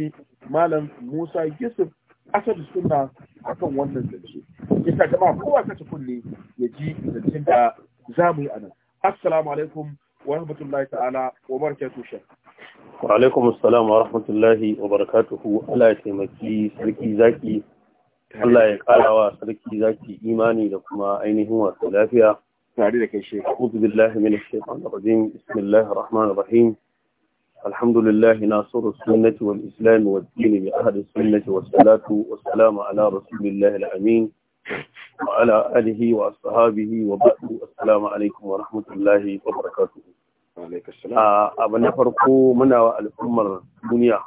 ji malam Musa Yusuf asadu suna akan wannan zance yasa jama'a kowa kace kunne ya ji zancen da za mu yi anan assalamu alaikum wa rahmatullahi ta'ala wa barakatuhu shek wa alaikum assalam wa rahmatullahi wa barakatuhu Allah ya taimaki sarki zaki Allah ya karawa sarki zaki imani da kuma ainihin wasu lafiya tare da kai shek a'udhu billahi minash shaitanir rajim bismillahir rahmanir rahim الحمد لله ناصر السنة والإسلام والدين بأهل السنة والصلاة والسلام على رسول الله الأمين وعلى آله وأصحابه وبعد السلام عليكم ورحمة الله وبركاته abin na farko muna wa al'ummar duniya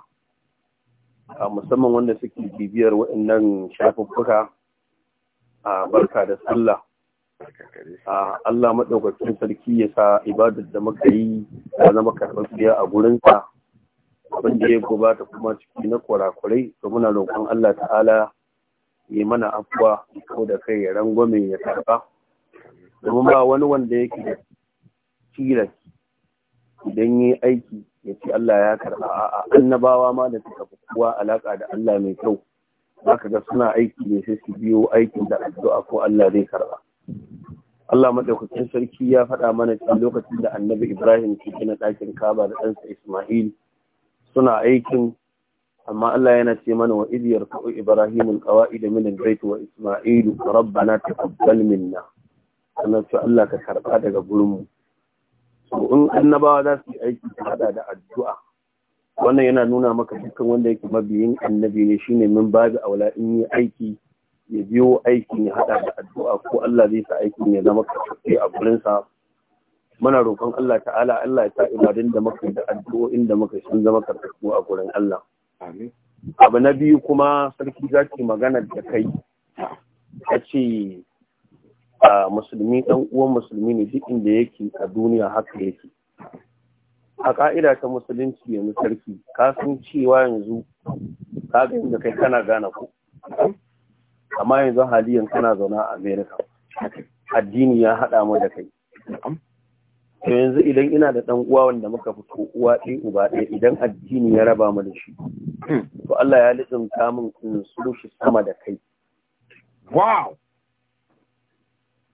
a musamman wanda suke bibiyar waɗannan shafuffuka a barka da sallah Allah maɗaukakin sarki ya sa ibadar da muka yi ta zama karɓar a gurinsa abin da ya gabata kuma ciki na kurakurai da muna roƙon Allah ta'ala ya mana afuwa ko da kai ya rangwame ya karɓa domin ba wani wanda yake da tilas idan yi aiki ya ce Allah ya karɓa a annabawa ma da suka fi kowa alaƙa da Allah mai kyau ka ga suna aiki ne sai su biyo aikin da addu'a ko Allah zai karɓa Allah maɗaukakin sarki ya faɗa mana cikin lokacin da Annabi Ibrahim ke gina ɗakin Kaba da ɗansa Isma'il suna aikin amma Allah yana ce mana wa idh yarka'u Ibrahim al-qawa'id min wa Isma'ilu. wa na rabbana taqabbal minna sannan su Allah ka karɓa daga gurinmu mu in annabawa za su yi aiki ta hada da addu'a wannan yana nuna maka dukkan wanda yake mabiyin annabi ne shine min babu aula in yi aiki ya biyo aikin ya hada da addu'a ko Allah zai sa aikin ya zama karfi a gurinsa muna roƙon Allah ta'ala Allah ya sa ibadun da muka da addu'o'in da muka sun zama karfi a gurin Allah abu na biyu kuma sarki za ki magana da kai Ya ce a musulmi ɗan uwan musulmi ne duk inda yake a duniya haka yake a ka'ida ta musulunci yanzu sarki ka san cewa yanzu ka ga inda kai kana gana ku amma yanzu haliyan kana zaune a America addini ya haɗa mu da kai to yanzu idan ina da ɗan uwa wanda muka fito uwa ɗaya uba ɗaya idan addini ya raba mu da shi to Allah ya litsinta min in so shi sama da kai wow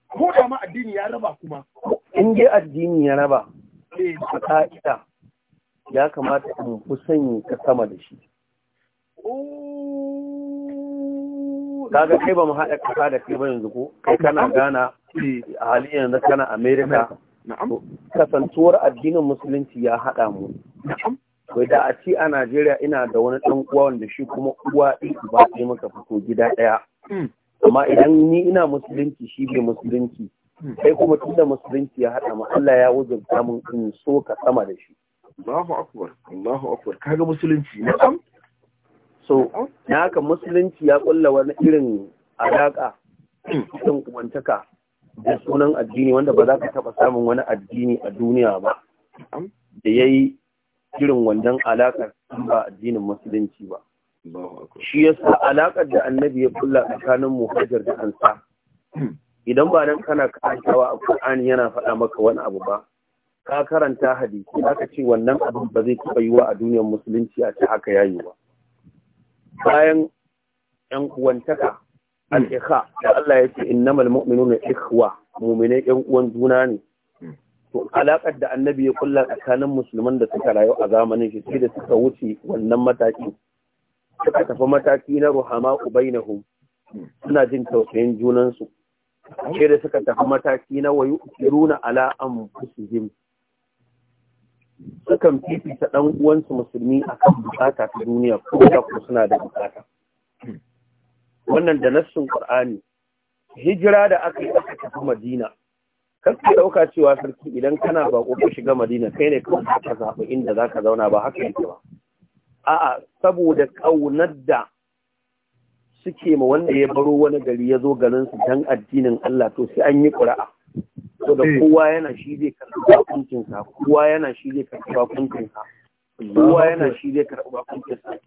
ko da ma addini ya raba kuma in dai addini ya raba eh. a ka'ida ya kamata in fi sanya ka sama da shi oh. kaga kai ba mu haɗa kasa da kai ba yanzu ko kai kana gana a halin yanzu kana Amerika. kasantuwar addinin musulunci ya haɗa mu kai da a ci a najeriya ina da wani ɗan uwa wanda shi kuma uwa ɗin ba yi maka fito gida ɗaya hmm. amma idan ni ina musulunci shi bai musulunci hmm. kai kuma tunda musulunci ya haɗa mu Allah ya wuce mun in so ka sama da shi Allahu akbar Allahu akbar kaga musulunci na'am so na haka musulunci ya kulla wani irin alaƙa cikin kumantaka da sunan addini wanda ba za ka taba samun wani addini a duniya ba da ya yi irin wannan alakar ba addinin musulunci ba shi yasa alakar da annabi ya kulla tsakanin muhajjar da sa, idan ba nan kana kashawa a Qur'ani yana faɗa maka wani abu ba ka karanta hadisi aka ce wannan abin ba zai taɓa yiwa a duniyar musulunci a ce haka yayi ba bayan ‘yan uwantaka al'ikha da Allah ya ce innamal mu'minuna ikhwa mu'minai ‘yan uwan juna ne to alaƙar da annabi ya kulla tsakanin musulman da suka rayu a zamanin shi sai da suka wuce wannan mataki suka tafi mataki na ruhama ubainahum suna jin tausayin junansu sai da suka tafi mataki na wayu kiruna ala anfusihim sukan fifita ɗan uwansu musulmi akan bukata ta duniya ko da ko suna da bukata wannan da nassun ƙur'ani. hijira da aka yi aka tafi madina kan ka ɗauka cewa sarki idan kana ba ko shiga madina kai ne kan ka zaɓi inda za ka zauna ba haka yake ba a'a saboda ƙaunar da suke ma wanda ya baro wani gari ya zo garin su dan addinin Allah to sai an yi ƙura'a ko da eh. kowa yana shi zai karɓi hukuncinsa kowa yana shi zai karɓi hukuncinsa kowa yana shi zai karɓi hukuncinsa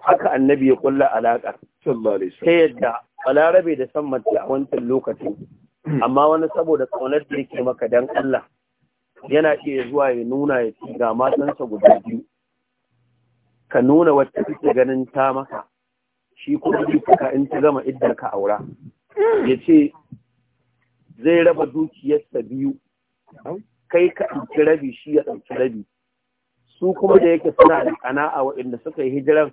haka annabi ya kulla alaƙa ta yadda balarabe da san mace a wancan lokacin hmm. amma wani saboda ƙaunar da yake maka dan Allah yana iya zuwa ya nuna ya ci ga matansa guda biyu ka nuna wacce kake ganin ta maka shi kuma ji ka in ta gama idan ka aura hmm. ya ce zai raba dukiyarsa biyu kai ka ɗauki rabi shi ya ɗauki rabi su kuma da yake suna da a waɗanda suka yi hijiran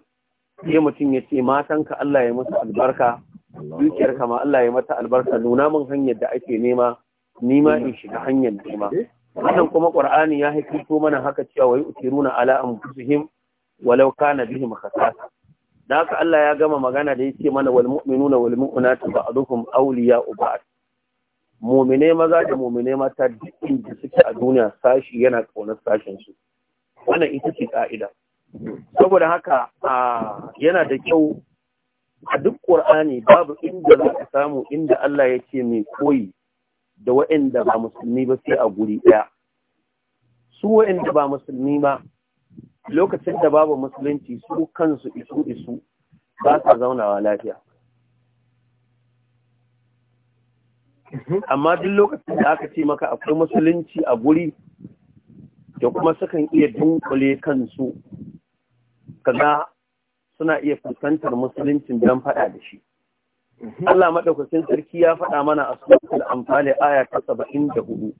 sai mutum ya ce matanka Allah ya masa albarka dukiyar ma Allah ya mata albarka nuna min hanyar da ake nema nima in shiga hanyar nema eh. wannan kuma ƙur'ani ya haifo mana haka cewa wai utiruna ala anfusihim walau kana bihim khasasa da haka Allah ya gama magana da ya ce mana wal mu'minuna wal mu'minatu ba'duhum awliya'u ba'd mumine maza da mumine mata duk inda suke a duniya sashi yana ƙaunar sashen su wannan ita ce ka'ida saboda haka yana da kyau a duk Al-Qur'ani babu inda za ka samu inda Allah ya ce mai koyi da waɗanda ba musulmi ba sai a guri ɗaya su waɗanda ba musulmi ba lokacin da babu musulunci su kansu isu isu ba sa zaunawa lafiya Mm-hmm. amma duk lokacin da aka ce maka akwai musulunci a guri da kuma sukan iya dunkule kansu kaga suna iya fuskantar musuluncin don faɗa da shi mm-hmm. Allah maɗaukacin sarki ya faɗa mana a suratul amfani aya ta saba'in da hudu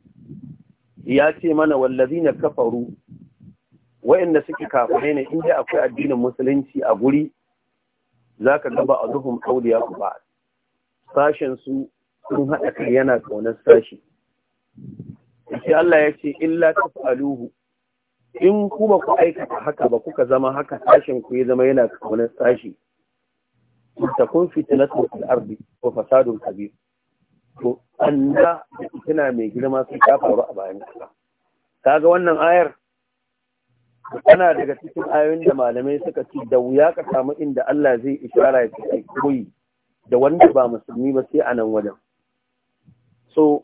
ya ce mana wallazi na kafaru wa'inda suke kafare ne inda akwai addinin musulunci a guri za ka gaba a zuhun ku ba sashen su sun haɗa kai yana ƙaunar sashi sai Allah ya ce illa aluhu. in ku ba ku aikata haka ba kuka zama haka sashen ku ya zama yana ƙaunar sashi kun fita na fil arzi ko fasadun Kabiru. to da tana mai girma sai ta faru a bayan kasa ga wannan ayar tana daga cikin ayoyin da malamai suka ci da wuya ka samu inda Allah zai ishara ya ce koyi da wanda ba musulmi ba sai a nan wajen so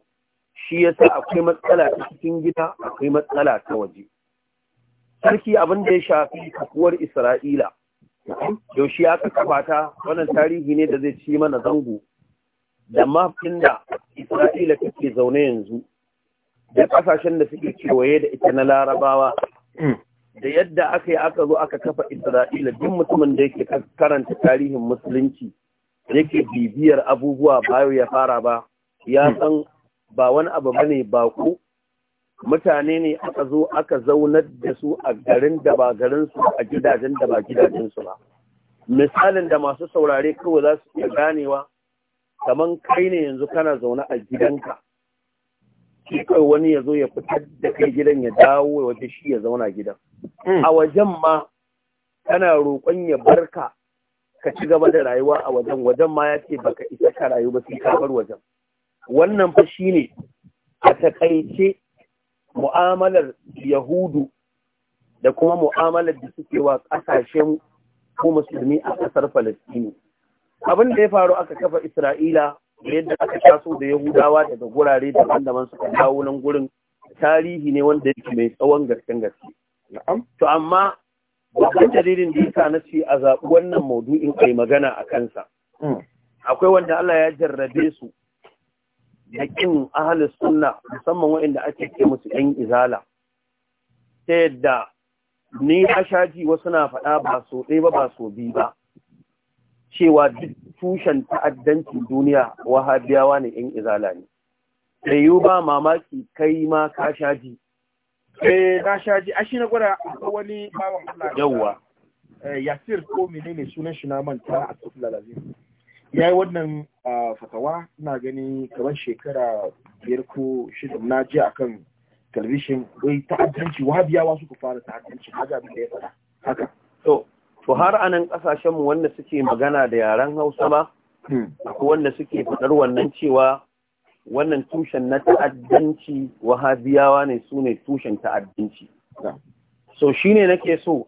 shi yasa akwai matsala ta cikin gida akwai matsala ta waje sarki abin da ya shafi kafuwar isra'ila yaushe aka kafa ta wannan tarihi ne da zai ci mana zango da mafin da isra'ila take zaune yanzu da kasashen da suke kewaye da ita na larabawa da yadda aka yi aka zo aka kafa isra'ila duk mutumin da yake karanta tarihin musulunci yake bibiyar abubuwa bayo ya fara ba ya hmm. san ba wani abu bane ba ku mutane ne aka zo aka zaunar da su a garin da ba garin su a gidajen da ba gidajen su ba misalin da masu saurare kawai za su iya ganewa kamar kai ne yanzu kana zaune a gidanka shi kai wani ya zo ya fitar da kai gidan ya dawo waje shi ya zauna gidan hmm. a wajen ma kana roƙon ya barka ka ci gaba da rayuwa a wajen wajen ma yace ce baka isa ka rayu ba sai ka bar wajen wannan fa ne a takaice mu'amalar yahudu da kuma mu'amalar da suke wa ƙasashen ko musulmi a ƙasar Falastini. Abin da ya faru aka kafa Isra'ila da yadda aka taso da Yahudawa daga gurare da daban suka dawo nan gurin tarihi ne wanda yake mai tsawon gasken gaske. To amma babban jaririn da yasa na ce a zaɓi wannan maudu'in kai magana a kansa. Hmm. Akwai wanda Allah ya jarrabe su Yakin kin ahalus sunna musamman waɗanda ake ce musu ɗan izala ta yadda ni ashaji wasu na faɗa ba so ɗaya ba ba so biyu ba cewa duk tushen ta'addanci duniya wahabiyawa ne ɗan izala ne da yiwu ba mamaki kai ma ka shaji eh na shaji a shi na gwada wani bawan Allah yawwa eh, yasir ko menene sunan shi na manta a tsofi lalazin ya yi wannan fatawa na gani kamar shekara biyar ko shida na ji a kan talabishin wai ta'addanci wahabiyawa suka fara ta'addanci haka da ya faɗa haka to to har anan kasashen mu wanda suke magana da yaren Hausa ma hmm. ko wanda suke fadar wannan cewa wannan tushen na ta'addanci wahabiyawa ne su ne tushen ta'addanci so shine nake so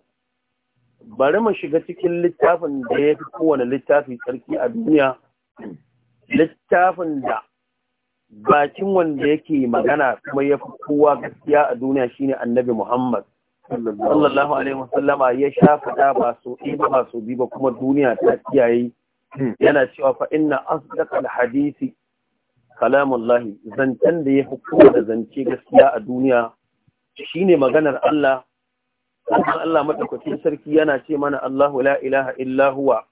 bari mu shiga cikin littafin da ya fi kowane littafi tsarki a duniya littafin da bakin wanda yake magana kuma ya fi kowa gaskiya a duniya shine annabi Muhammad sallallahu alaihi wasallama ya sha fada ba so ɗaya ba ba so biyu ba kuma duniya ta kiyaye yana cewa fa inna asdaqal hadisi kalamullahi zancen da ya fi kowa da zance gaskiya a duniya shine maganar Allah kuma Allah madaukakin sarki yana ce mana Allahu la ilaha illa huwa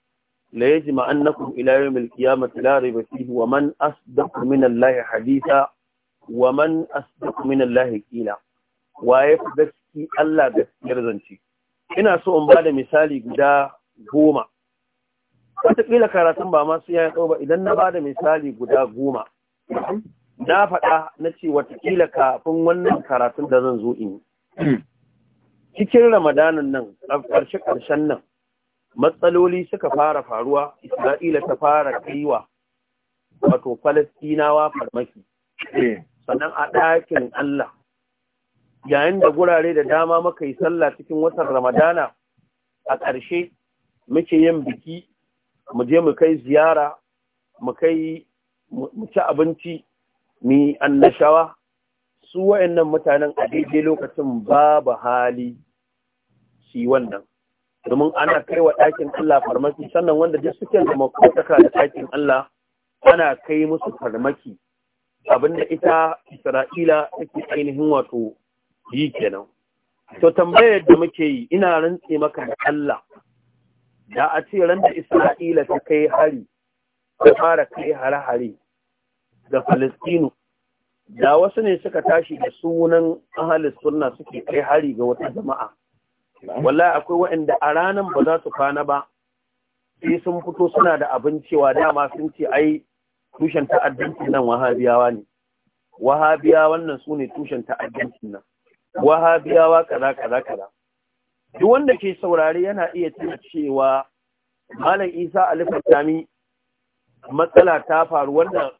la yajma annakum ila yawmil qiyamati la rayba fihi wa man asdaqu min Allahi haditha wa man asdaqu min Allahi qila waye gaski Allah gaskiyar zance ina so in bada misali guda goma wataƙila karatun ba masu ya ba idan na bada misali guda goma na faɗa na ce watakila kafin wannan karatun da zan zo in hmm. cikin ramadanin nan ƙarshe ƙarshen nan matsaloli suka fara faruwa isra'ila ta fara kaiwa wato falastinawa farmaki eh. sannan a ɗakin allah yayin da gurare da dama muka yi sallah cikin watan ramadana a ƙarshe muke yin biki mu je mu kai ziyara mu kai mu ci abinci mu annashawa su wa'annan mutanen a daidai lokacin babu hali su yi wannan domin ana kai wa ɗakin Allah farmaki sannan wanda duk suke da makotaka da ɗakin Allah ana kai musu farmaki abinda ita Isra'ila take ainihin wato yi kenan to tambayar da muke yi ina rantse maka da Allah da a ce ran da Isra'ila ta kai hari ta fara kai hare-hare ga Falistinu da wasu ne suka tashi da sunan ahalis sunna suke kai hari ga wata jama'a wallahi akwai waɗanda a ranan ba za su kwana ba sai sun fito suna da abin cewa dama sun ce ai tushen ta'addanci nan wahabiyawa ne wahabiya wannan su ne tushen ta'addanci nan wahabiyawa kaza kaza kaza duk wanda ke saurare yana iya tuna cewa malam isa alifatami matsala ta faru wanda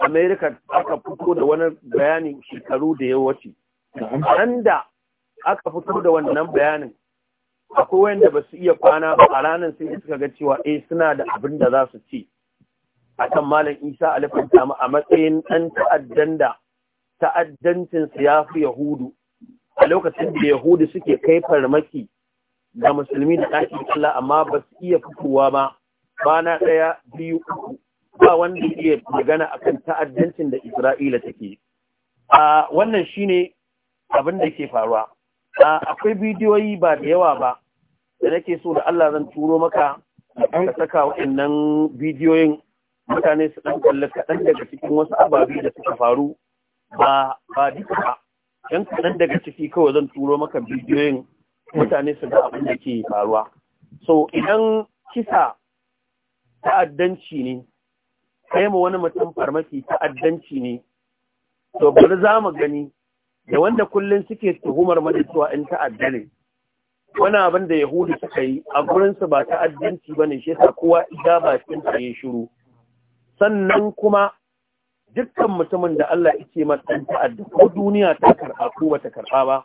america aka fito da wani bayani shekaru da ya ce. anda aka fito da wannan bayanin akwai wanda ba su iya kwana ba a ranar sai suka ga cewa eh suna da abin da za su ci kan malam isa alifin tamu a matsayin ɗan ta'addan da ta'addancin su ya fi yahudu a lokacin da yahudu suke kai farmaki ga musulmi da ɗaki Allah amma ba su iya fitowa ba bana ɗaya biyu uku ba wanda iya magana akan ta'addancin da isra'ila take a wannan shine abin da ke faruwa akwai bidiyoyi ba da yawa ba da nake so da Allah zan turo maka ka saka waɗannan bidiyoyin mutane su ɗan kalli kaɗan daga cikin wasu ababe da suka faru ba ba duka ba yan kaɗan daga ciki kawai zan turo maka bidiyoyin mutane su ga abin da ke faruwa so idan kisa ta'addanci ne kai mu wani mutum farmaki ta'addanci ne to bari za mu gani da wanda kullum suke tuhumar mana cewa in ta'adda ne wani abin da Yahudu suka yi a gurinsu ba ta'addanci ba ne shi yasa kowa ida ba cikin ta ya shiru sannan kuma dukkan mutumin da Allah yake masa ɗan ta'adda ko duniya ta karɓa ko ba ta karɓa ba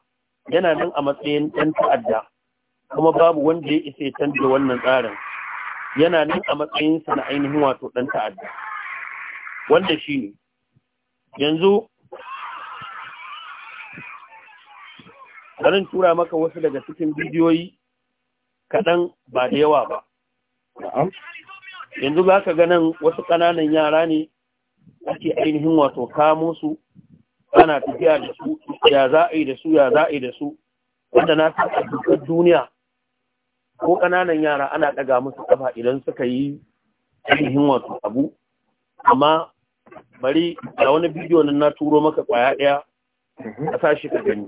yana nan a matsayin ɗan ta'adda kuma babu wanda ya isa ya canza wannan tsarin yana nan a matsayin sa na ainihin wato ɗan ta'adda wanda shi ne yanzu barin tura maka wasu daga cikin bidiyoyi kaɗan ba da yawa ba yanzu za ka ganin wasu ƙananan yara ne ake ainihin wato kamo su ana tafiya da su ya za a yi da su ya za a yi da su wanda na fi a duniya ko ƙananan yara ana ɗaga musu ƙafa idan suka yi ainihin wato abu amma bari a wani bidiyo nan na turo maka ƙwaya ɗaya a sashi ka gani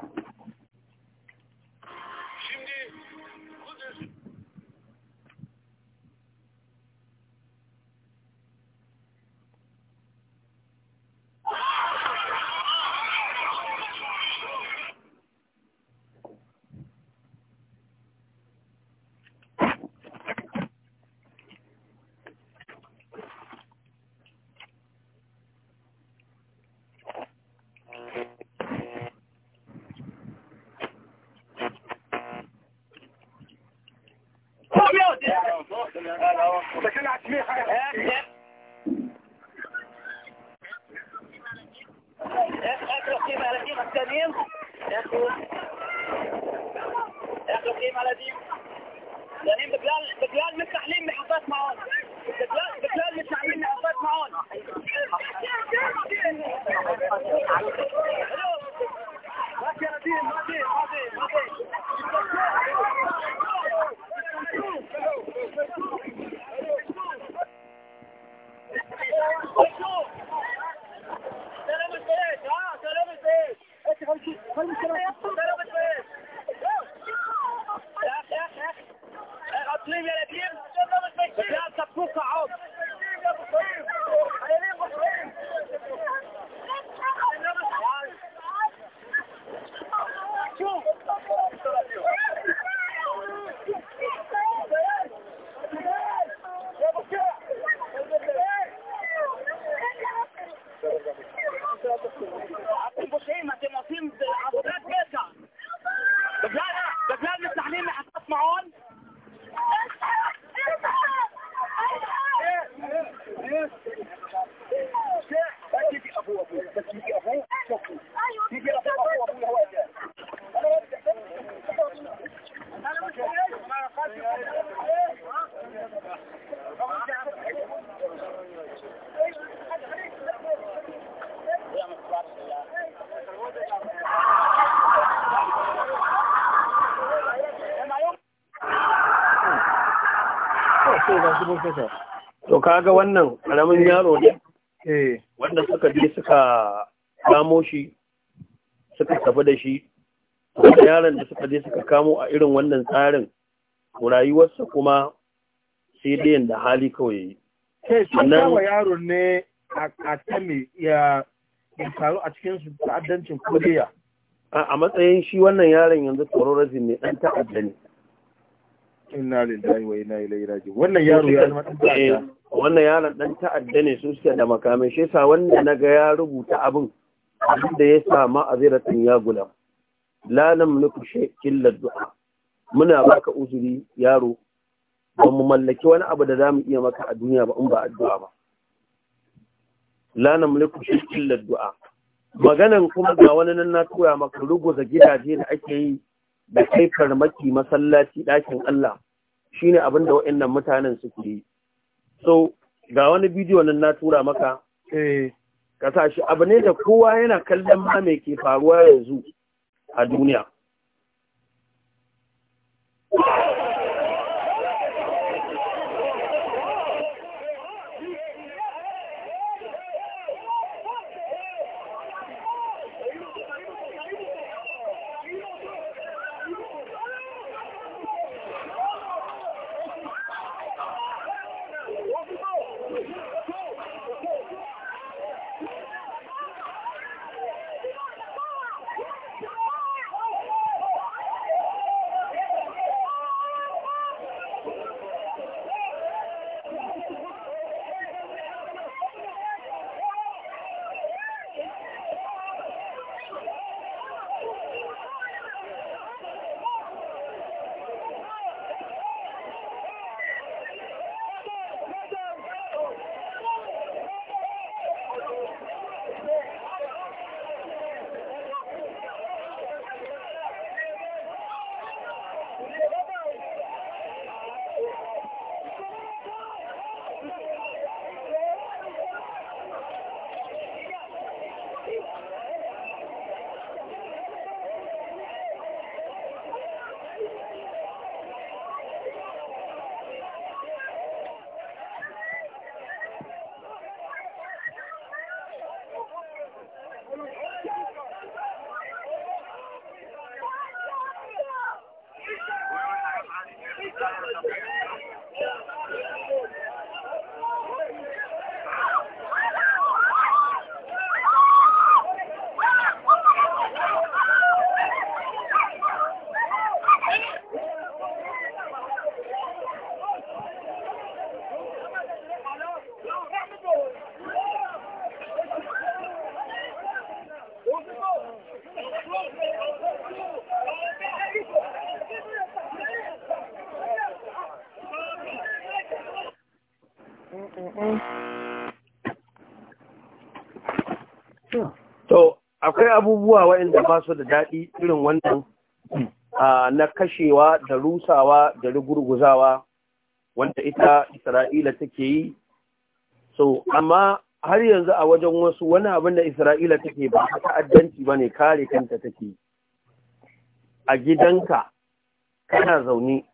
professor to kaga wannan karamin yaro ne eh. wanda suka je suka kamo shi suka tafi da shi wanda yaron da suka je suka kamo a irin wannan tsarin rayuwarsa kuma sai dai da hali kawai yi. Sai sun yaro ne a kasami ya taru a cikin su addancin kodiya A matsayin shi wannan yaron yanzu tsoron razin ne dan ta'adda ne. inna lillahi wa inna ilaihi raji'un wannan yaro ya zama dan ta'adda eh, wannan yaron dan ta'adda ne su suke da makamai shi yasa wanda naga ya rubuta abin abin da ya sa ma'aziratin ya gulam la namliku illa du'a muna baka uzuri yaro ba mu mallaki wani abu da zamu iya maka a duniya ba in ba addu'a ba la namliku illa du'a maganan kuma ga wani nan na tura maka ruguza gidaje da ake yi da kai farmaki masallaci ɗakin Allah shine abin da waɗannan mutanen suke yi so ga wani bidiyo nan na tura maka eh. ka sa shi abu ne da kowa yana kallon ma mai ke faruwa yanzu a duniya akwai abubuwa waɗanda ba su da daɗi irin wannan na kashewa da rusawa da rugurguzawa wanda ita isra'ila take yi so amma har yanzu a wajen wasu wani abin da isra'ila take ba ta ta'addanci ba ne kare kanta take a gidanka kana zaune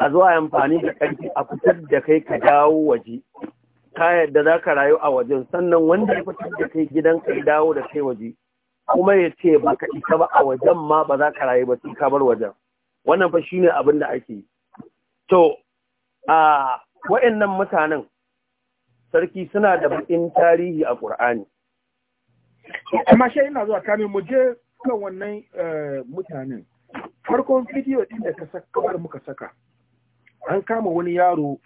a zuwa amfani da ƙarfi a fitar da kai ka dawo waje ka yadda za ka rayu a wajen sannan wanda ya fitar da kai gidanka ya dawo da kai waje kuma ya ce ba ka isa ba a wajen ma ba za ka rayu ba sai ka bar wajen wannan fa shine abin da ake to a wa'annan mutanen sarki suna da bakin tarihi a Qur'ani amma shi ina zuwa kamin mu je kan wannan eh, mutanen farkon bidiyo din da ka saka muka saka an kama wani yaro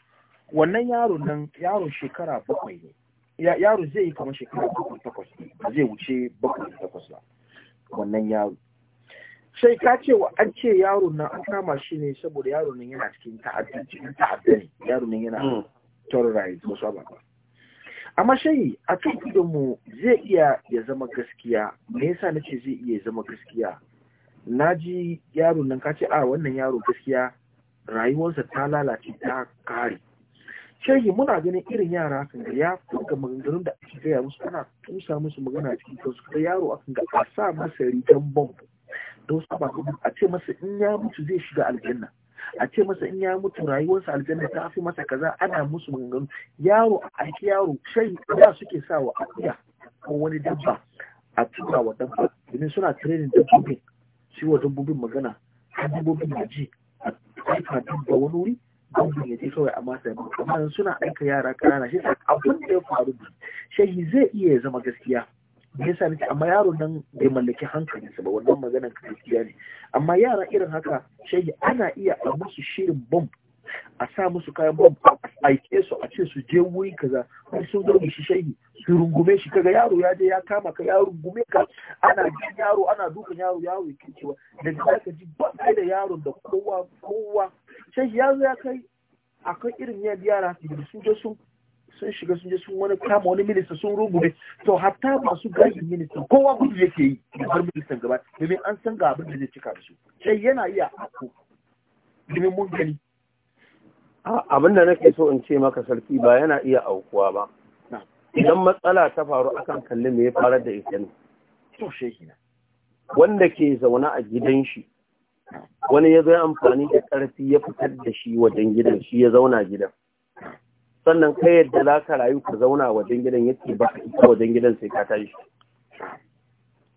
wannan yaro nan yaron shekara bakwai ne yaro zai yi kamar shekara bakwai takwas ba zai wuce bakwai takwas ba wannan yaro sai ka ce wa an ce yaro na an kama shi ne saboda yaro nan yana cikin ta'adda cikin ne yaro nan yana hmm. terrorize wasu ababa amma shayi a kan mu zai iya ya zama gaskiya me yasa na ce zai iya ya zama gaskiya na ji yaro nan ka ce a wannan yaro gaskiya rayuwarsa ta lalace ta kare shehi muna ganin irin yara akan ga ya fuka maganganun da ake gaya musu ana tusa musu magana cikin kansu ga yaro akan ga a sa masa rigan bomb da wasu ababen a ce masa in ya mutu zai shiga aljanna a ce masa in ya mutu rayuwarsa aljanna ta fi masa kaza ana musu maganganu yaro a aiki yaro shehi da suke sa wa akuya ko wani dabba a tura wa dabba domin suna training dabbobin shi wa dabbobin magana dabbobin na ji a haifa dabba wani wuri gwamnan ya je kawai a masa amma suna aika yara ƙanana shi sa abin da ya faru shahi zai iya ya zama gaskiya me yasa nake amma yaro nan bai mallaki sa ba wannan maganar gaskiya ne amma yara irin haka shahi ana iya a musu shirin bomb a sa musu kayan bom aike su a ce su je wuri kaza har sun zo shi shehi su rungume shi kaga yaro ya je ya kama ka ya rungume ka ana jin yaro ana dukan yaro yaro ya kai cewa da ka ka ji ba da yaron da kowa kowa shehi ya zo ya kai akan irin yadda yara su je sun sun shiga sun je sun wani kama wani minista sun rungume to hatta masu gashin minista kowa gudu yake yi har ministan gaba domin an san ga abin da zai cika da su sai yana iya haku domin mun gani abin da nake so in ce maka sarki ba yana iya aukuwa ba idan matsala ta faru akan kalli me ya fara da ita ne wanda ke zaune a gidan shi wani ya zai amfani da ƙarfi ya fitar da shi wajen gidan shi ya zauna gidan sannan kai yadda za ka rayu ka zauna wajen gidan yake ba ka wajen gidan sai ka tashi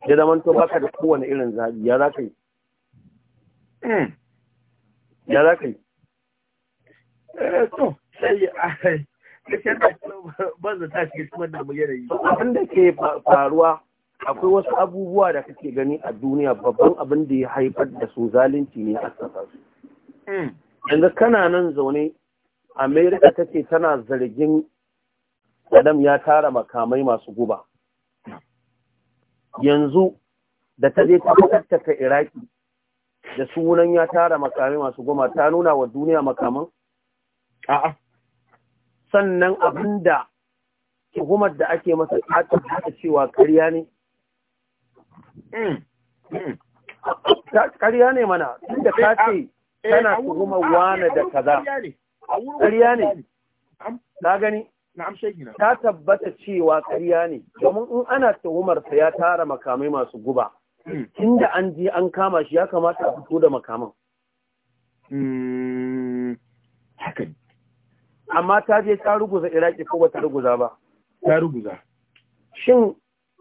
ya zama to baka da kowane irin zabi ya za ka yi hmm. ya za ka yi Eh, to abin da ke faruwa akwai wasu abubuwa da kake gani a duniya babban abin da ya haifar da su zalunci ne a sassa su hmm. yanzu kana nan zaune america ta tana zargin adam ya tara makamai masu guba yanzu da ta je ta fatattaka iraki da sunan ya tara makamai masu goma ta nuna wa duniya makaman a'a sannan abinda tuhumar da ake masa ta haka cewa ƙarya ne hmm. Hmm. ƙarya ne mana inda ka ce eh, tana tuhumar wane da kaza ƙarya ne ta gani ta tabbata cewa ƙarya ne domin in ana tuhumarsa ya tara makamai masu guba inda hmm. an je an kama shi ya kamata a fito da makaman amma ta je ta ruguza iraki ko bata ruguza ba ta ruguza shin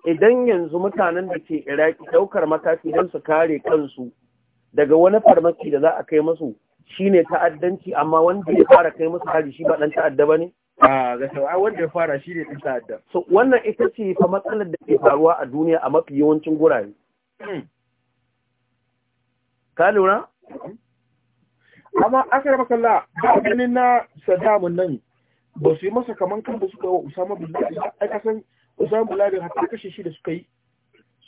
idan yanzu mutanen da ke iraki daukar mataki don su kare kansu daga wani farmaki da za a kai musu shine ta'addanci amma wanda ya fara kai musu hari shi ba dan ta'adda bane a ga sau'a wanda ya fara shi ne ta'adda so wannan ita ce fa matsalar da ke faruwa a duniya a mafi yawancin gurare hmm. ka lura hmm. amma aka raba kalla ba ganin na sadamu nan ba su yi masa kaman kan da suka wa Usama bin Laden ai ka san Usama bin Laden hatta kashe shi da suka yi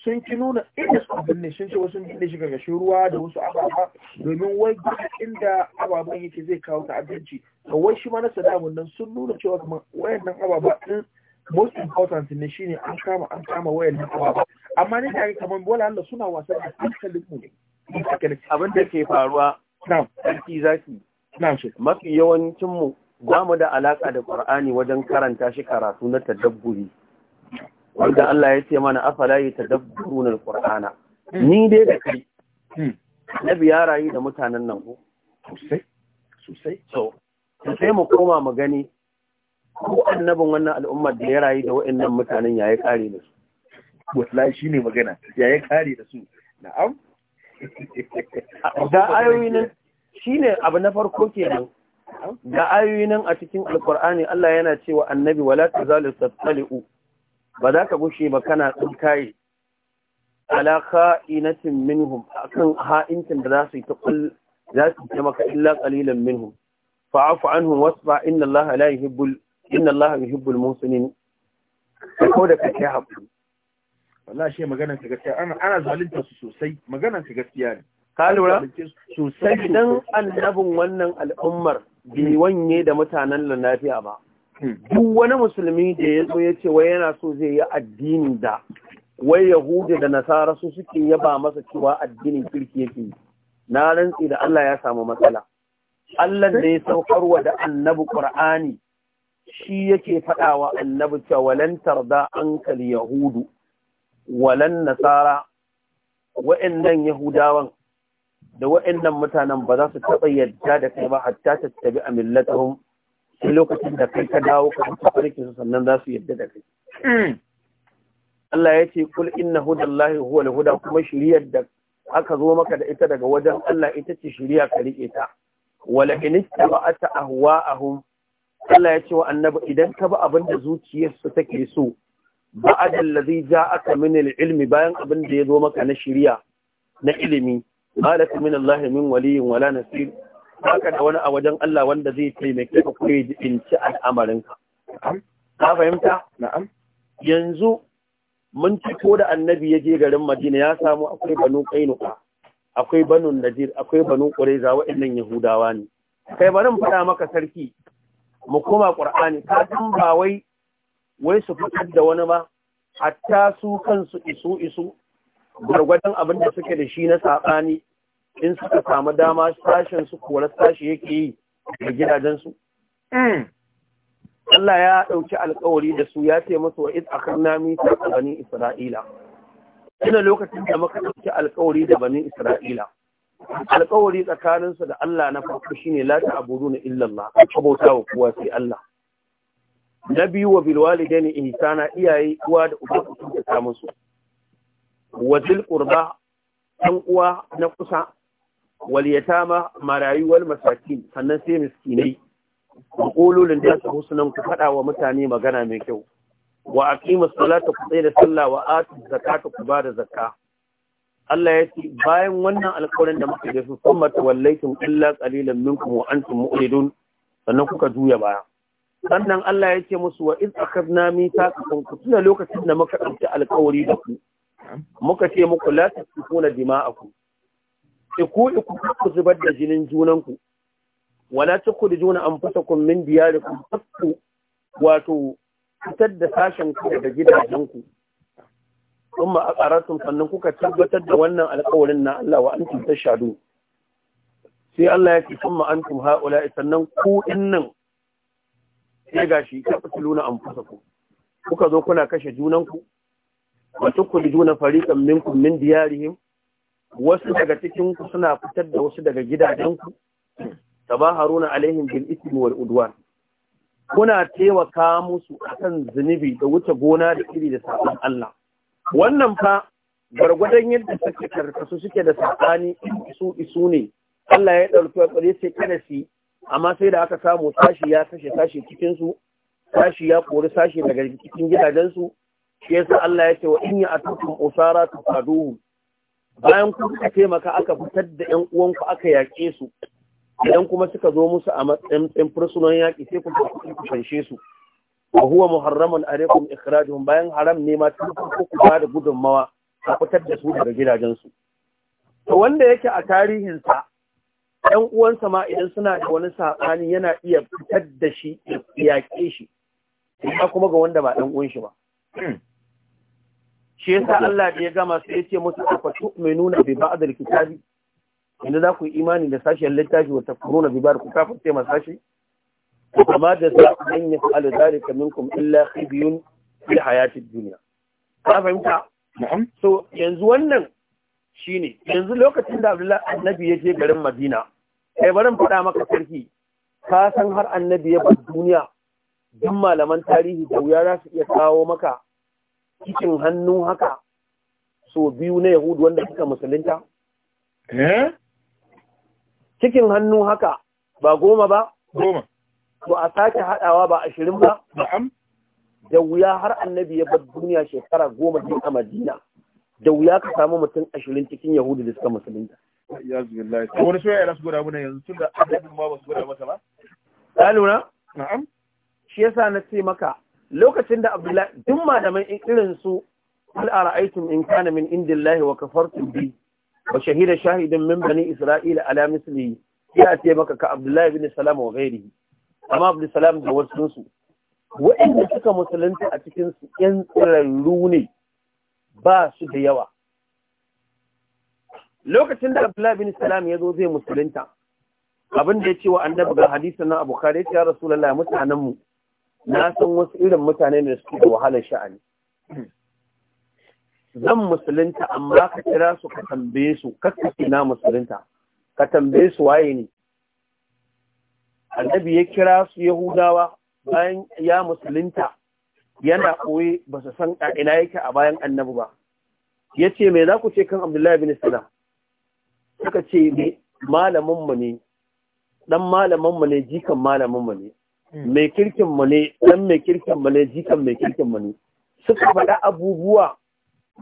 sun ki nuna inda suka binne sun ce wasu binne shiga gashin ruwa da wasu ababa domin wai inda ababen yake zai kawo abinci to wai shi ma na sadamu nan sun nuna cewa kaman wayannan ababa din most important ne shine an kama an kama wayannan ababa amma ne tare kaman bola Allah suna wasa da hankalin mu ne abin da ke faruwa sarki mafi yawancinmu za mu da alaƙa da ƙwar'ani wajen karanta shi karatu na tadabburi wanda Allah ya ce mana afala yi tadabburu na ƙwar'ana hmm. ni dai da kai hmm. na ya rayu da mutanen nan ko sosai sosai so sai mu koma mu gani ko annabin wannan al'ummar da ya rayu da waɗannan mutanen yayi kare da su shi shine magana yayi kare da su na'am ayoyi nan shine abu na farko kenan da ayoyi nan a cikin alkur'ani Allah yana cewa annabi wala tazalu tattali'u ba za ka gushe ba kana tsinkaye ala kha'inatin minhum akan ha'intin da za su yi ta za su yi maka illa qalilan minhum fa'afu anhum wasfa inna Allah la yuhibbul inna Allah yuhibbul muhsinin ko da kake wallahi shi maganar ka gaskiya ana ana zalunta su sosai maganar ka gaskiya ne ka lura sosai idan annabin wannan al'ummar bai hmm. wanye da mutanen lafiya ba hmm. duk wani musulmi da ya zo ya ce wai yana so zai yi addini da wai yahudi da nasara su suke yaba masa cewa addinin kirki yake na rantsi da Allah ya samu matsala Allah da ya saukarwa da annabi Qur'ani shi yake faɗawa annabi cewa lan tarda ankal yahudu walan nasara wa'annan yahudawan da wa'annan mutanen ba za su taɓa yadda da kai ba hatta ta tabi a millatahum sai lokacin da kai ka dawo ka farki su sannan za su yadda da kai Allah ya ce kul inna hudallahi huwa huda kuma shiriyar da aka zo maka da ita daga wajen Allah ita ce shiriya ka rike ta wala in a ahwa'ahum Allah ya ce wa annabi idan ka ba abin da zuciyarsu take so ba'ad allazi ja aka mini ilmi bayan abin da ya zo maka na shirya na ilimi malaka min Allah min waliyin wala nasir baka da wani a wajen Allah wanda zai taimake ka ko ya inci al'amarin ka ka fahimta na'am yanzu mun ci ko da annabi ya je garin Madina ya samu akwai banu ƙainuka, akwai banu Nadir akwai banu Qurayza wa'annan Yahudawa ne kai bari mu faɗa maka sarki mu koma Qur'ani ka wai su fitar da wani ma hatta su kansu isu isu gwargwadon abin da suke da shi na saɓani in suka samu dama sashen su kora sashi yake yi da gidajensu Allah ya ɗauki alkawari da su ya ce musu wa iz nami ta bani isra'ila ina lokacin da muka ɗauki alkawari da bani isra'ila alkawari tsakaninsu da Allah na farko shine lati abu na illallah, a bauta wa kowa sai Allah na biyu wa Bilwali da bilwalidaini na iyaye uwa da uba su ta musu wa dil qurba uwa na kusa wal yatama marayu wal masakin sannan sai miskinai ku qulu lin nas ku fada wa mutane magana mai kyau wa aqimus salata ku tsaya da sallah wa atu zakata ku da zakka Allah ya ce bayan wannan alƙawarin da muka da su sun mata wallaitum illa qalilan minkum wa antum mu'ridun sannan kuka juya baya sannan Allah ya ce musu wa iz akhadna mithaqakum ku tuna lokacin da muka ɗauki alƙawari da ku muka ce muku la tasfikuna dima'akum iku iku ku zubar da jinin junanku wala fata kun min kun fasku wato fitar da sashen ku daga gidajenku ma a ƙaratun sannan kuka tabbatar da wannan alƙawarin na Allah wa ta tashhadu sai Allah ya ce sun an antum haula sannan ku nan. sai gashi ta tuluna an fusa ku kuka zo kuna kashe junanku wa tukhrijuna fariqan minkum min diyarihim wasu daga cikinku suna fitar da wasu daga gidajenku tabaharuna alaihim bil ismi wal udwan kuna taimaka musu akan zunubi da wuce gona da iri da sabon Allah wannan fa gargwadon yadda suke karkasu suke da sabani su isu ne Allah ya ɗauki wa tsare sai kada su amma sai da aka samu sashi ya kashe sashi cikinsu sashi ya kori sashi daga cikin gidajensu shi yasa Allah ya ce wa in ya'tukum usara tafaduhu bayan ku taimaka aka fitar da 'yan uwanku aka yaƙe su idan kuma suka zo musu a matsayin fursunan yaƙi sai ku ku fanshe su wa huwa muharramun alaikum ikhrajuhum bayan haram ne ma tun ku ku ba da gudunmawa a fitar da su daga gidajensu to wanda yake a tarihinsa ɗan uwansa ma idan suna da wani saɓani yana iya fitar da shi ya yaƙe shi ya kuma ga wanda ba ɗan uwan shi ba shi yasa Allah da ya gama sai ya ce musu afatu mai nuna bi ba'dil kitabi inda za ku yi imani da sashen littafi wata tafkuruna bi da kuka kafirce ma sashi kama da za ku dan ya fa'ala dalika minkum illa khibyun fi hayati dunya ka fahimta so yanzu wannan shine yanzu lokacin da Abdullahi annabi ya je garin Madina Eh, bari barin faɗa maka sarki ka san har annabi ya bar duniya duk malaman tarihi da wuya za su iya kawo maka cikin hannu haka so biyu na yahudu wanda suka musulunta cikin eh? hannu haka ba goma ba goma to a sake haɗawa ba ashirin ba da wuya har annabi ya bar duniya shekara goma din a madina da wuya ka samu mutum ashirin cikin yahudu da suka musulunta wani soyayya ya su gwada mana yanzu tun da adadin ba su gwada masa ba ka lura na'am shi yasa na ce maka lokacin da abdullahi duk malaman irin su hal ara'aytum in kana min indillahi wa kafartum bi wa shahida shahidun min bani isra'ila ala mislihi ya ce maka ka abdullahi bin salam wa ghairihi amma abdullahi salam da wasu su waɗanda suka musulunta a cikin su yan tsirarru ne ba su da yawa lokacin da Abdullahi bin Salam ya zo zai musulunta abin da ya ce wa annabi ga hadisin na Abu Khari ya Rasulullah mutanen mu na san wasu irin mutane ne suke da wahalar sha'ani zan musulunta amma ka kira su ka tambaye su kakkace na musulunta ka tambaye su waye ne annabi ya kira su Yahudawa bayan ya musulunta yana koyi ba su san ina yake a bayan annabi ba ya ce mai za ku ce kan Abdullahi bin Salam suka ce malamin mu ne dan malamin mu ne jikan malamin mu ne hmm. mai kirkin mu ne dan mai kirkin mu ne jikan mai kirkin mu ne suka faɗa abubuwa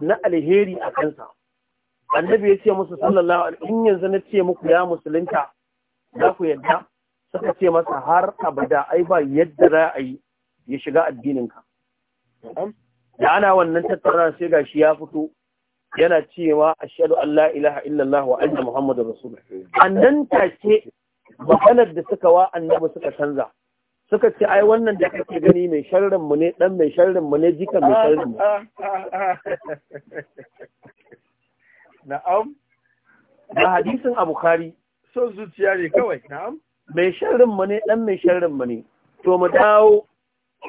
na alheri a kansa annabi ya ce musu sallallahu alaihi in yanzu na ce muku ya musulunta za ku yadda suka ce masa har abada ai ba yadda za a yi ya shiga addininka da ana wannan tattara sai gashi ya fito yana cewa a an Allah ilaha illallah wa Muhammadu muhammadar rasul nan take maganar da suka wa annabi suka canza suka ce ai wannan da kake gani mai sharrin mu ne dan mai sharrin mu ne jikan mai sharrin mu na'am da hadisin a bukhari son zuciya ne kawai na'am mai sharrin mu ne dan mai sharrin mu ne to mu dawo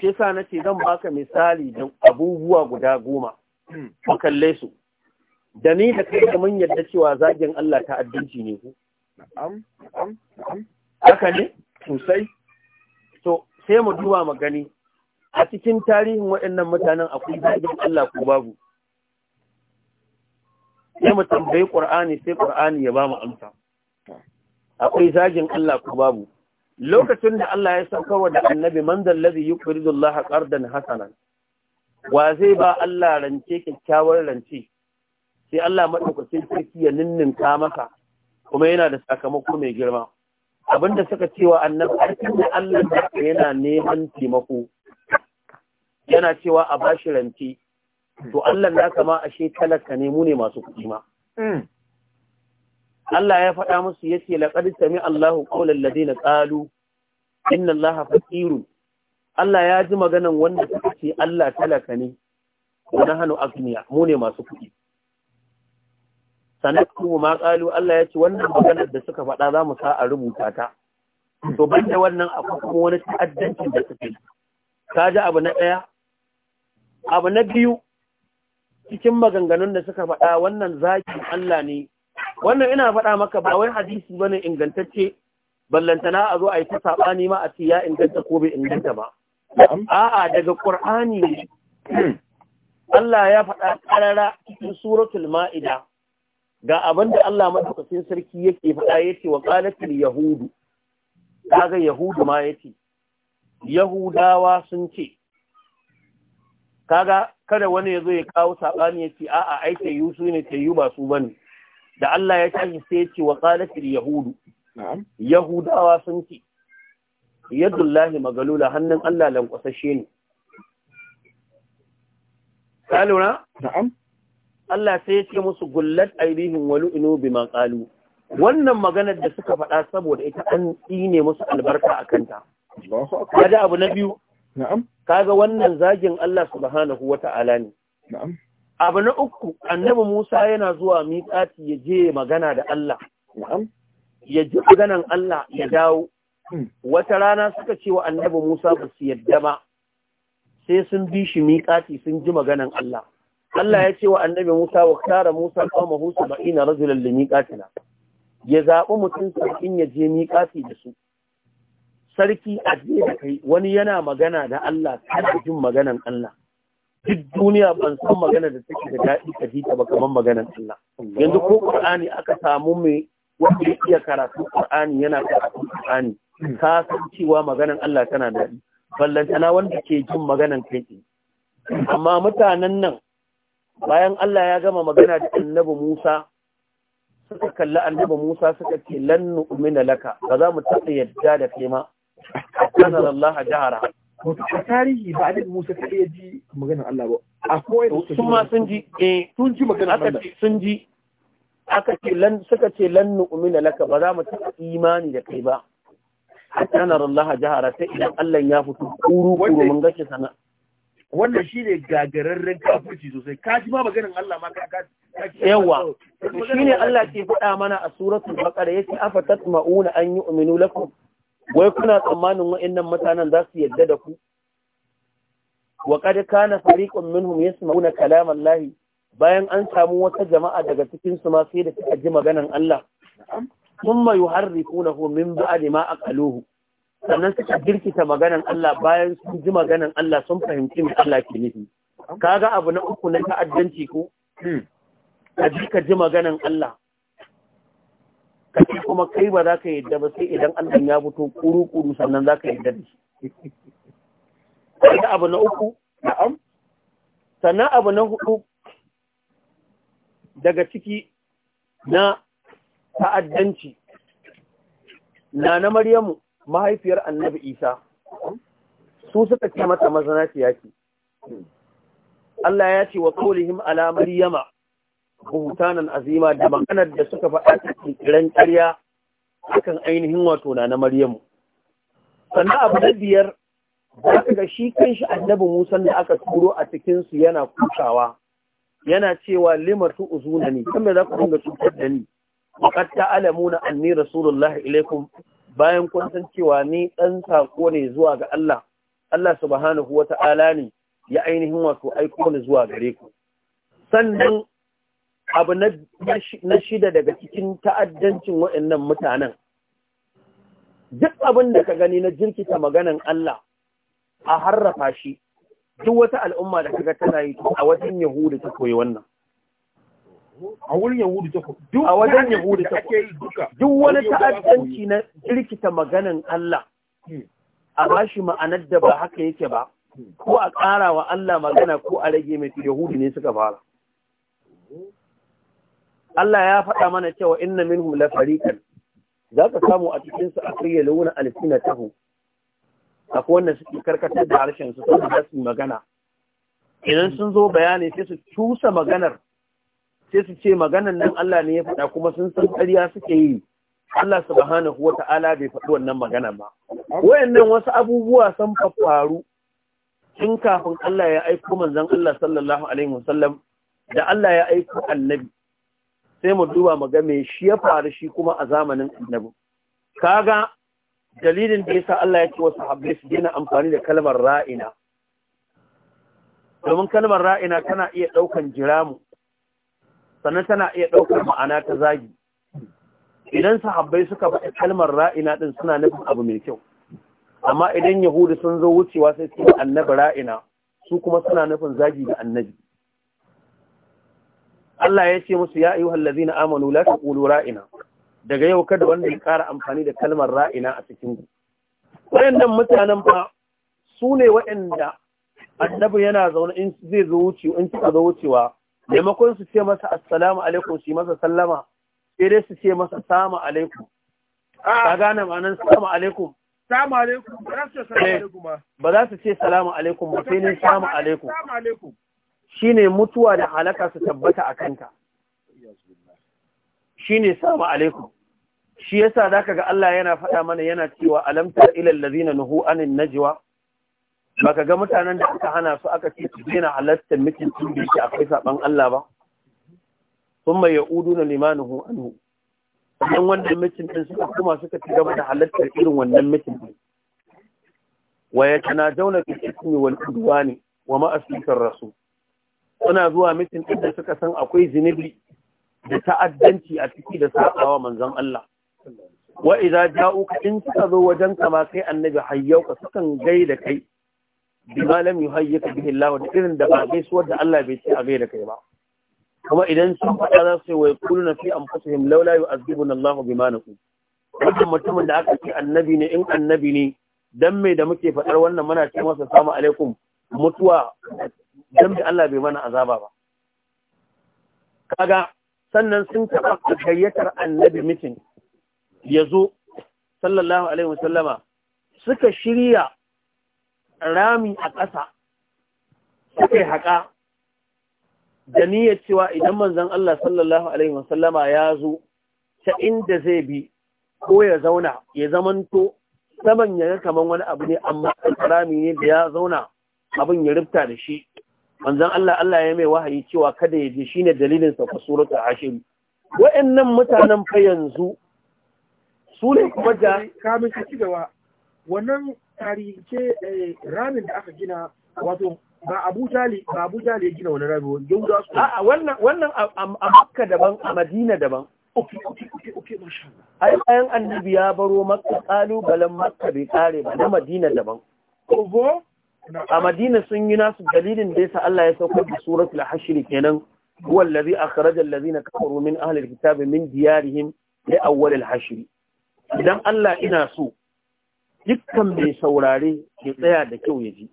shi na nace zan baka misali da abubuwa guda goma hmm. mu kalle su da ni da kai da mun yadda cewa zagin Allah ta addinci ne ku na'am na'am na'am haka ne sosai to sai mu duba mu gani a cikin tarihin waɗannan mutanen akwai zagin Allah ko babu sai mu tambayi ƙur'ani sai ƙur'ani ya ba mu amsa akwai zagin Allah ko babu lokacin da Allah ya saukarwa da annabi man dallazi yuqridu Allah qardan hasanan wa zai ba Allah rance kyakkyawar rance sai Allah maɗaukacin sarki ya ninninka maka kuma yana da sakamako mai girma Abin da suka cewa annabi aikin da Allah da yana neman taimako yana cewa a bashi ranti to Allah na kama ashe talaka ne mu ne masu kuɗi ma hmm. Allah ya faɗa musu yace laqad sami Allahu qawlal ladina qalu inna Allaha faqirun Allah ya ji maganan wanda suka ce Allah talaka ne wa nahnu agniya mu ne masu kuɗi sanaktu ma qalu Allah ya ce wannan maganar da suka faɗa za mu sa a rubuta ta to banda wannan akwai kuma wani ta'addancin da suke ka ji abu na ɗaya abu na biyu cikin maganganun da suka faɗa wannan zaki Allah ne wannan ina faɗa maka ba wai hadisi bane ingantacce ballantana a zo a yi ta saɓani ma a ce ya inganta ko bai inganta ba a'a daga Qur'ani Allah ya faɗa ƙarara cikin suratul Ma'ida ga abin da Allah madaukakin sarki yake faɗa yace wa qalatil yahudu kaga yahudu ma yace yahudawa sun ce kaga kada wani yazo ya kawo sabani yace a'a ai ta yusu ne ta yu ba su bane da Allah ya tashi sai yace wa qalatil yahudu yahudawa sun ce yadullahi magalula hannun Allah lankwasashe ne ka lura na'am Allah sai ya ce musu gullat aidihim walu inu bima qalu wannan maganar da suka faɗa saboda ita an ne musu albarka a kanta Kada abu na biyu na'am kaga wannan zagin Allah subhanahu wata'ala ne abu na uku annabi Musa yana zuwa miƙati ya je magana da Allah na'am ya ji maganan Allah ya dawo hmm. wata rana suka ce wa annabi Musa ba su yadda ba sai sun bi shi miƙati sun ji maganan Allah Allah ya ce wa annabi Musa wa Musa kama husa ba ina rajulan da miƙatina, ya zaɓi mutum sarkin ya je miƙafi da su. Sarki a je da kai wani yana magana da Allah kana jin maganan Allah. Duk duniya ban san magana da take da daɗi ka ji ta ba kamar maganan Allah. Yanzu ko Qur'ani aka samu mai wanda ya iya karatu Qur'ani yana karatu Qur'ani. Ka san cewa maganan Allah tana daɗi. Ballantana wanda ke jin maganan kai. Amma mutanen nan bayan Allah ya gama magana da annabi Musa suka kalli annabi Musa suka ce lan nu'mina laka ba za mu taɓa yadda da kai ma kana Allah jahara a tarihi ba annabi Musa ta iya ji maganar Allah ba a koyi sun ma sun ji eh sun ji maganar Allah sun ji aka ce lan suka ce lan nu'mina laka ba za mu taɓa imani da kai ba hatta nar Allah jahara sai idan Allah ya fito kuru kuru mun gashi sana wannan shi ne gagararren kafirci sosai kaji ma maganin Allah ma ka yawa shi ne Allah ke faɗa mana a suratul baqara yace afa tatma'una an yu'minu lakum wai kuna tsammanin wa'annan mutanen za su yadda da ku wa qad kana fariqun minhum yasma'una kalam Allah bayan an samu wata jama'a daga cikin su ma sai da suka ji maganan Allah thumma yuharrifunahu min ba'di ma aqaluhu sannan suka girkita maganan Allah bayan sun ji maganan Allah sun fahimci mai Allah ke nufi kaga abu na uku na ta'addanci ko hmm. ka ji ka ji maganan Allah ka ce kuma kai ba za ka yadda ba sai idan Allah ya fito kuru-kuru sannan za ka yadda da shi kaga abu na uku na'am sannan abu na hudu daga ciki na ta'addanci na na Maryamu mahaifiyar annabi isa su suka ce mata mazana ce Allah ya ce wa Kolihim ala maryama buhutanan azima da maganar da suka faɗa cikin kiran ƙarya akan ainihin wato na na maryamu sannan abu na biyar za ka ga shi kanshi annabi musan da aka turo a cikin su yana kusawa yana cewa limatu uzunani kamar za ku dinga cutar da ni وقد تعلمون أني رسول الله ilaikum bayan kun san cewa ni ɗan saƙo ne zuwa ga Allah, Allah subhanahu wa ta'ala ne ya ainihin wato aiko ni zuwa gare ku. Sannan abu na shida daga cikin ta'addancin waɗannan mutanen. Duk abin da ka gani na jirkita maganan Allah a harrafa shi, duk wata al'umma da kaga tana yi a wajen Yahudu ta koyi wannan. a wurin yahudu ta duk a wajen yahudu ta ake duk wani ta'addanci na kirkita maganan Allah hmm. a bashi ma'anar da ba haka yake ba hmm. ko a ƙara wa Allah magana ko a rage mai yahudu ne suka fara Allah ya faɗa mana cewa inna minhum la fariqan za ka samu a cikin su akriya launa alfina tahu akwai wanda suke karkatar da harshen su saboda su magana idan sun zo bayani sai su cusa maganar sai su ce maganan nan Allah ne ya faɗa kuma sun san ƙarya suke yi Allah subhanahu ta'ala bai faɗi wannan magana ba wayannan wasu abubuwa sun faru tun kafin Allah ya aiko manzon Allah sallallahu alaihi wasallam da Allah ya aiko annabi sai mu duba mu ga me shi ya faru shi kuma a zamanin annabi kaga dalilin da yasa Allah ya ce wa sahabbai su daina amfani da kalmar ra'ina domin kalmar ra'ina tana iya ɗaukan jiramu sannan tana iya ɗaukar ma'ana ta zagi idan sahabbai suka faɗi kalmar ra'ina ɗin suna nufin abu mai kyau amma idan yahudu sun zo wucewa sai su annabi ra'ina su kuma suna nufin zagi ga annabi Allah ya ce musu ya ayyuhal ladzina amanu la taqulu ra'ina daga yau kada wanda ya ƙara amfani da kalmar ra'ina a cikin ku wayannan mutanen fa su ne waɗanda annabi yana zaune in zai zo wucewa in kika zo wucewa maimakon su ce masa assalamu alaikum su yi masa sallama sai dai su ce masa salamu alaikum ah. ka gane ma'anar salamu alaikum salamu alaikum ba za su ce salamu eh. alaikum ba sai ne salamu alaikum shine mutuwa da halaka su tabbata a kanta shine salamu alaikum shi yasa zaka ga Allah yana faɗa mana yana cewa alamta ilal ladina nuhu anin najwa baka ga mutanen da aka hana su aka ce su daina halartar mutum tun da yake akwai saban Allah ba sun mai ya'udu na limanuhu anhu sannan wannan mitin din suka kuma suka ci gaba da halartar irin wannan mitin din wa ya ke fi wani wal ne wa ma rasu? suna zuwa mutum din da suka san akwai zinubi da ta'addanci a ciki da sakawa manzon Allah wa idza ja'uka in suka zo wajen kama kai annabi hayyauka sukan da kai bima lam yuhayyika bihi Allah da irin da ba gaisuwar da Allah bai ce a da kai ba kuma idan sun faɗa za su yi wa fi anfusihim la yu'azzibuna Allah bima naku wannan mutumin da aka ce annabi ne in annabi ne dan me da muke faɗar wannan muna ce masa salamu alaikum mutuwa dan da Allah bai mana azaba ba kaga sannan sun taɓa gayyatar annabi mutum ya sallallahu alaihi wasallama suka shirya rami a ƙasa suka yi haƙa da niyyar cewa idan manzan Allah sallallahu alaihi wasallama ya zo ta inda zai bi ko ya zauna ya zamanto saman ya ga kaman wani abu ne amma rami ne da ya zauna abin ya rufta da shi Manzan Allah Allah ya mai wahayi cewa kada ya je shine dalilin sa suratul hashim wa'annan mutanen fa yanzu su ne kuma da ka ci gaba wannan tarihce eh, ramin da aka gina wato ba Abu Jali ba Abu Jali ya gina wani rami Yahuda su a wannan wannan a Makka daban a Madina daban okay okay okay okay masha Allah ai annabi ya baro Makka kalubalen Makka bai kare ba na Madina daban ogo a Madina sun yi nasu dalilin da yasa Allah ya saukar da suratul hashr kenan huwa allazi akhraja allazina kafaru min ahli alkitabi min diyarihim li awwal alhashr idan Allah ina so dukkan mai saurare ya tsaya da kyau ya ji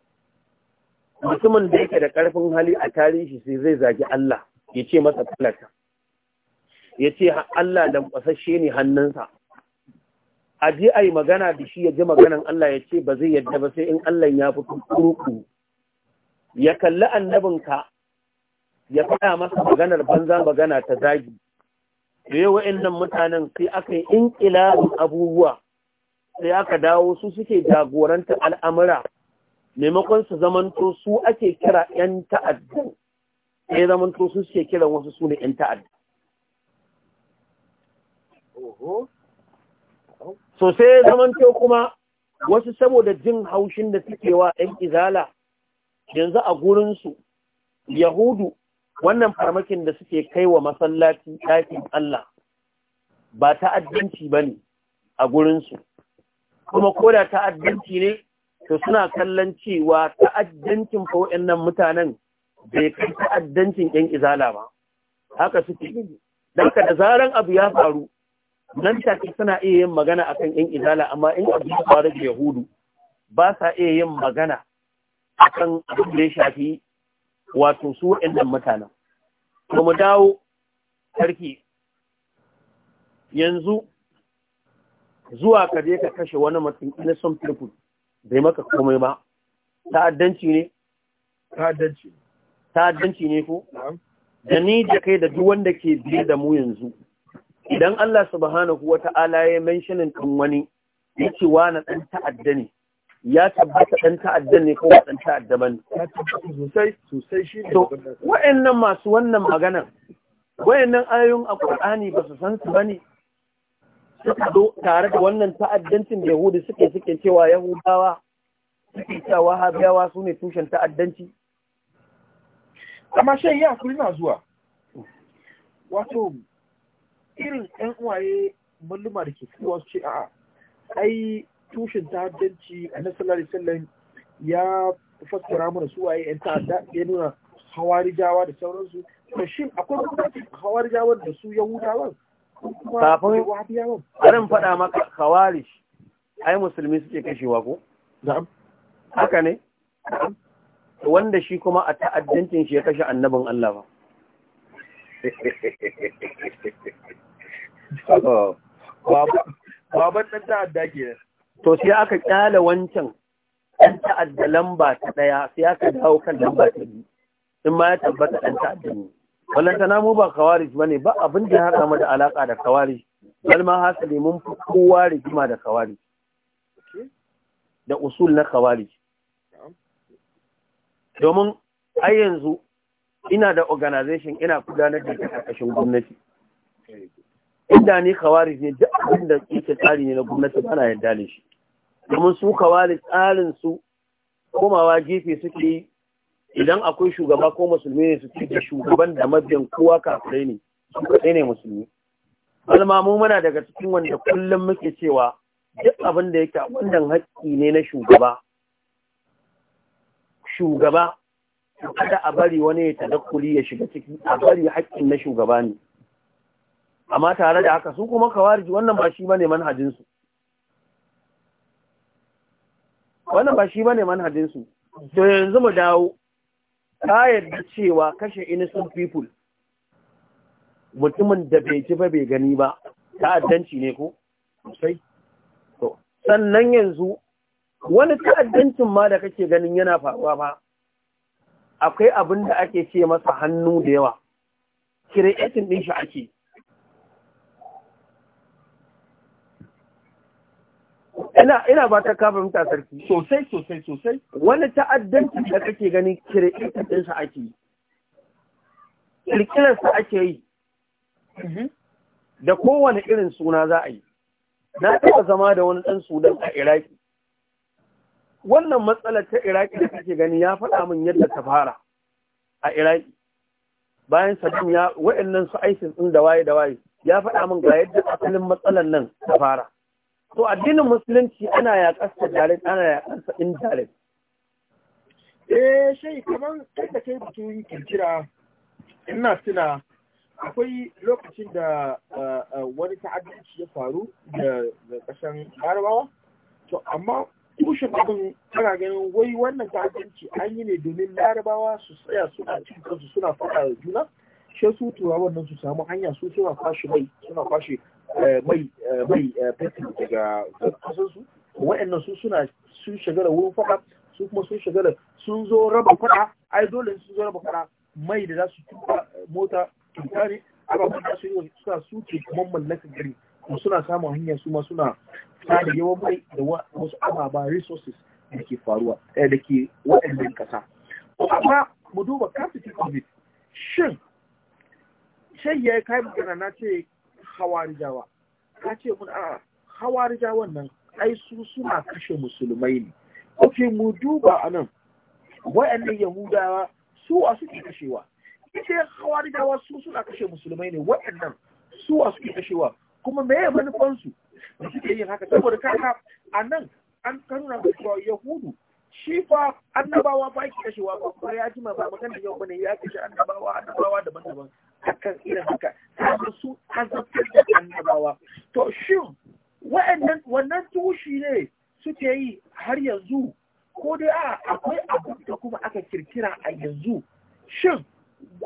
mutumin da yake da ƙarfin hali a tarihi sai zai zagi Allah ya ce masa talata. ya ce Allah da ƙwasashe ne hannunsa a ji a yi magana da shi ya ji maganan Allah ya ce ba zai yadda ba sai in Allah ya fito kuruku ya kalli annabinka ya faɗa masa maganar banza magana ta zagi da yawa mutanen sai aka yi inƙilabin abubuwa sai aka dawo su suke jagoranta al'amura maimakon su zamanto su ake kira ‘yan ta'addan sai zamanto su suke kiran wasu su ne ‘yan ta'adda. So sai zamanto kuma wasu saboda jin haushin da suke wa ‘yan izala yanzu a gurinsu Yahudu wannan farmakin da suke kai wa masallaci ɗakin Allah ba ta'addinci ba ne a gurinsu. kuma ko da ta'addanci ne to suna kallon cewa ta'addancin fa wa'annan mutanen bai kai ta'addancin ƴan izala ba haka suke dan ka da zaran abu ya faru nan take suna iya yin magana akan ƴan izala amma in abu ya faru da yahudu ba sa iya yin magana akan abu da ya shafi wato su wa'annan mutanen kuma dawo sarki yanzu zuwa ka je ka kashe wani mutum innocent people bai maka komai ba ta'addanci ne ta'addanci ta'addanci ne ko da ni da kai da duk wanda ke biye da mu yanzu idan Allah subhanahu wata'ala ya mentionin kan wani ya ce na dan ta'adda ne ya tabbata dan ta'adda ne ko dan ta'adda bane sosai sosai shi ne wa'annan masu wannan maganar wa'annan ayoyin alqur'ani ba su san su bane suka zo tare da wannan ta'addancin da Yahudi suke suke cewa Yahudawa suke cewa Habiyawa su ne tushen ta'addanci? Amma shan ya kuri na zuwa. Wato, irin ‘yan uwaye malluma da ke kuwa su ce a'a, ai tushen ta'addanci a nasarar sallan ya fassara mana su waye ‘yan ta'adda ya nuna hawari jawa da sauransu. Shin akwai hawari jawa da su Yahudawan kafin harin faɗa maka kawarish ai musulmi suke kashewa ko haka ne wanda shi kuma a ta'addancin shi ya kashe annabin Allah ba oh. baban ɗan ta'adda ke to sai aka ƙyale wancan ɗan ta'adda lamba ta ɗaya sai aka dawo kan lamba ta biyu in ma ya tabbata ɗan ta'adda ne na mu ba kawarij bane ba abin da ya haɗa mu da alaƙa da kawarij bal ma hasali mun fi kowa rigima da kawarij da usul na kawarij domin ai yanzu ina da organization ina gudanar da ƙarƙashin gwamnati inda ni kawarij ne duk abin da yake tsari ne na gwamnati bana yarda da shi domin su kawarij tsarin su komawa gefe suke yi idan akwai shugaba ko musulmi ne su ce da shugaban da mabiyan kowa kafirai ne su kaɗai ne musulmi alma muna daga cikin wanda kullum muke cewa duk abin da yake wannan haƙƙi ne na shugaba shugaba kada a bari wani ya tadakkuli ya shiga ciki a bari haƙƙin na shugaba ne amma tare da haka su kuma kawariji wannan ba shi bane manhajinsu wannan ba shi bane manhajinsu to yanzu mu dawo ta yadda cewa kashe innocent people mutumin da bai ji ba bai gani ba ta'addanci ne ko sai to sannan yanzu wani ta'addancin ma da kake ganin yana faruwa ba akwai abin da ake ce masa hannu da yawa creating din shi ake ina ina ba ta kafa mita sarki sosai sosai sosai wani ta'addanci da kake gani kirkirar din sa ake yi kirkirar sa ake yi mhm. da kowane irin suna za a yi na taɓa zama da wani ɗan sudan a iraki wannan matsalar ta iraki da kake gani ya faɗa min yadda ta fara a iraki bayan sabbin ya waɗannan su aisin ɗin da waye da waye ya faɗa min ga yadda asalin matsalar nan ta fara to addinin musulunci ana yaƙarsa direct ana yaƙarsa indirect eh shai kaman kai da kai batun kirkira ina tuna akwai lokacin da wani ta'addanci ya faru da kasan larabawa to amma tushen abin tana ganin wai wannan ta'addanci an yi ne domin larabawa su tsaya suna cin kansu suna faɗa da juna shi su turawan nan su samu hanya su suna kwashe mai suna kwashe Eh, mai eh, mai eh, fetur daga kasansu waɗannan su suna sun shagala wurin faɗa su kuma sun shagala sun zo raba faɗa ai dole sun zo raba faɗa mai da za su tuka mota tuka ne ababen da su yi suna suke kuma mallakan gari kuma suna samun hanya su ma suna tsada yawan mai da wasu ababa resources da ke faruwa da ke waɗannan ƙasa amma mu duba kafin covid shin shan ya yi kayan magana na ce hawarijawa ka ce mun a hawarijawan nan ai su suna kashe musulmai ne ok mu duba anan wayannan yahudawa su a suke kashewa ita hawarijawa su suna kashe musulmai ne wayannan su a suke kashewa kuma me ya manufansu da suke yin haka saboda kaka anan an kanuna da cewa yahudu shi fa annabawa ba ki kashewa ba ya jima ba magana yau bane ya kashe annabawa annabawa daban-daban akan irin haka kaga su azabtar da annabawa to shin wa'annan wannan tushi ne suke yi har yanzu ko dai a akwai abu da kuma aka kirkira a yanzu shin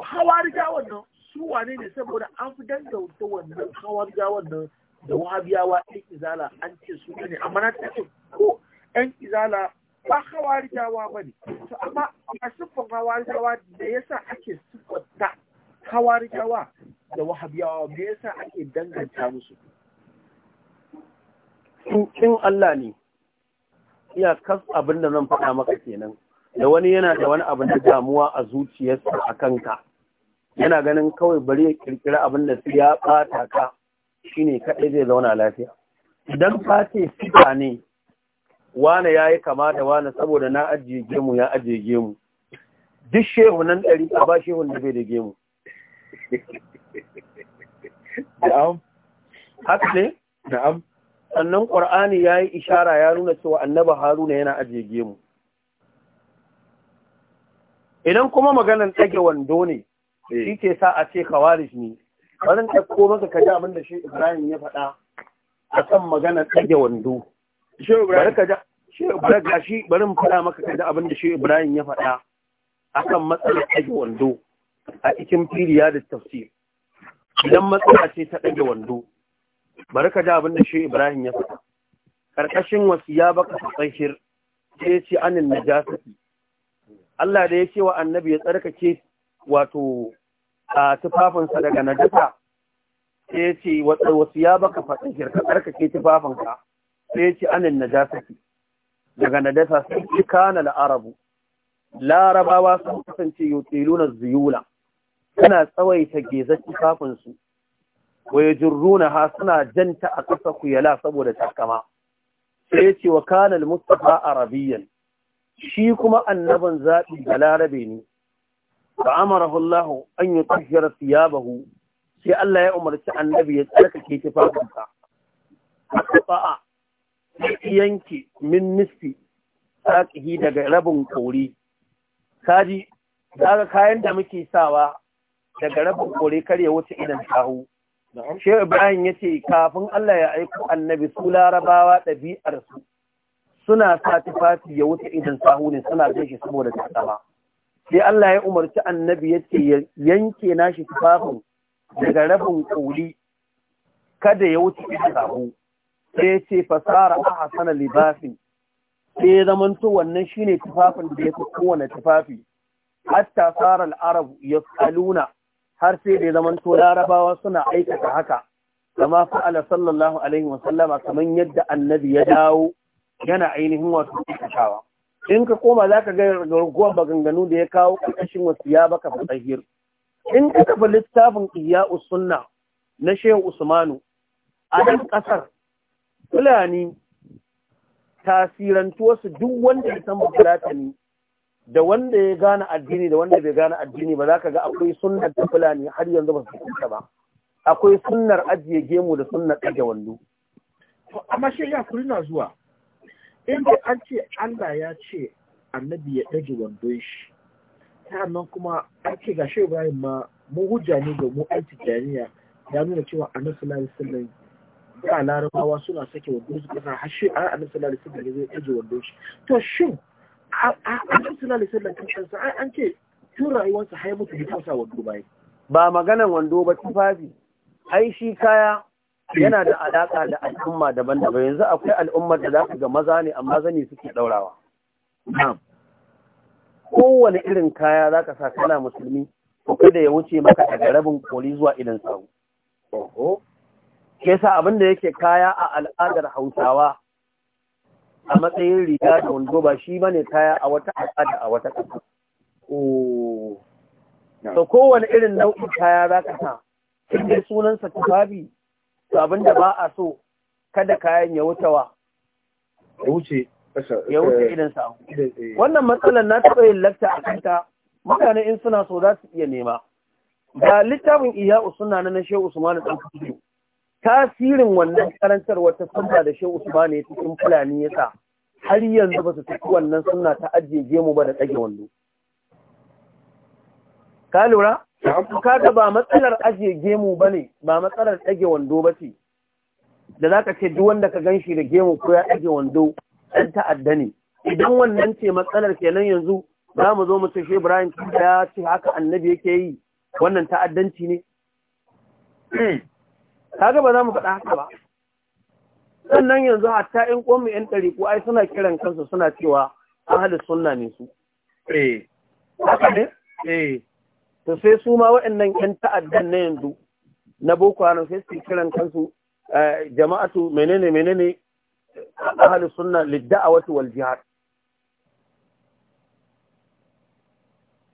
hawarija wannan su wane ne saboda an fi dangauta wannan hawarija wannan da wahabiyawa ɗin izala an ce su ne amma na ta ce ko ɗan izala ba hawarijawa ba ne to amma a siffan hawarijawa da yasa ake siffanta hawarijawa da wahabiyawa me yasa ake danganta musu in Allah ne iya kas abin da nan faɗa maka kenan da wani yana da wani abin da damuwa a zuciyarsa a kanka yana ganin kawai bari ya kirkira abin da su ya ɓata ka shine kaɗai zai zauna lafiya idan ka ce fita ne wane ya yi kama da wane saboda na ajiye gemu ya ajiye gemu duk shehu nan ɗari a ba shehun da bai da gemu na'am haka na'am sannan ƙwar'ani ya yi ishara ya nuna cewa annaba haruna yana ajiye mu. idan kuma maganan tsage wando ne eh. shi ke sa a ce kawaris ne barin ɗauko maka kaji abin da shi ibrahim ya faɗa a kan maganar tsage wando barin faɗa maka abin da shi ibrahim ya faɗa a kan matsalar tsage wando a cikin firiya da tafsir idan matsala ce ta ɗage wando bari ka ji abin da shi ibrahim ya faɗa ƙarƙashin wasiya baka tsahir sai ya ce anin najasati Allah da ya ce wa annabi ya tsarkake wato a tufafinsa daga najasa sai ya ce wasiya baka faɗa ka tsarkake tufafinka sai ya ce anin najasati daga najasa sai ci kana larabu larabawa sun kasance yutiluna ziyula suna tsawaita geza tufafinsu waye jirruna ha suna janta a ƙasa kuyala saboda takama sai ce wa kanal mustafa arabiyan shi kuma annaban zaɓi da larabe ne ba amarahu Allah an yi tsakiyar siyabahu sai Allah ya umarci annabi ya tsarkake tufafinsa a ƙasa'a sai yanki min nisfi tsakihi daga rabin kori kaji daga kayan da muke sawa daga rabin kore karya ya wuce idan sahu Shehu Ibrahim ya ce, kafin Allah ya aiko annabi su larabawa ɗabi'arsu suna sa tufafi ya wuce idan sahu ne suna jin shi saboda tsama. Sai Allah ya umarci annabi ya ce yanke nashi tufafin daga rabin koli kada ya wuce idan sahu. Sai ya ce fasara a hasana libafin. Sai ya zamanto wannan shine tufafin da ya fi kowane tufafi. Hatta sarar Arab ya kaluna har sai da zaman to larabawa suna aikata haka kama fa'ala sallallahu alaihi wa sallama kaman yadda annabi ya dawo yana ainihin wato aikatawa in ka koma zaka ga garguwan baganganu da ya kawo ƙarƙashin wasu ya baka fatahir in ka tafi littafin iya'us usunna na shehu usmanu a nan ƙasar fulani wasu duk wanda ya san bukata ne da wanda ya gane addini da wanda bai gane addini ba za ka ga akwai sunnar ta fulani har yanzu ba su kuka ba akwai sunnar ajiye gemu da sunnar ajiye wando. To amma shi ya kuri na zuwa inda an ce Allah ya ce annabi ya ɗage wando shi sannan kuma an ce ga shehu Ibrahim ma mu hujja ne ga mu aiki jariya ya nuna cewa annabi sallallahu alaihi wasallam larabawa suna sake wando su kasa har shi annabi sallallahu alaihi wasallam ya zo ɗage wando shi to shin an ce tun rayuwarsa mutu ba maganan wando ba tufafi ai shi kaya yana da alaƙa da al'umma daban-daban yanzu akwai al'ummar da za ka ga maza ne amma zane suke ɗaurawa. kowane irin kaya za ka sa kana musulmi ko da ya wuce maka daga rabin koli zuwa idan sau. ke sa abin da yake kaya a al'adar Hausawa a matsayin riga da wando ba shi bane kaya a wata al'ada a wata ƙasa to oh. kowane irin nau'in kaya za ka sa inda sunansa tufafi to da ba a so kada kayan ya wuce wa ya wuce ya wuce eh, idan sa eh. wannan matsalar na taɓa yin lakta a kanta mutane in suna so za su iya nema ga littafin iya usuna na shehu usmanu Ɗan kudu tasirin wannan karantar wata sunna da shehu usmani cikin fulani ya sa har yanzu ba su tafi wannan suna ta ajiye gemu ba da tsage wando ka lura ga ba matsalar ajiye gemu ba ne ba matsalar tsage wando ba ce da za ka ce duk wanda ka gan shi da gemu ko ya tsage wando dan ta'adda ne idan wannan ce matsalar kenan yanzu za mu zo mu ce shi Ibrahim ya ce haka annabi yake yi wannan ta'addanci ne kaga ba za mu faɗa haka ba sannan yanzu hatta in ƙomi yan ɗari ko ai suna kiran kansu suna cewa an ahalus sunna ne su eh haka ne eh to sai su ma waɗannan yan ta'addan na yanzu na boko haram sai su kiran kansu eh, jama'atu menene menene Lidda sunna lidda'awati wal jihad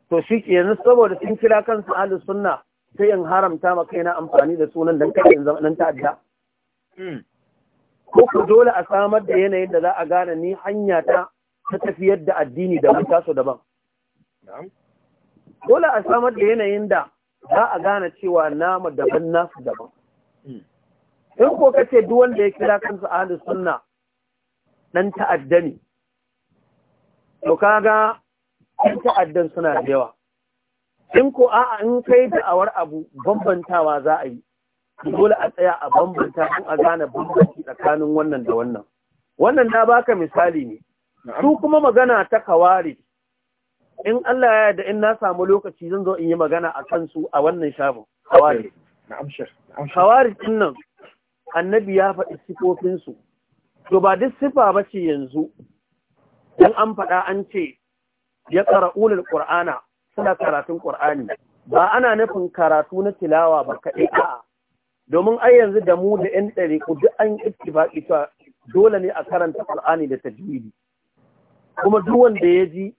to shi ke yanzu saboda sun kira kansu ahalus sunna ta yin haramta ma kaina amfani da sunan don kai in zama dan ta'adda hmm. ko ku dole a samar da yanayin da za a gane ni hanya ta ta tafiyar da addini da mun su daban dole a samar da yanayin da za a gane cewa nama daban nasu daban hmm. in ko kace duk wanda ya kira kansa ahlus sunna dan ta'adda ne to kaga yan ta'addan suna da yawa in ko a'a in kai da'awar abu bambantawa za a yi dole a tsaya a bambanta in a gane bambanci tsakanin wannan da wannan wannan na baka misali ne su kuma magana ta kawari in Allah ya yarda in na samu lokaci zan zo in yi magana a kansu a wannan shafin kawari kawari din nan annabi ya faɗi sifofinsu to ba duk sifa ba ce yanzu dan an faɗa an ce ya ƙara'unar Qur'ana. suna karatun Kur'ani. ba ana nufin karatu na tilawa ba kaɗai a domin ai yanzu da mu da ƴan ɗariƙu duk an ittifaqi cewa dole ne a karanta ƙur'ani da tajwidi kuma duk wanda ya ji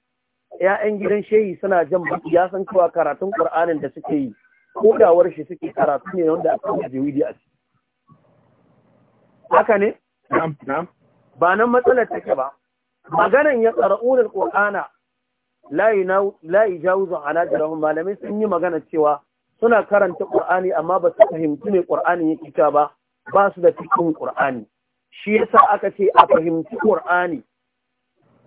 ‘ya'yan gidan shehi suna jan baki ya san cewa karatun ƙur'anin da suke yi ko da shi suke karatu ne wanda aka yi tajwidi a ciki haka ne ba nan matsalar take ba maganan ya tsara ƙur'ana. la yujawizu hanajirahum malamai sun yi magana cewa suna karanta ƙur'ani amma ba su fahimci mai ƙur'ani ya cewa ba ba su da fikin ƙur'ani shi yasa aka ce a fahimci ƙur'ani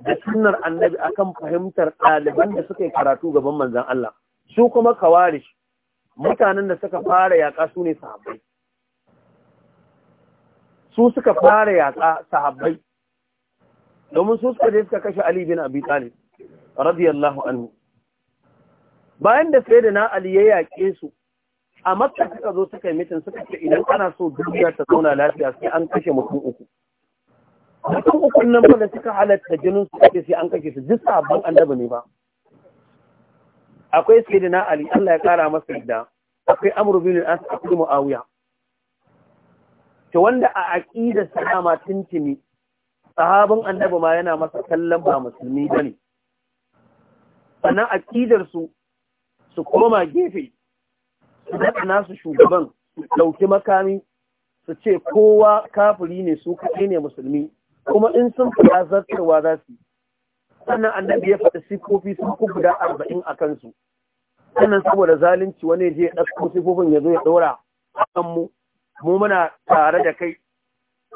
da sunnar annabi akan fahimtar ɗaliban da suka yi karatu gaban manzan Allah su kuma kawarish mutanen da suka fara yaƙa su ne sahabbai su suka fara yaƙa sahabbai domin su suka je suka kashe Ali bin Abi Talib radiyallahu anhu bayan da sai da na ali ya yake su a makka suka zo suka yi mitin suka ce idan ana so duniya ta zauna lafiya sai an kashe mutum uku mutum uku nan ba da suka halatta jinin su ake sai an kashe su duk sabon annabi ne ba akwai sai da na ali Allah ya kara masa yadda akwai amru bin al-as akwai muawiya to wanda a aqida salama tuntuni sahabin annabi ma yana masa kallon ba musulmi bane sannan akidar su su koma gefe su daɗa su shugaban ɗauki makami su ce kowa kafiri ne su kaɗai ne musulmi kuma in sun fada zartarwa za su sannan annabi ya faɗi sifofi sun fi guda arba'in a kansu sannan saboda zalunci wani je ya ɗauko sifofin ya zo ya ɗora a mu mu muna tare da kai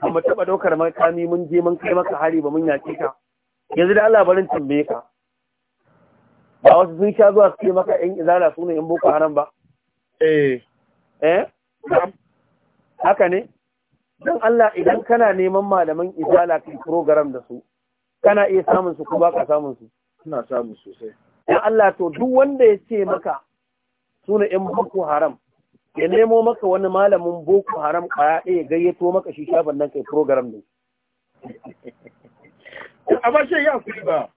Kuma mu taɓa ɗaukar makami mun je mun kai maka hari ba mun yaƙe ka yanzu da Allah barin tambaye ka ba wasu sun sha zuwa suke maka yan izala su ne yan boko haram ba eh eh haka ne don Allah idan kana neman malaman izala kai program da su kana iya samun su ko ba ka samun su ina samun sosai dan Allah to duk wanda ya ce maka su ne yan boko haram ya nemo maka wani malamin boko haram kwaya ɗaya gayyato maka shi shafin nan kai program din Amma ba ya kuɗi ba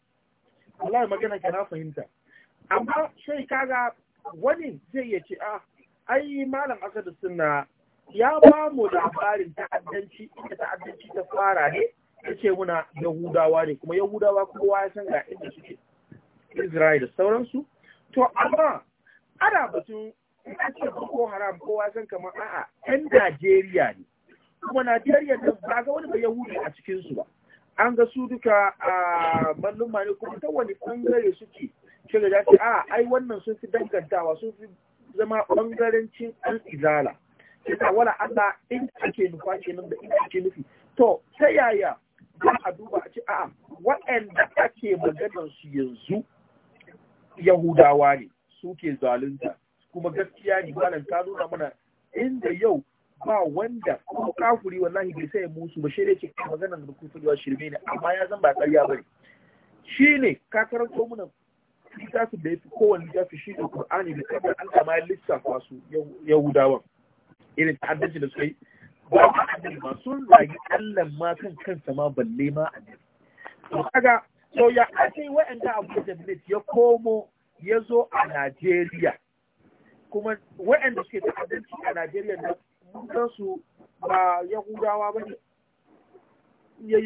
Allah magana ka na fahimta amma sai kaga wani zai ya ce ah ai malam asadu sunna ya ba mu labarin ta'addanci inda ta'addanci ta fara ne ya ce muna yahudawa ne kuma yahudawa kowa ya san ga inda suke isra'il da sauransu to amma ana batun a ce boko haram kowa san kamar a'a yan najeriya ne kuma najeriya ta ba ga wani ba yahudi a cikinsu ba an ga su duka a ballon ne kuma ta wani ɓangare suke shiga da ce a ai wannan sun fi dangantawa sun fi zama bangarancin an izala ina wala Allah in ake nufa kenan da in ake nufi to ta yaya za a duba a ce a'a waɗanda ake maganar su yanzu yahudawa ne suke zalunta kuma gaskiya ne malam ta nuna mana inda yau ba wanda ko kafuri wallahi bai sai musu ba shi ne ce magana da kuka faɗi shirme ne amma ya zan ba ƙarya bane Shi ka karanto mana littafin da ya fi kowane littafi shi ne Qur'ani da kaddar an kama ya lissafa su Yahudawan irin ta'addanci da suka yi ba ma annabi ma sun zagi Allah ma kan kansa ma balle ma annabi to kaga so ya ake wa'anda abu da ya komo ya zo a Najeriya kuma wa'anda suke ta'addanci a Najeriya nan kansu ba yahudawa ba ne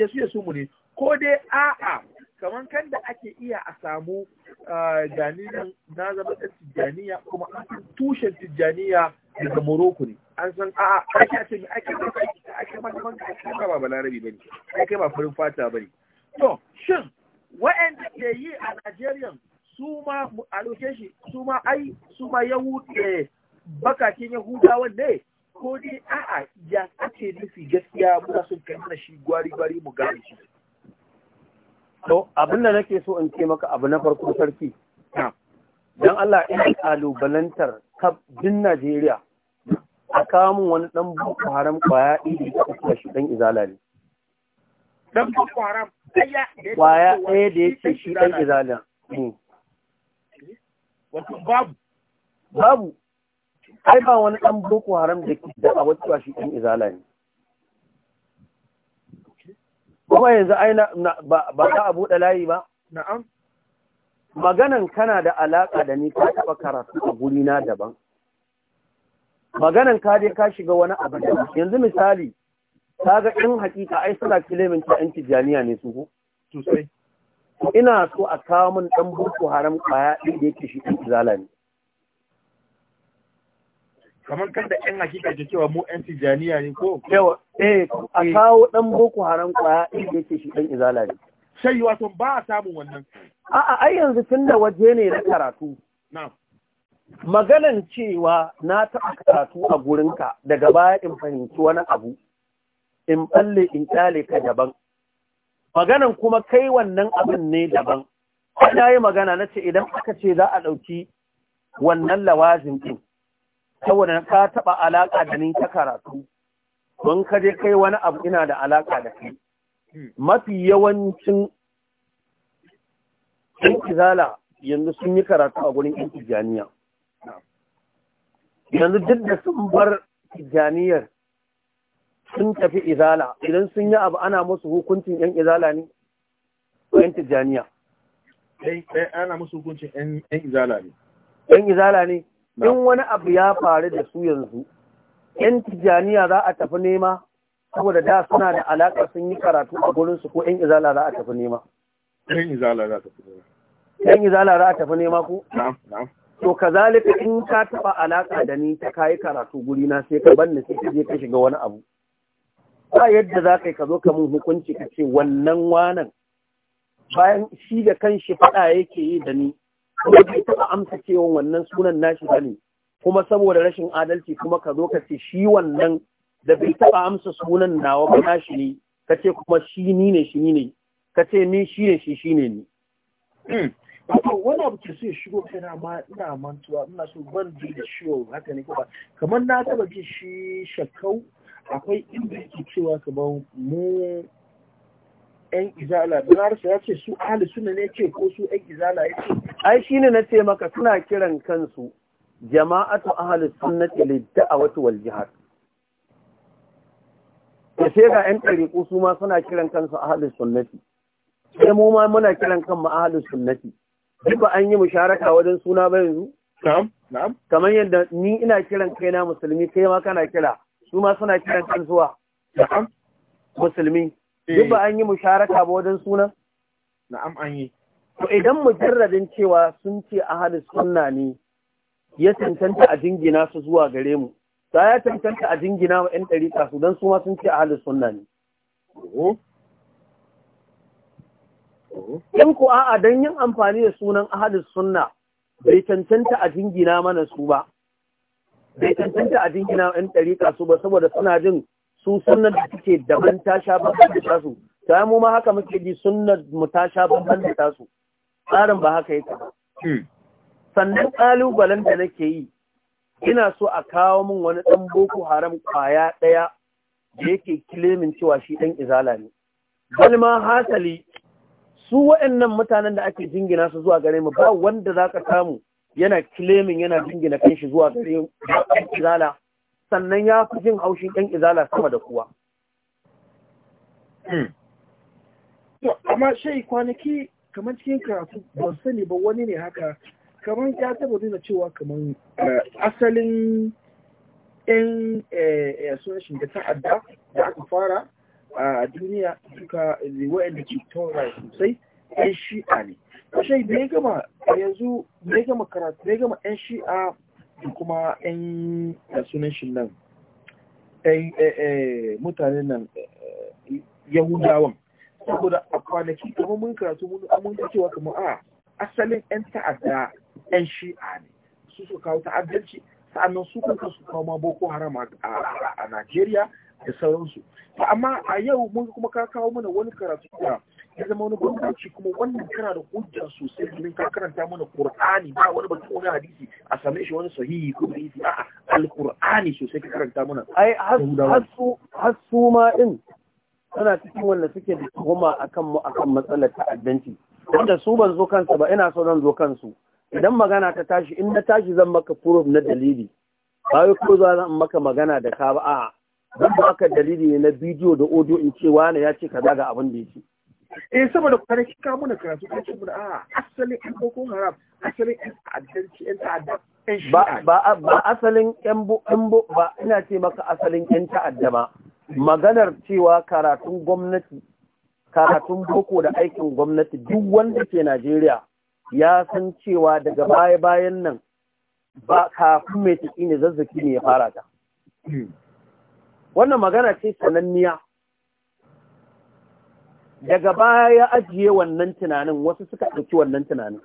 su, yesu mu ne ko dai a'a kamar kan da ake iya a samu ah, janinin na zama ɗan tijjaniya kuma an san tushen tijjaniya daga morocco ne an san a'a ake ce mai ake ake ake ake ake ba balarabi ba ne ake ba farin fata ba ne to shin wa'anda ke yi a nigeria su ma a su ma ai su ma yahudu eh, bakakin yahudawan ne ko dai a'a ya ake nufi gaskiya muna son kai mana shi gwari gwari mu gane shi to abin da nake so in ce maka abu na farko sarki dan Allah ina kalubalantar kaf din Najeriya a kawo min wani dan boko haram kwaya idi da ta shi dan izala ne dan boko haram kwaya ɗaya da yake shi dan izala ne hmm. wato babu babu ai ba wani ɗan boko haram da ke da a shi ɗan izala ne kuma yanzu ai ba za a buɗe layi ba na'am maganan kana da alaƙa da ni ka taɓa karatu a guri na daban maganan ka je ka shiga wani abu da yanzu misali ta ga ɗin hakika ai suna ta ɗan tijjaniya ne su ko ina so a kawo min ɗan boko haram ƙwaya ɗin da yake shi ɗan izala ne kamar kan da yan hakika ke cewa mu yan tijaniya ne ko yawa eh a eh. kawo dan boko haram kwaya inda yake shi dan izala ne sai wato ba a samun wannan a'a ai yanzu tunda waje ne na karatu na'am maganan cewa na taɓa karatu a gurinka daga baya in fahimci wani abu in balle in kyale ka daban maganan kuma kai wannan abin ne daban na yi magana na ce idan aka ce za a ɗauki wannan lawazin ɗin saboda ka taɓa alaƙa da ni ta karatu don ka je kai wani abu ina da alaƙa da kai hmm. mafi yawancin ɗan kizala yanzu sun yi karatu a gurin ɗan tijjaniya yanzu duk da sun bar tijjaniyar sun tafi izala idan sun yi abu ana musu hukuncin ‘yan izala ne ko ‘yan tijjaniya ana musu hukuncin ‘yan izala ne ‘yan izala ne in wani abu ya faru da su yanzu yan tijaniya za a tafi nema saboda da suna da alaƙa sun yi karatu a gurinsu, ko yan izala za a tafi nema yan izala za a tafi nema yan izala za a to in ka taɓa alaƙa da ni ta kayi karatu guri na sai ka banni sai ka je ka shiga wani abu ba yadda za ka yi ka zo ka mun hukunci ka ce wannan wanan bayan shi da kanshi faɗa yake yi da ni kuma bai taɓa amsa cewa wannan sunan nashi bane kuma saboda rashin adalci kuma ka zo ka ce shi wannan da bai taɓa amsa sunan nawa ba nashi ne ka ce kuma shi ni ne shi ni ne ka ce ni shi ne shi shi ne ni. Hmm. Wato wani abu ke so ya shigo kaina ma ina mantuwa ina so ban ji da shiwo haka ne kuma kamar na taɓa ji shi shakau akwai inda yake cewa kamar mu 'yan izala Balarasu ya ce su ahli suna ne ce ko su 'yan izala ya ce ai shi ne na ce maka suna kiran kansu jama'atu ahli sunnati lid a wal waljihar. Ya ce ga 'yan ɗari su ma suna kiran kansu ahli sunnati sai mu ma muna kiran kanmu ahli sunnati duk ba an yi musharaka wajen suna ba yanzu kamar yadda ni ina kiran kaina musulmi kai ma kana kira su ma suna kiran kansuwa musulmi Eh. duk ba an yi musharaka ba wajen sunan na'am an yi to idan mujarradin cewa sun ce ahli sunna ne ya cancanta a jingina su zuwa gare mu ta ya cancanta a jingina wa 'yan ɗarika su don su ma sun ce ahalin sunna ne. Yan ku a don yin amfani da sunan ahalin sunna bai cancanta a jingina mana su ba, bai cancanta a jingina wa 'yan ɗarika su ba saboda suna jin su sunan da suke daban ta sha babban da tasu ta mu ma haka muke ji sunan mu ta sha babban da tasu tsarin ba haka yake ba. Hmm. sannan ƙalubalen da nake yi ina so a kawo min wani ɗan boko haram ƙwaya ɗaya da yake kilimin cewa shi ɗan izala ne balma hasali su waɗannan mutanen da ake jingina su zuwa gare mu ba wanda za ka samu yana kilimin yana jingina kanshi zuwa gare izala sannan ya fi jin haushin ‘yan izala sama da kuwa. Hmm. Amma shai kwanaki kamar cikin karatu ba sani ba wani ne haka, kamar ya taba nuna cewa kamar eh, asalin ‘yan eh, eh, sunashin da ta'adda da aka fara a duniya duka wa'yanda ke tora sosai ‘yan shi'a ne. Shai bai gama yanzu bai gama karatu bai gama ‘yan shi'a da kuma ɗan sunan shi nan mutane nan eh, yahudawan saboda a kwanaki kamar mun karatu mun amince cewa kamar a asalin ɗan ta'adda 'yan shi'a ne su su kawo ta'addanci sa'annan su kuka su kawo ma boko haram a najeriya da sauransu amma a yau mun kuma ka kawo mana wani karatu da ya zama wani bambanci kuma wannan kana da hujja sosai domin ka karanta mana qur'ani ba wani batun wani hadisi a same shi wani sahihi ko da yake a'a qurani sosai ka karanta mana ai har su ma din tana cikin wanda suke da tuhuma akan mu akan matsalar ta'addanci wanda su ban zo kansu ba ina so zan zo kansu idan magana ta tashi in na tashi zan maka proof na dalili ba wai ko za zan maka magana da ka ba a'a don ba ka dalili ne na bidiyo da audio in ce wani ya ce kaza ga abin da yake eh saboda kwanaki ka muna karatu ka ce muna a ah, asalin yan boko haram asalin yan ta'addanci yan ta'adda ba ba ba asalin yan bo ba ina ce maka asalin yan ta'adda ba maganar cewa karatun gwamnati karatun boko da aikin gwamnati duk wanda ke Najeriya ya san cewa daga baya-bayan nan ba kafin mai tafi ne zazzaki ne ya fara ta. Hmm. wannan magana ce sananniya daga baya ya ajiye wannan tunanin wasu suka ɗauki wannan tunanin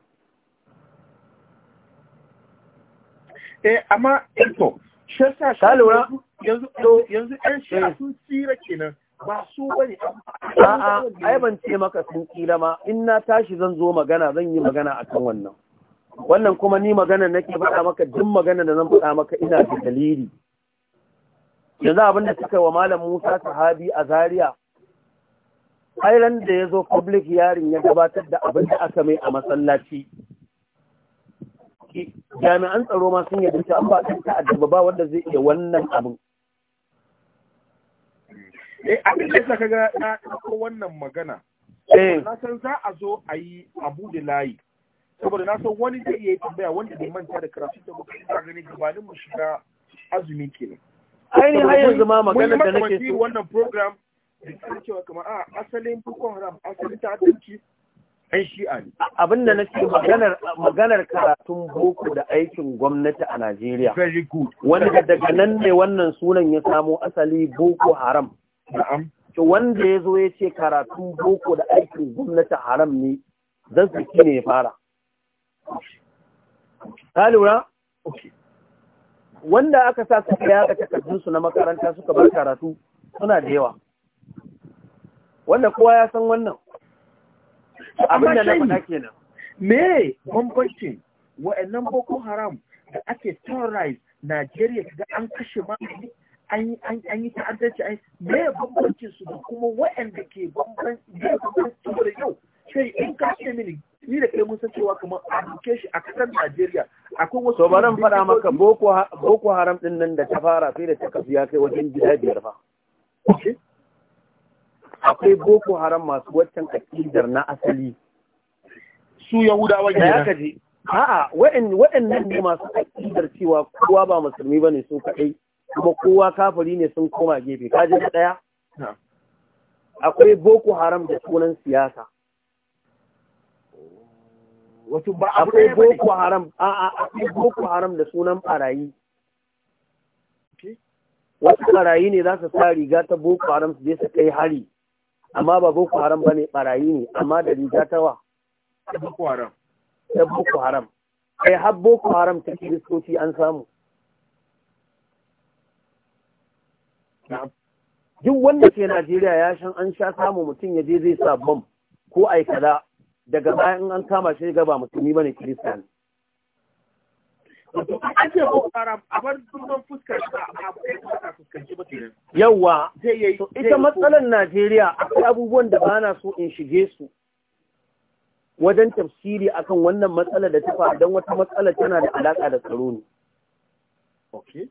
eh amma eto eh, shasa shalura lura yanzu yanzu ɗan shi eh. sun tsira kenan ba su bane a'a ai ban ce maka sun tsira ma in na tashi zan zo magana zan yi magana akan wannan wannan kuma ni magana nake faɗa maka duk magana da zan faɗa maka ina da dalili yanzu abin da suka yi wa malam Musa sahabi a Zaria Ireland da ya zo public yarin ya gabatar da abin da aka mai a masallaci jami'an tsaro ma sun yadda an ba ta ta'adda ba wanda zai iya wannan abin eh abin da saka ga na ko wannan magana eh. na san za a zo a yi abu da layi saboda na san wani zai iya tambaya wanda bai manta da karatu da muka gani gabanin mu shiga azumi kenan ainihin har yanzu ma magana da nake so wannan program da cewa kamar a ah, asalin bukon haram asalin ta tanci an A ne abin da nake maganar maganar karatun boko da aikin gwamnati a Najeriya very wanda daga nan ne wannan sunan ya samo asali boko haram na'am to wanda ya zo ya ce karatun boko da aikin gwamnati haram ne zan zazzaki ne ya fara ka lura okay wanda aka sa suka takardun takardunsu na makaranta suka bar karatu suna da yawa wanda kowa ya san wannan abin da na faɗa kenan me bambanci wa'annan boko haram da ake terrorize Najeriya da an kashe ma an yi ta'addanci ai me bambancin su da kuma wa'anda ke bambanci da yau sai in ka ce mini ni da kai mun san cewa kamar a duke shi a kasar Najeriya akwai wasu to baran faɗa maka boko haram din nan da ta fara sai da ta kasu ya kai wajen gida biyar ba." akwai boko haram masu waccan akidar na asali su yahudawa ne ya kaji a'a nan ne masu akidar cewa kowa ba musulmi bane su kadai kuma kowa kafiri ne sun koma gefe kaji na ɗaya akwai boko haram da sunan siyasa wato ba akwai boko haram a akwai boko haram da sunan barayi wasu barayi ne za su sa riga ta boko haram su je su kai hari amma ba boko haram ne, barayi ne amma da riga ta wa ta boko haram kai har boko haram ta kiristoci an samu duk wanda ke Najeriya ya shan an sha samu mutum ya je zai sa bom ko ai daga bayan an kama shi ga ba musulmi bane kristan ake kokara a yawa ita matsalar Najeriya akwai abubuwan da ba na so in shige su wajen tafsiri akan wannan matsala da ta faru don wata matsala tana da alaka da tsaro ne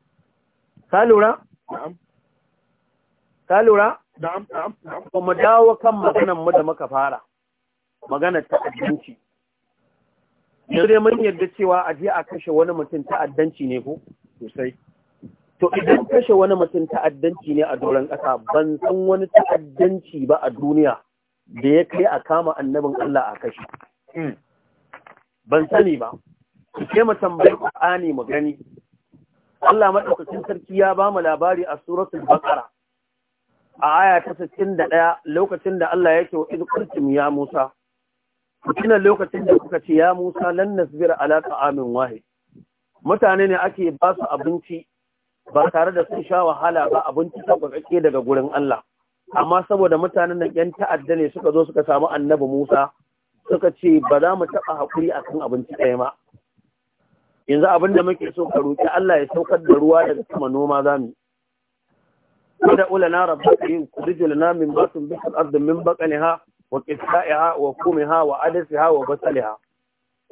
ka lura ka lura ba mu dawo kan maganan mu da muka fara maganar ta'addanci yanzu dai mun yarda cewa a je a kashe wani mutum ta'addanci ne ko sosai to idan kashe wani mutum ta'addanci ne a doron ƙasa ban san wani ta'addanci ba a duniya da ya kai a kama annabin Allah a kashe hmm. ban sani ba sai mu tambayi Qur'ani mu gani Allah madaukakin sarki ya ba mu labari a suratul Baqara a aya ta 61 lokacin da Allah yake wa idh ya Musa tuna lokacin da kuka ce ya Musa lan nasbira ala ta'amin wahid mutane ne ake ba su abinci ba tare da sun sha wahala ba abinci ta kwakake daga gurin Allah amma saboda mutanen nan yan ta'adda ne suka zo suka samu annabi Musa suka ce ba za mu taɓa haƙuri akan abinci ɗaya ma yanzu abinda da muke so ka roki Allah ya saukar da ruwa daga sama noma za mu kada ulana ku yukhrij na min batin bihi al min baqaliha wa qisaiha wa kumiha wa adasiha wa basaliha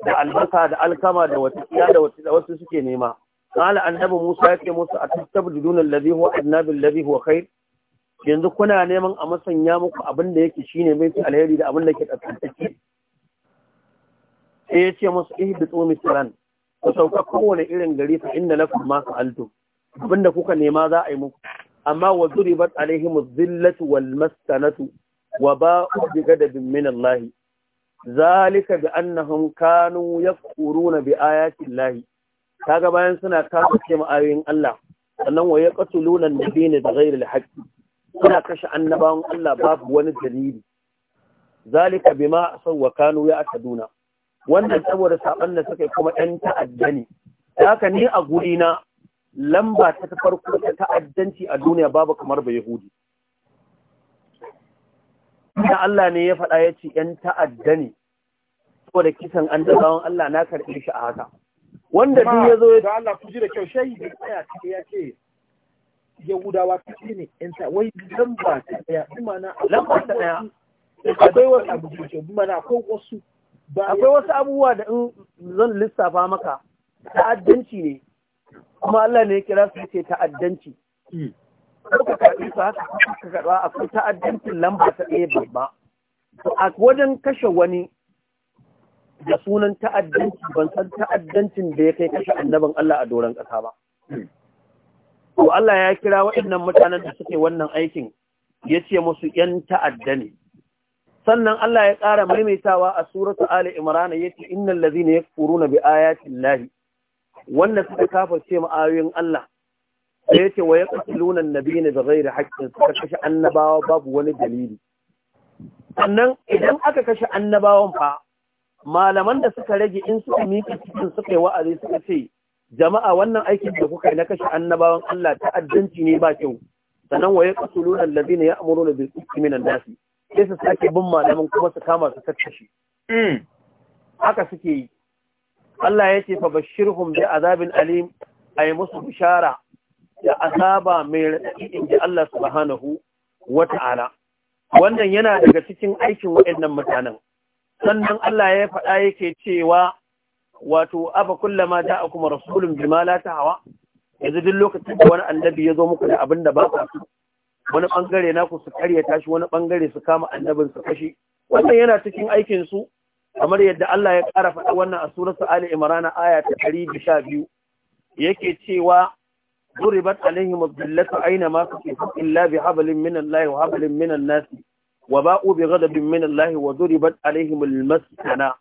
da albasa da alkama da wata da wata wasu suke nema qala annabi Musa yake musu atastabdiluna alladhi huwa annabi alladhi huwa khair yanzu kuna neman a masanya muku abin da yake shine mai fi alheri da abin da ke tsakantake sai ya ce musu ihbitu misran ku sauka kowane irin gari fa inna lakum ma Abin da kuka nema za a yi muku amma wa duribat alaihim adh-dhillatu wal maskanatu wa ba ba'u bi gadabin lahi? zalika bi annahum kanu na bi lahi. Ta kaga bayan suna kasa ce ayoyin Allah sannan wa yaqtuluna an-nabiyina bi ghairi al suna kashe annabawan Allah babu wani dalili zalika bima asaw wa kanu ya'taduna wannan saboda saban da suka kuma ɗan ta'adda ne haka ni a gurina lamba ta farko ta ta'addanci a duniya babu kamar ba yahudi da Allah ne ya faɗa ya ce ‘yan ta'adda ne, da kisan an da zawon Allah na karɓi shi a haka. Wanda duk ya zo ya... ce, Allah ku ji da kyau shayi da tsaya cikin ya ce Yahudawa ta ce ne ‘yan ta wai lamba ta ɗaya, imana lamba ta ɗaya. Akwai wasu abubuwa da kyau, akwai wasu. Akwai wasu abubuwa da in zan lissafa maka ta'addanci ne, kuma Allah ne ya kira su ce ta'addanci. Hmm. suka karɓi su haka suka karɓa akwai ta'addancin lamba ta ɗaya babba a wajen kashe wani da sunan ta'addanci ban san ta'addancin da ya kai kashe annaban Allah a doron ƙasa ba to Allah ya kira waɗannan mutanen da suke wannan aikin ya ce musu ‘yan ta'adda ne sannan Allah ya ƙara maimaitawa a suratu Ali Imran ya ce innal ladhina yakfuruna bi ayati llahi wanda suka kafa mu ayoyin Allah sai yace wa yaqtuluna an-nabiyina bighairi haqqin suka kashe annabawa babu wani dalili sannan idan aka kashe annabawan fa malaman da suka rage in suka miƙe cikin suka yi wa'azi suka ce jama'a wannan aikin da kuka yi na kashe annabawan Allah ta'addanci ne ba kyau sannan wa yaqtuluna alladhina ya'muruna bil qisti minan nas sai su sake bin malaman kuma su kama su kakkashi mm. haka suke yi Allah ya ce fa bashirhum bi azabin alim ay musu bishara da asaba mai raɗaɗi in ji Allah subhanahu wa ta'ala. Wannan yana daga cikin aikin waɗannan mutanen. Sannan Allah ya faɗa yake cewa wato aba kullama da a kuma rasulun jimala ta hawa, yanzu duk lokacin da wani annabi ya zo muku da abin da ba su, wani ɓangare naku su karya tashi wani ɓangare su kama annabin su kashe. Wannan yana cikin aikin su kamar yadda Allah ya ƙara faɗa wannan a surarsa Ali Imran aya ta biyu. yake cewa ضربت عليهم الذلة أينما ثقفوا إلا بحبل من الله وحبل من الناس وباءوا بغضب من الله وضربت عليهم المسكنة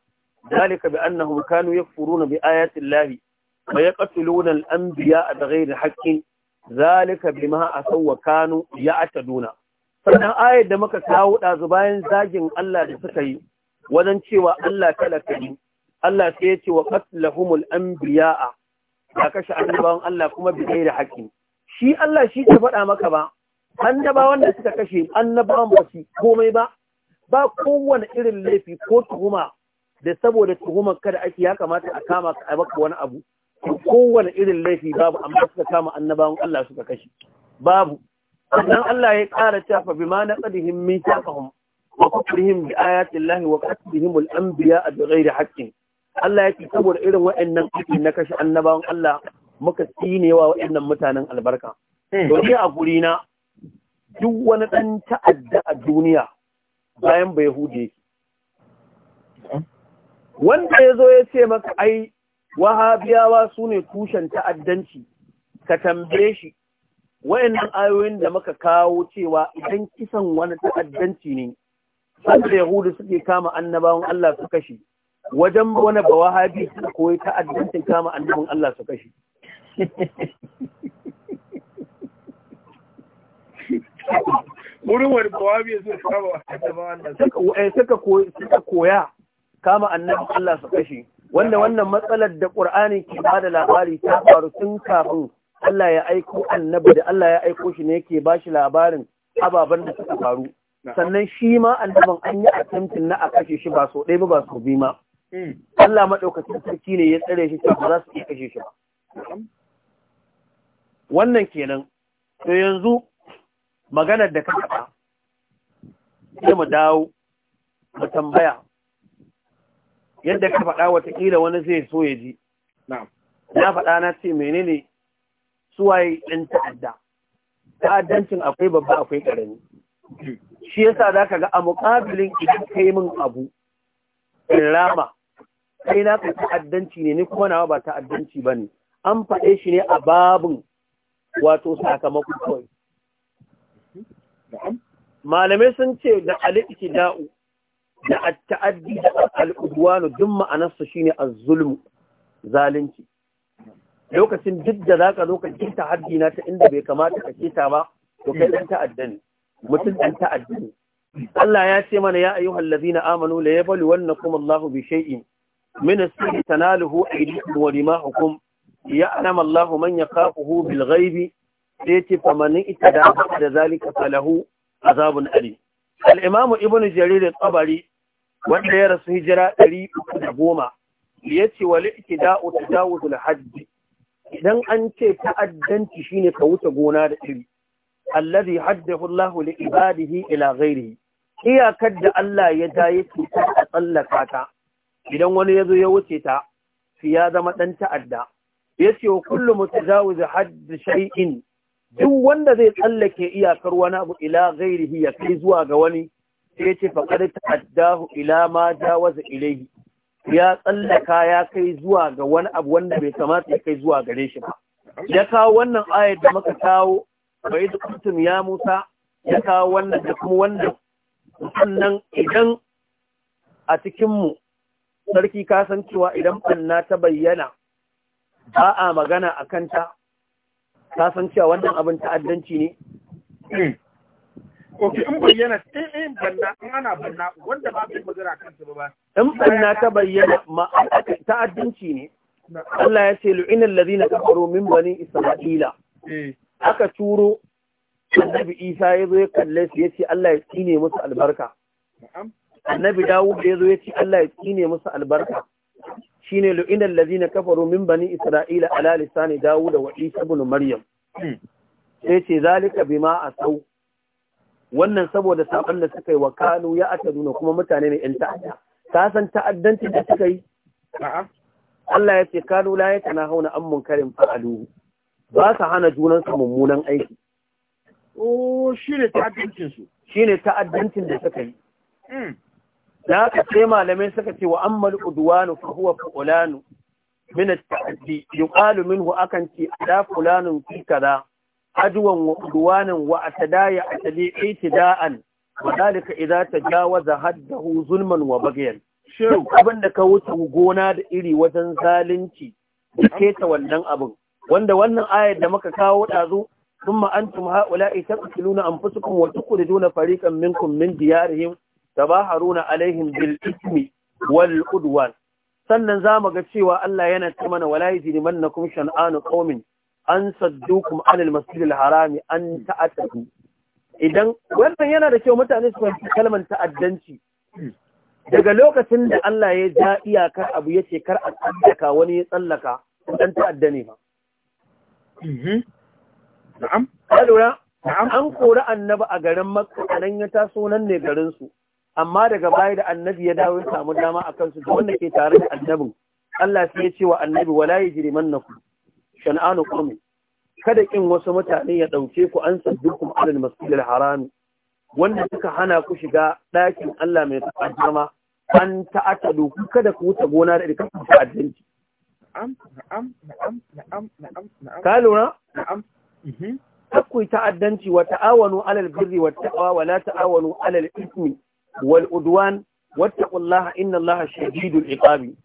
ذلك بأنهم كانوا يكفرون بآيات الله ويقتلون الأنبياء بغير حق ذلك بما أسوا كانوا يعتدون sannan ayar da muka kawo ɗazu bayan zagin Allah da suka yi wajen cewa Allah talaka ne Allah sai ya ce wa qatlahumul anbiya'a ya kashe annabawan Allah kuma bi da haƙƙi shi Allah shi ta faɗa maka ba annabawan da suka kashe annabawan ba su komai ba ba kowane irin laifi ko tuhuma da saboda tuhumar kada ake ya kamata a kama a maka wani abu kowane irin laifi babu amma suka kama annabawan Allah suka kashe babu sannan Allah ya ƙara tafa bi ma naqadihim min taqahum wa kufrihim bi ayati Allah wa qatdihim al-anbiya bi ghairi haqqin Allah ya ce saboda irin wa'annan aiki na kashe annabawan Allah muka tsinewa wa'annan mutanen albarka. Hmm. To ni a guri na duk wani ɗan ta'adda a duniya bayan bai hude. Hmm. Wanda ya zo ya ce maka ai wahabiyawa su ne tushen ta'addanci ka tambaye shi wa'annan ayoyin da muka kawo cewa idan kisan wani ta'addanci ne. Sanda Yahudu suke kama annabawan Allah su kashe. wajen wani bawahabi suka koyi ta'addancin kama annabin Allah su kashi wurin wani bawahabi su kama annabin Allah eh, suka koya kama annabin Allah su kashi wanda wannan matsalar da Qur'ani ke ba da labari ta faru tun kafin Allah ya aiko annabi da Allah ya aiko shi ne yake ba shi labarin ababen da suka faru sannan shi ma annabin an yi attempting na a kashe shi ba so ɗaya ba ba so biyu ma Allah maɗaukacin sarki ne ya tsare shi ba za su iya kashe shi ba. Wannan kenan, to yanzu maganar da ka taɓa, sai mu dawo, mu tambaya, yadda ka faɗa watakila wani zai so ya ji. Na faɗa na ce menene suwaye ɗin ta'adda, ta'addancin akwai babba akwai ƙarami. Shi yasa za ka ga a muƙabilin idan ka yi min abu, in rama, kai na ka ta'addanci ne ni kuma nawa ba ta'addanci ba ne an faɗe shi ne a babun wato sakamako kawai malamai sun ce da aliki da'u da ta'addi da al'udwanu duk ma'anarsa shine az-zulm zalunci lokacin duk da zaka zo ka kinta haddi na ta inda bai kamata ka kita ba to kai dan ta'adda ne mutum dan ta'adda ne Allah ya ce mana ya ayyuhal ladina amanu la yabluwannakum Allahu bi shay'in من السر تناله أيديكم ودماؤكم يعلم الله من يخافه بالغيب سيتي فمن اتدى بعد ذلك فله عذاب أليم الإمام ابن جرير الطبري wanda ya rasu hijira ɗari uku da goma ya ce wa li'tida'u tajawuzul hajji idan an ce ta'addanci shine ka wuce gona da iri allazi haddahu Allah ibadihi ila ghairihi iyakar da Allah ya da yake tsallaka ta idan wani ya zo ya wuce ta su ya zama ɗan ta'adda ya ce wa kullum mutajawiz hadda shay'in duk wanda zai tsallake iyakar wani abu ila ghairihi ya kai zuwa ga wani sai ce faqad ta'addahu ila ma jawaza ilayhi ya tsallaka ya kai zuwa ga wani abu wanda bai kamata ya kai zuwa gare shi ba ya kawo wannan ayar da muka kawo bai da kuntum ya Musa ya kawo wannan da kuma wannan sannan idan a cikinmu sarki ka san cewa idan banna ta bayyana ba a magana a kanta ka san cewa wannan abin ta'addanci ne? Hmm. Ok, in bayyana, in banna, in ana banna, wanda ba bai magana kansa ba ba. In banna ta bayyana ta'addanci ne. Allah ya ce lu'inan na kafaro min bani Isra'ila. Eh. Aka turo Annabi Isa ya zo ya kalle su ya ce Allah ya tsine musu albarka. annabi dawud da ya zo ya ce Allah ya tsine musu albarka shine inal ladina kafaru min bani isra'ila ala lisani dawud wa isa ibn maryam sai ce zalika bima asau wannan saboda saban da suka yi wa kanu ya ataduna kuma mutane ne yan ta'adda ka san ta'addanci da suka yi Allah ya ce kanu la yatanahuna an munkarin fa'alu ba su hana junan su mummunan aiki oh, shi ne ta'addancinsu shi ne ta'addancin da suka yi hmm. da haka sai malamai suka ce wa ammal udwanu fa huwa fulanu min at-ta'addi yuqalu minhu akan ci ada fulanun fi kaza adwan wa udwanan wa atadaya atali itida'an wa dalika idza tajawaza haddahu zulman wa baghyan shin abin da ka wuce gona da iri wajen zalunci da ta wannan abin wanda wannan ayar da muka kawo dazu antum ha'ula'i هؤلاء anfusukum wa وتخرجون fariqan minkum min diyarihim tabaharuna alaihim bil ismi wal udwan sannan zamu ga cewa Allah yana ta mana wala yajrimannakum shan'anu qaumin an saddukum anil masjidil harami an ta'attadu idan wannan yana da kyau mutane su fahimci kalmar ta'addanci daga lokacin da Allah ya ja iyakar abu ya ce kar a tsallaka wani ya tsallaka dan ta'adda ne fa. Mhm. na'am ya lura an kori annaba a garin makka nan ya taso nan ne garin su amma daga baya da annabi ya dawo ya samu dama a kansu da wanda ke tare da annabin Allah sai ya ce wa annabi wala yajrimannakum shan'anu qawmin kada kin wasu mutane ya dauke ku an saddukum alal masjidil haram wanda suka hana ku shiga ɗakin Allah mai ta'azzama an ta'atadu ku kada ku wuce gona da irin ta'addanci na'am na'am na'am na'am na'am na'am ka lura na'am mhm ta'addanci wa ta'awanu alal birri wat taqwa wa la ta'awanu alal ismi waludwan udwan wattaqullaha inna allaha shadidul iqabi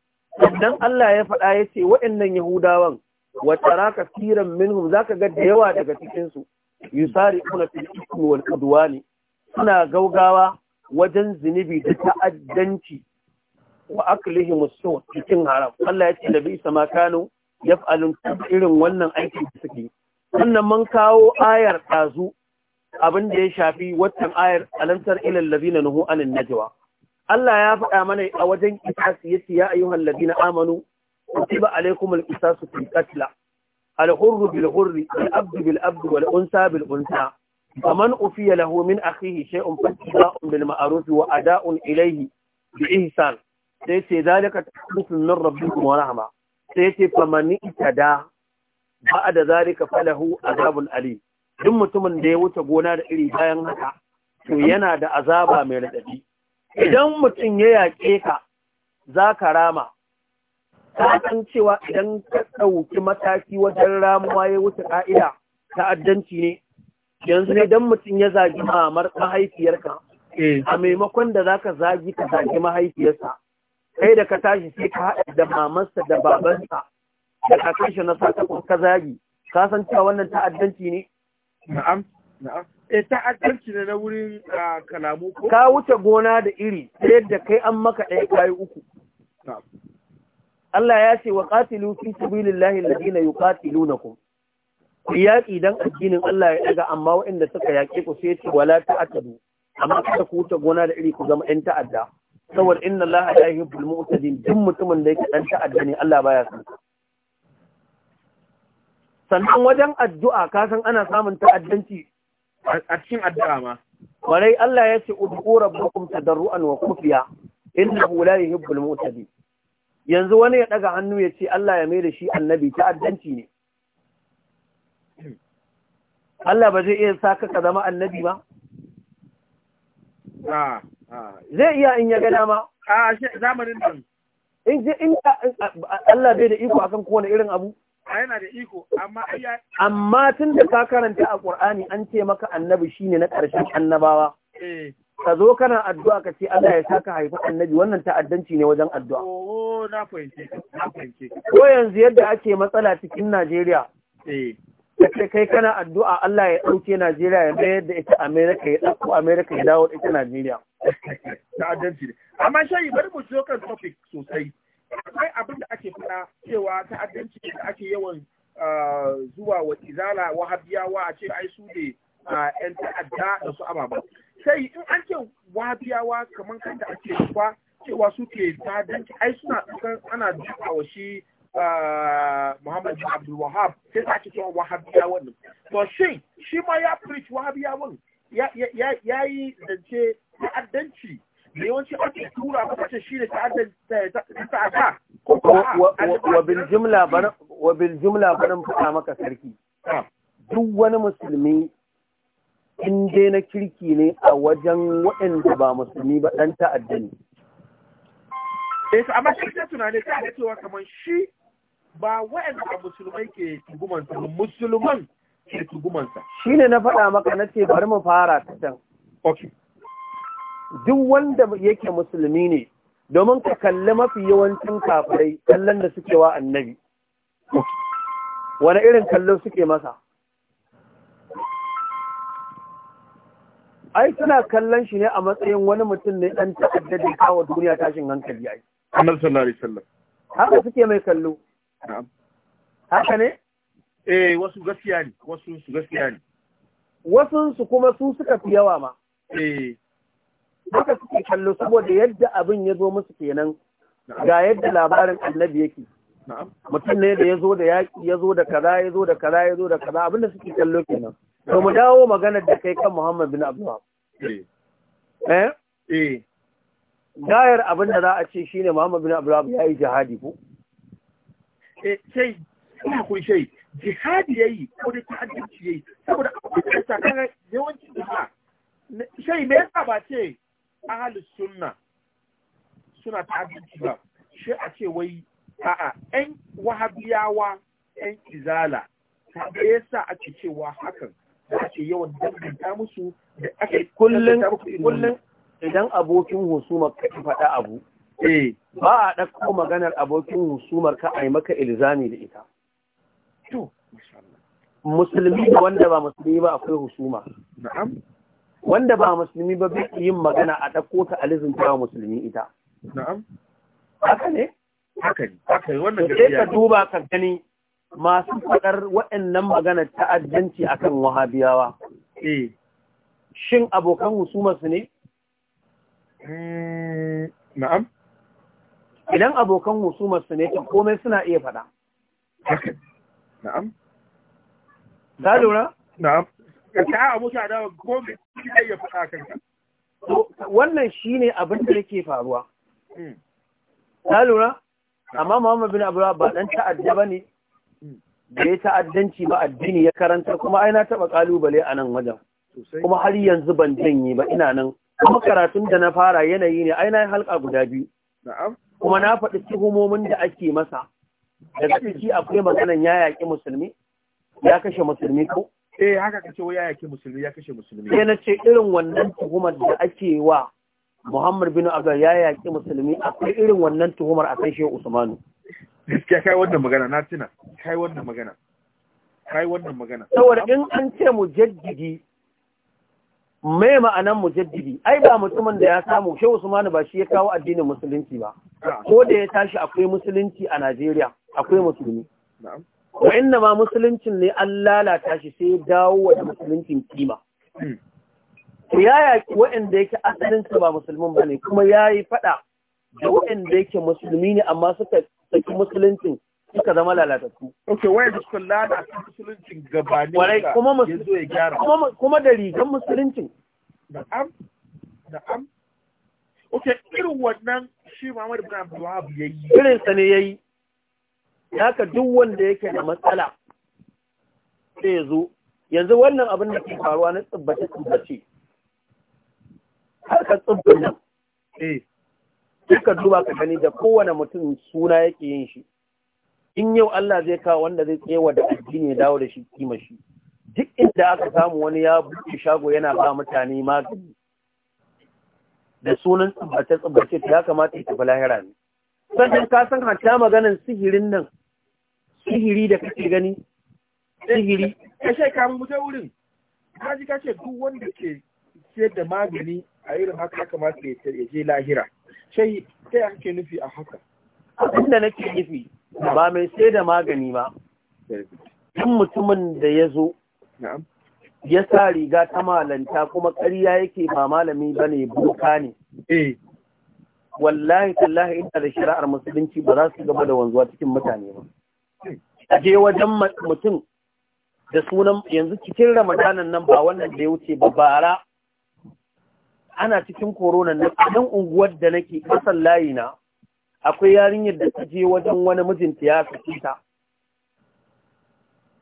Idan Allah ya faɗa ya ce waɗannan yahudawan wa tara kafiran minhum zaka ga da yawa daga cikin su Kuna fil ithmi wal suna gaugawa wajen zunubi da ta'addanci wa aklihim as-suh cikin haram Allah ya ce da bisa ma kanu irin wannan aiki da suke wannan mun kawo ayar tazu abin da ya shafi watan ayar alamtar ilal ladina nuhu anin najwa Allah ya faɗa mana a wajen qisas yace ya ayyuhal ladina amanu kutiba alaykumul qisas fil qatl al hurr bil hurr al abd bil abd wal unsa bil unsa faman ufiya lahu min akhihi shay'un fattiba'un bil ma'ruf wa ada'un ilayhi bi ihsan sai ce zalika tasbutun min rabbikum wa rahma sai ce faman itada ba'da zalika falahu azabun alim duk mutumin da ya wuce gona da iri bayan haka to yana da azaba mai raɗaɗi idan mutum ya yaƙe ka za ka rama ta san cewa idan ka ɗauki mataki wajen ramuwa ya wuce ƙa'ida ta'addanci ne yanzu ne don mutum ya zagi mamar mahaifiyarka eh. a maimakon da za ka zagi ka zagi mahaifiyarsa kai da ka tashi sai ka haɗa da mamarsa da babansa da kakanshi na sa ka zagi ka san cewa wannan ta'addanci ne Na'am, na'am. E ta'addanci ne na wurin kalamu ko? Ka wuce gona da iri, da kai an maka ɗaya kayi uku. Allah ya ce wa ƙatilu fi sabilillahi alladhina yuqatilunakum. Ku yaƙi dan addinin Allah ya ɗaga amma waɗanda suka yaƙe ku sai ce wala ta'tadu. Amma kada ku wuce gona da iri ku zama ƴan ta'adda. Saboda inna Allah yi yuhibbul mu'tadin duk mutumin da yake ɗan ta'adda ne Allah baya son sannan wajen addu'a kasan ana samun ta'addanci a cikin addu'a ma warai Allah ya ce ta da ru’an wa khufiya innahu la yuhibbul mu'tadin yanzu wani ya ɗaga hannu ya ce Allah ya maida shi annabi ta'addanci ne Allah ba zai iya saka ka zama annabi ba ah, ah. zai iya in ya ga dama a ah, zamanin nan in Allah bai da iko akan kowane irin abu yana da iko amma amma tun da ka karanta a Qur'ani an ce maka annabi shine na ƙarshen annabawa eh. ka zo kana addu'a ka ce Allah ya saka haifi annabi wannan ta'addanci ne wajen addu'a oh na fahimce na fahimce ko yanzu yadda ake matsala cikin Najeriya eh kace kai kana addu'a Allah ya dauke Najeriya ya mayar yadda ita America ya dauko America ya dawo ita Najeriya ta'addanci ne amma shayi bari mu zo kan topic sosai akwai abin da ake faɗa cewa ta'addanci da ake yawan zuwa wa izala wahabiyawa a ce ai su ne yan ta'adda da su ababa sai in an ce wahabiyawa kamar kan da ake kuwa cewa su ke ta'addanci ai suna tsakan, ana duka wa shi Muhammad bin Abdul Wahab sai ta ake cewa wahabiyawan ne to shin shi ma ya preach wahabiyawan ya yi zance ta'addanci da yawanci ake tura ko kace shi ne ta'adda wa bil jumla wa bil jumla barin fita maka sarki ah. duk wani musulmi in dai na kirki ne a wajen waɗanda ba musulmi ba ɗan ta'adda ne. Eh, amma shi ta tunani ta da cewa kamar shi ba waɗanda ba musulmai ke tugumansa, musulman ke tugumansa. Shi ne na faɗa maka na ce bari mu fara ta can. Okay. duk wanda yake musulmi ne domin ka kalli mafi yawancin kafirai kallon da suke wa annabi wani irin kallo suke masa ai suna kallon shi ne a matsayin wani mutum ne dan ta'adda da kawo duniya tashin hankali ai annabi sallallahu alaihi wasallam haka suke mai kallo haka ne eh wasu gaskiya ne wasu su gaskiya ne wasu su kuma su suka fi yawa ma eh duka suke kallo saboda yadda abin ya zo musu kenan ga yadda labarin annabi yake mutum ne da ya zo da yaƙi ya zo da kaza ya zo da kaza ya zo da kaza da suke kallo kenan to mu dawo maganar da kai kan Muhammad bin Abdullah eh. eh eh gayar abin da za a ce shine Muhammad bin Abdullah ya yi jihadi ko eh sai ina kun shai jihadi yayi ko da ta'addanci yayi saboda akwai tsaka yawanci jihadi shai me yasa ba ce ahalus sunna suna ta'addanci ba shi a ce wai a'a ɗan wahabiyawa ɗan izala ta da sa ake cewa hakan da ake yawan danganta musu da ake kullum Kullum idan abokin husuma ka faɗa abu eh. ba a ɗauko maganar abokin husumar ka yi maka ilzami da ita musulmi da wanda ba musulmi ba akwai husuma na'am wanda ba musulmi ba bai yin magana a ɗauko ta alizin ta musulmi ita na'am haka ne haka ne haka wannan gaskiya sai ka duba ka gani masu faɗar waɗannan maganar ta'addanci akan wahabiyawa eh shin abokan husumar su ne mm, na'am idan abokan husumar su ne komai suna iya faɗa haka na'am lura na'am ka shi ne ya faɗa wannan shine abin da yake faruwa hmm. na lura amma Muhammad bin Abdullah ba dan ta'adda ne, hmm. da ya ta'addanci ba addini ya karanta kuma aina na taba kalubale a nan wajen kuma har yanzu ban janye ba ina nan kuma karatun da na fara yanayi ne aina na halka guda biyu kuma na faɗi tuhumomin da ake masa daga ciki akwai maganan ya yaƙi musulmi ya kashe musulmi ko eh haka ka ce ya yake musulmi ya kashe musulmi sai na ce irin wannan tuhumar da ake wa Muhammad bin Abdul ya yaki musulmi akwai irin wannan tuhumar a kai Shehu Usmanu gaskiya kai wannan magana na tuna kai wannan magana kai wannan magana saboda in an ce mujaddidi me ma'anan mujaddidi ai ba mutumin da ya samu Shehu Usmanu ba shi ya kawo addinin musulunci ba ko da ya tashi akwai musulunci a Najeriya akwai musulmi na'am wa’in inna ma musuluncin ne an lalata shi sai dawo wa da musuluncin kima ya yaƙi waɗanda yake asalinsa ba musulmin ba ne kuma ya yi faɗa da waɗanda yake musulmi ne amma suka saki musuluncin suka zama lalatattu. Ok, wayanda suka lalata musuluncin gabanin da ya zo ya gyara. Kuma da rigan musuluncin. Na'am, na'am. Ok, irin wannan shi Muhammadu bin Abdul Wahab ya yi. Irinsa ne ya yi. haka duk wanda yake da matsala sai zo yanzu wannan abin da ke faruwa na tsibbace tsibbace harkar tsibbin nan sai eh. duba ka gani da kowane mutum suna yake yin shi in yau Allah zai kawo wanda zai tsewa da addini ya dawo da shi kima shi duk inda aka samu wani ya buɗe shago yana ba mutane magani da sunan tsibbace tsibbace ya kamata ya tafi lahira ne sannan ka san hatta maganan sihirin nan sihiri da kake gani sihiri ya eh, eh, ce kamun wuta wurin ka ji kace duk wanda ke siyar da magani a irin haka kamata ya je lahira sai sai ake nufi a haka da nake nufi ba mai sai da magani ba duk mutumin da ya zo ya sa riga ta malanta kuma ƙarya yake ba malami ba ne boka ne eh. wallahi tallahi ina da shari'ar musulunci ba za su gaba da wanzuwa cikin mutane ba aje je wajen mutum da sunan yanzu cikin ramadanan nan ba wannan da ya wuce ba bara ana cikin koronan nan a nan unguwar da nake kasan layi akwai yarinyar da ta je wajen wani mijinta ya saki ta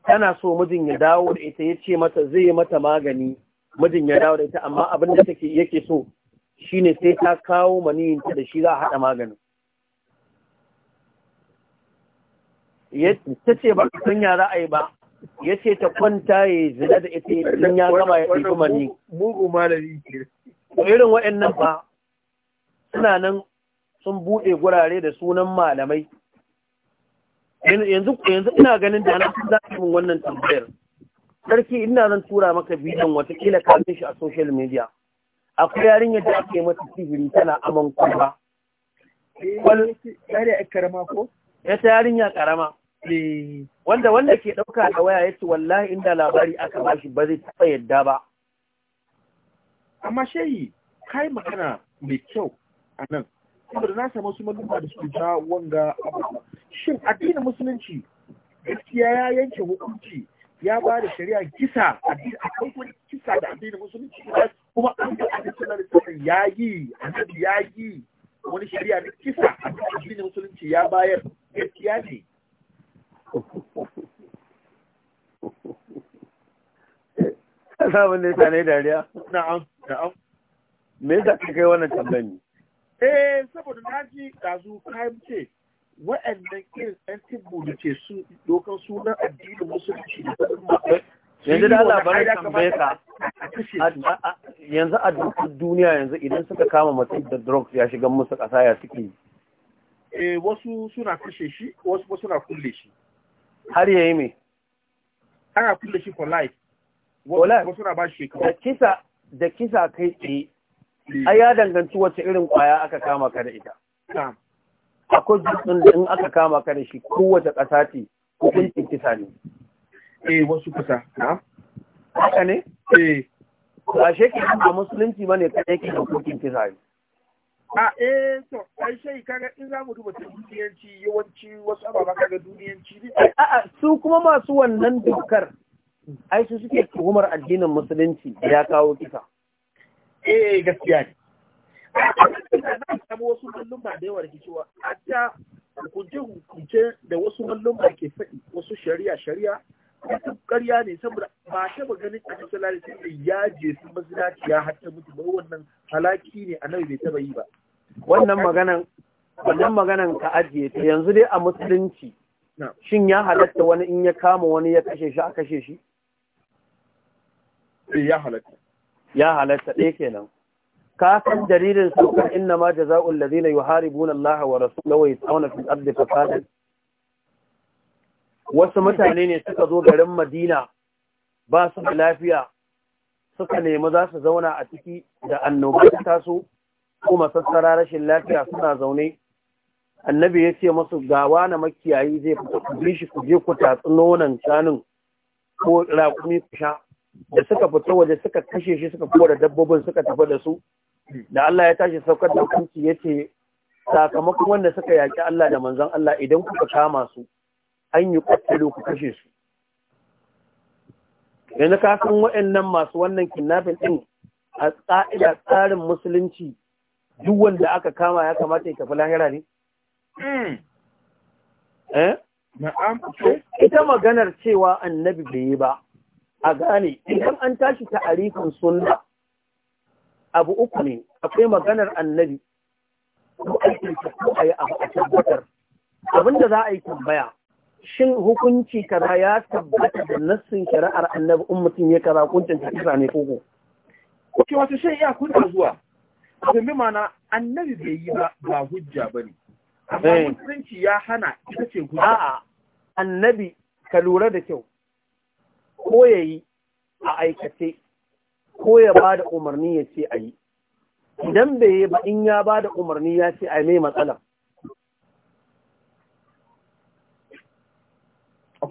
tana so mijin ya dawo da ita ya ce mata zai yi mata magani mijin ya dawo da ita amma abin da take yake so shine sai ta kawo maniyinta da shi za a haɗa maganin ta ce ba sun ya ra'ayi ba ya ce ta kwanta ya zina da ita sun ya gama ya ɗauki mani mugu malami to irin waɗannan ba suna nan sun buɗe gurare da sunan malamai yanzu ina ganin da na sun zaɓi min wannan tambayar sarki ina zan tura maka bidiyon watakila kafin shi a social media akwai yarinya da ake mata sihiri tana aman kwalba. Eh, Kwal, ƙare a karama ko? Ita yarinya karama. Eh, wanda wanda ke ɗauka da waya ya ce wallahi inda labari aka bashi ba zai taɓa yadda ba amma shayi kai magana mai kyau a nan saboda na samu su da su ja wanga shin addinin musulunci gaskiya ya yanke hukunci ya ba da shari'a kisa a akwai wani kisa da addinin musulunci kuma an ga addinin sallallahu ya yi annabi ya yi wani shari'a da kisa addinin musulunci ya bayar gaskiya ne sabon da ya sane dariya na'am na'am me yasa ka kai wannan tambayi eh saboda na ji dazu kayan ce wa'annan irin ɗan tibbu da ke su dokan sunan addinin musulunci da sabbin yanzu da Allah bari tambaye ka yanzu a duniya yanzu idan suka kama mutum da drugs ya shiga musu ƙasa ya suke eh wasu suna kashe shi wasu suna kulle shi har ya yi mai ana kulle shi for life wasu na ba shi da kisa da kisa kai tsaye ai ya danganci wacce irin kwaya aka kama ka da ita akwai dutsen da in aka kama ka da shi kowace ƙasa ce hukuncin kisa ne eh wasu kusa na haka ne eh ba shekin a musulunci bane kan yake hukuncin kisa ne a eh to ai sai kaga in za mu duba duniyanci yawanci wasu ababa kaga duniyanci ne a'a su kuma masu wannan dukkar. ai su suke tuhumar addinin musulunci ya kawo kisa eh gaskiya ne a samu wasu mallum ba da yawa rikicewa hatta hukunce hukunce da wasu mallum ke faɗi wasu shari'a shari'a duk ƙarya ne saboda ba taɓa ganin a cikin lalata da ya je su mazinaci ya hatta mutu ba wannan halaki ne a nan bai taɓa yi ba. Wannan maganan wannan maganan ka ajiye ta yanzu dai a musulunci shin ya halatta wani in ya kama wani ya kashe shi a kashe shi? Eh, ya halatta. Ya halatta ɗaya kenan. Ka san dalilin saukar inna ma jaza'ul ladina yuharibuna Allah wa rasulahu wa yasawna fil ardi fasadan wasu mutane ne suka zo garin madina ba su da lafiya suka nemi za su zauna a ciki da annoba ta taso kuma sassara rashin lafiya suna zaune annabi ya ce masu gawa na makiyayi zai fi ku bi shi ku je ku tatsi nonon shanun ko raƙumi ku sha da suka fita waje suka kashe shi suka da dabbobin suka tafi da su da Allah ya tashi saukar da hukunci ya ce sakamakon wanda suka yaƙi Allah da manzon Allah idan kuka kama su an yi ƙwattalo ku kashe su yanzu ka san waɗannan masu wannan kinnafin ɗin a tsa'ida tsarin musulunci duk wanda aka kama ya kamata ya tafi lahira ne? Hmm. Eh? Ita maganar cewa annabi bai yi ba, a gane, idan an tashi ta arifin sunna, abu uku ne, akwai maganar annabi, ko aikin ko a yi abu a tabbatar. Abinda za a yi tambaya, shin hukunci kaza ya tabbata da nassin shari'ar annabi in mutum ya kaza kuncin kisa ne koko ke wasu shan iya kunta zuwa domin mana annabi bai yi ba hujja ba ne amma eh. musulunci ya hana ita ce hujja a'a annabi ka lura da kyau ko ya yi a aikace ko ya ba da umarni ya ce a yi idan bai yi ba in ya ba da umarni ya ce a yi mai matsala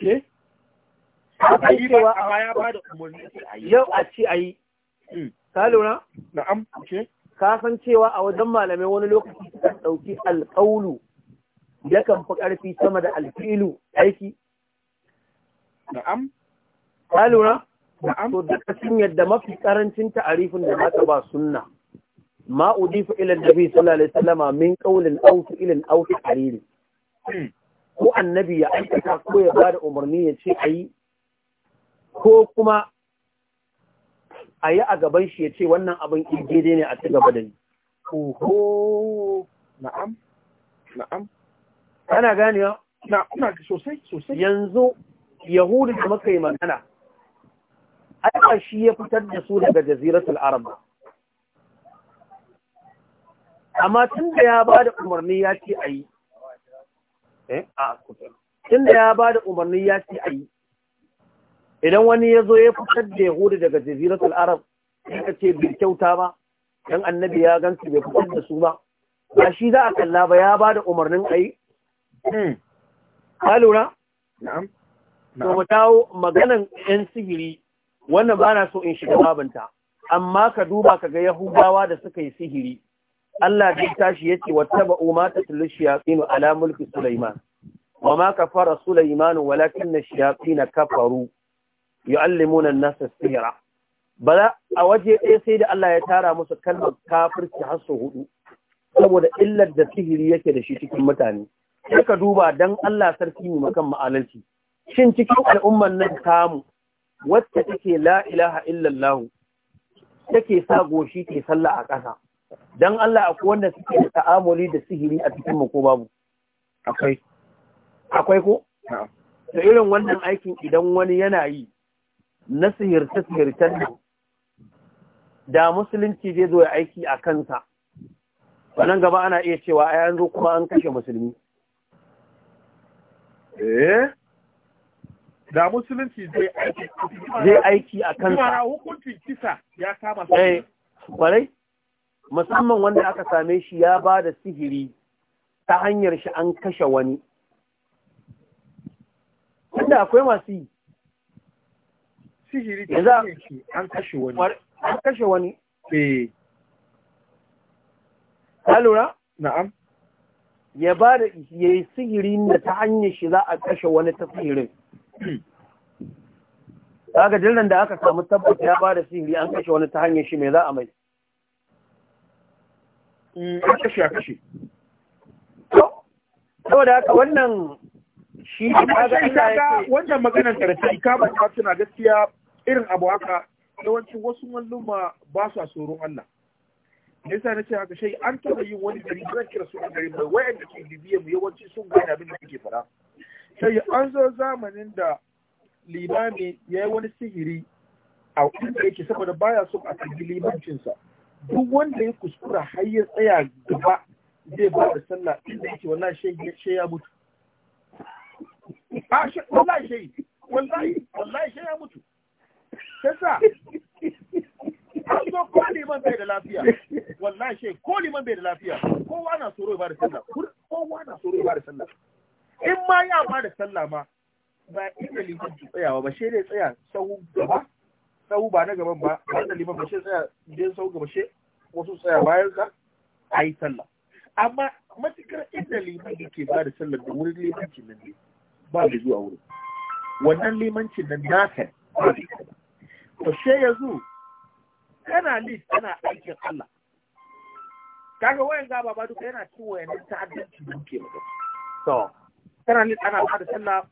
ok yau a hmm. ka cewa a wajen malamai wani lokaci suka ɗauki alƙaulu kan fi ƙarfi sama da alfilu aiki na'am ka lura na'am to daga sun yadda mafi ƙarancin ta'arifin da zaka ba sunna ma'udifu ilin da nabi sallallahu alaihi wasallama min qawlin aw ilin aw ta'riri hmm. ko annabi ya aikata ko ya ba da umarni ya ce a yi ko kuma a yi a gaban shi ya ce wannan abin daidai ne a ci gaba da ni. Oho, na'am, na'am. Kana ganewa? Na, sosai, sosai. Yanzu, Yahudu da maka yi magana, aika shi ya fitar da su daga jaziratul Arab. Amma tun da ya ba da umarni ya ce a yi, Eh? Tunda ya ba da umarni ya ce a yi idan wani ya zo ya fitar da yahudu daga jaziratul arab suka ce bai kyauta ba don annabi ya gansu bai fitar da su ba ba shi za a kalla ba ya ba da umarnin a yi ha hmm. lura na'am mu dawo maganan yan sihiri wannan ba na so in shiga babanta amma ka duba ka ga yahudawa da suka yi sihiri Allah bai tashi yace wattaba'u ma tatlu shayatin ala mulki Sulaiman wa kafara Sulaiman walakin ash-shayatin kafaru yu'allimuna an-nasa sihra bala a waje ɗaya sai da Allah ya tara musu kalmar kafirci har su hudu saboda illar da sihiri yake da shi cikin mutane sai duba dan Allah sarki ne makan ma'alalci shin cikin al'ummar nan tamu wacce take la ilaha illallah take sa goshi ke sallah a ƙasa dan Allah akwai wanda suke da ta'amuli da sihiri a cikin mu ko babu akwai akwai ko To irin wannan aikin idan wani yana yi na sihirce sihircen nan da musulunci zai zo ya aiki a kansa wannan gaba ana iya cewa a zo kuma an kashe musulmi eh da musulunci zai aiki a kansa hukuncin kisa ya kama sai eh, kwarai musamman wanda aka same shi ya ba da sihiri ta hanyar shi an kashe wani wanda akwai masu yi sihiri ta hanyar shi an kashe wani an kashe wani eh halura na'am ya ba da ya yi sihirin da ta hanyar shi za a kashe wani ta sihirin kaga jirgin da aka samu tabbata ya ba da sihiri an kashe wani ta hanyar shi mai za a mai Mm. an kashe a kashe saboda haka wannan shi kaga wannan maganar karshe ka ta tuna gaskiya irin abu haka yawancin wasu malluma ba a tsoron Allah me yasa ce haka shai an taba yin wani gari zan kira su gari mai wayanda ke bibiye mu yawanci sun gane abin da kake fara sai an zo zamanin da limami ya yi wani sihiri a inda yake saboda baya so a tafi limancinsa duk wanda ya kuskura har ya tsaya gaba zai ba da sallah inda yake wallahi shi ya mutu ya mutu ah, yasa ko liman bai da lafiya kowa na tsoro ba da sallah in ma ya ba da sallah ma ba inda liman tsayawa ba shi ne tsaya tsawon gaba sau ba na gaban ba a da liman bashe tsaya idan sau gabashe wasu tsaya bayan ka, a yi sallah amma matukar inda liman yake ba da sallar da wurin limancin nan ne ba da zuwa wurin wannan limancin nan na ba da ita ba to she yanzu kana lis kana aikin Allah kaga wayan gaba ba duka yana cin wayan ta'addanci da muke magana to kana lis ana ba da sallah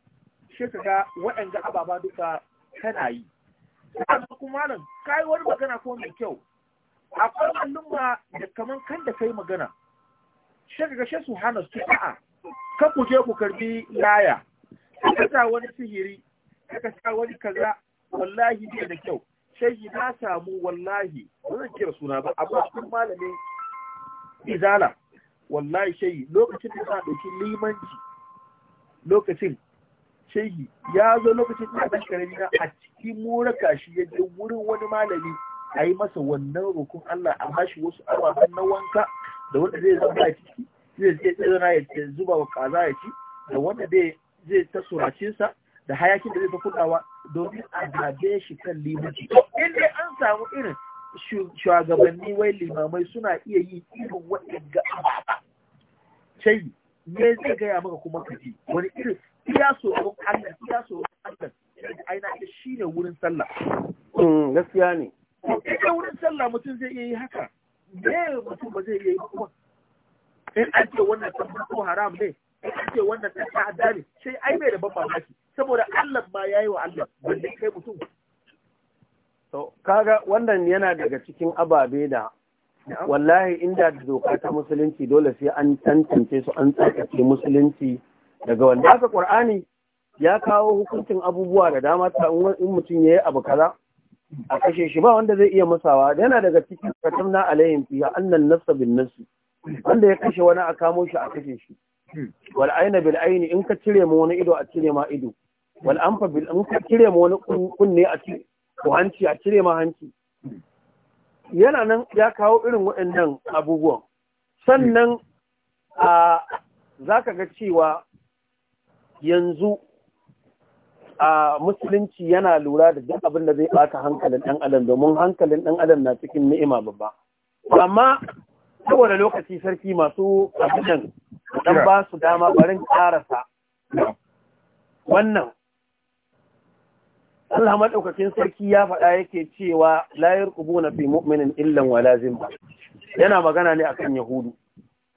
shi kaga wayan ga ababa duka kana yi ina so kuma nan kai wani magana ko mai kyau akwai ma, da kamar kan da kai magana shi ga shi su hana a'a ka ku je ku karbi laya ka sa wani sihiri ka sa wani kaza wallahi bai da kyau shayi na samu wallahi ba zan kira suna ba amma cikin malamin izala wallahi shayi lokacin da za a ɗauki limanci lokacin shehi ya zo lokacin da ɗan karami na a cikin muraka shi ya je wurin wani malami a yi masa wannan rukun Allah a bashi wasu awa na wanka da wanda zai zama ya ciki zai zai tsirana ya zuba wa kaza ya ci da wanda zai ta suracinsa da hayakin da zai ta kudawa domin a gabe shi kan limanci in dai an samu irin shugabanni wai limamai suna iya yi irin waɗanda ababa sai me zai gaya maka kuma kaji wani irin iya tsoron Allah iya tsoron Allah aina ita shine wurin sallah hmm, gaskiya ne ita wurin sallah mutum zai iya yi haka me mutum ba zai iya yi kuma in an ce wannan tabbata ko haram ne in an ce wannan ta ta'adda ne sai ai bai da ban mamaki saboda Allah ma yayi wa Allah wanda kai mutum to kaga wannan yana daga cikin ababe da wallahi inda da doka ta musulunci dole sai an tantance su an tsakace musulunci daga wanda aka ƙur'ani ya kawo hukuncin abubuwa da dama ta in mutum ya yi abu kaza a kashe shi ba wanda zai iya masawa yana daga cikin katam na alayhim fiha annan nafsa bin nafsi wanda ya kashe wani a kamo shi a kashe shi wal aina bil aini in ka cire mu wani ido a cire ma ido wal anfa bil in ka cire mu wani kunne a cire ko hanci a cire ma hanci yana nan ya kawo irin waɗannan abubuwan sannan a zaka ga cewa yanzu a musulunci yana lura da duk abin da zai bata hankalin ɗan adam domin hankalin ɗan adam na cikin ni'ima babba amma saboda lokaci sarki masu abinan dan ba su dama barin karasa wannan Allah maɗaukacin sarki ya faɗa yake cewa layar ƙubu na fi mu'minin illan wa lazim yana magana ne akan yahudu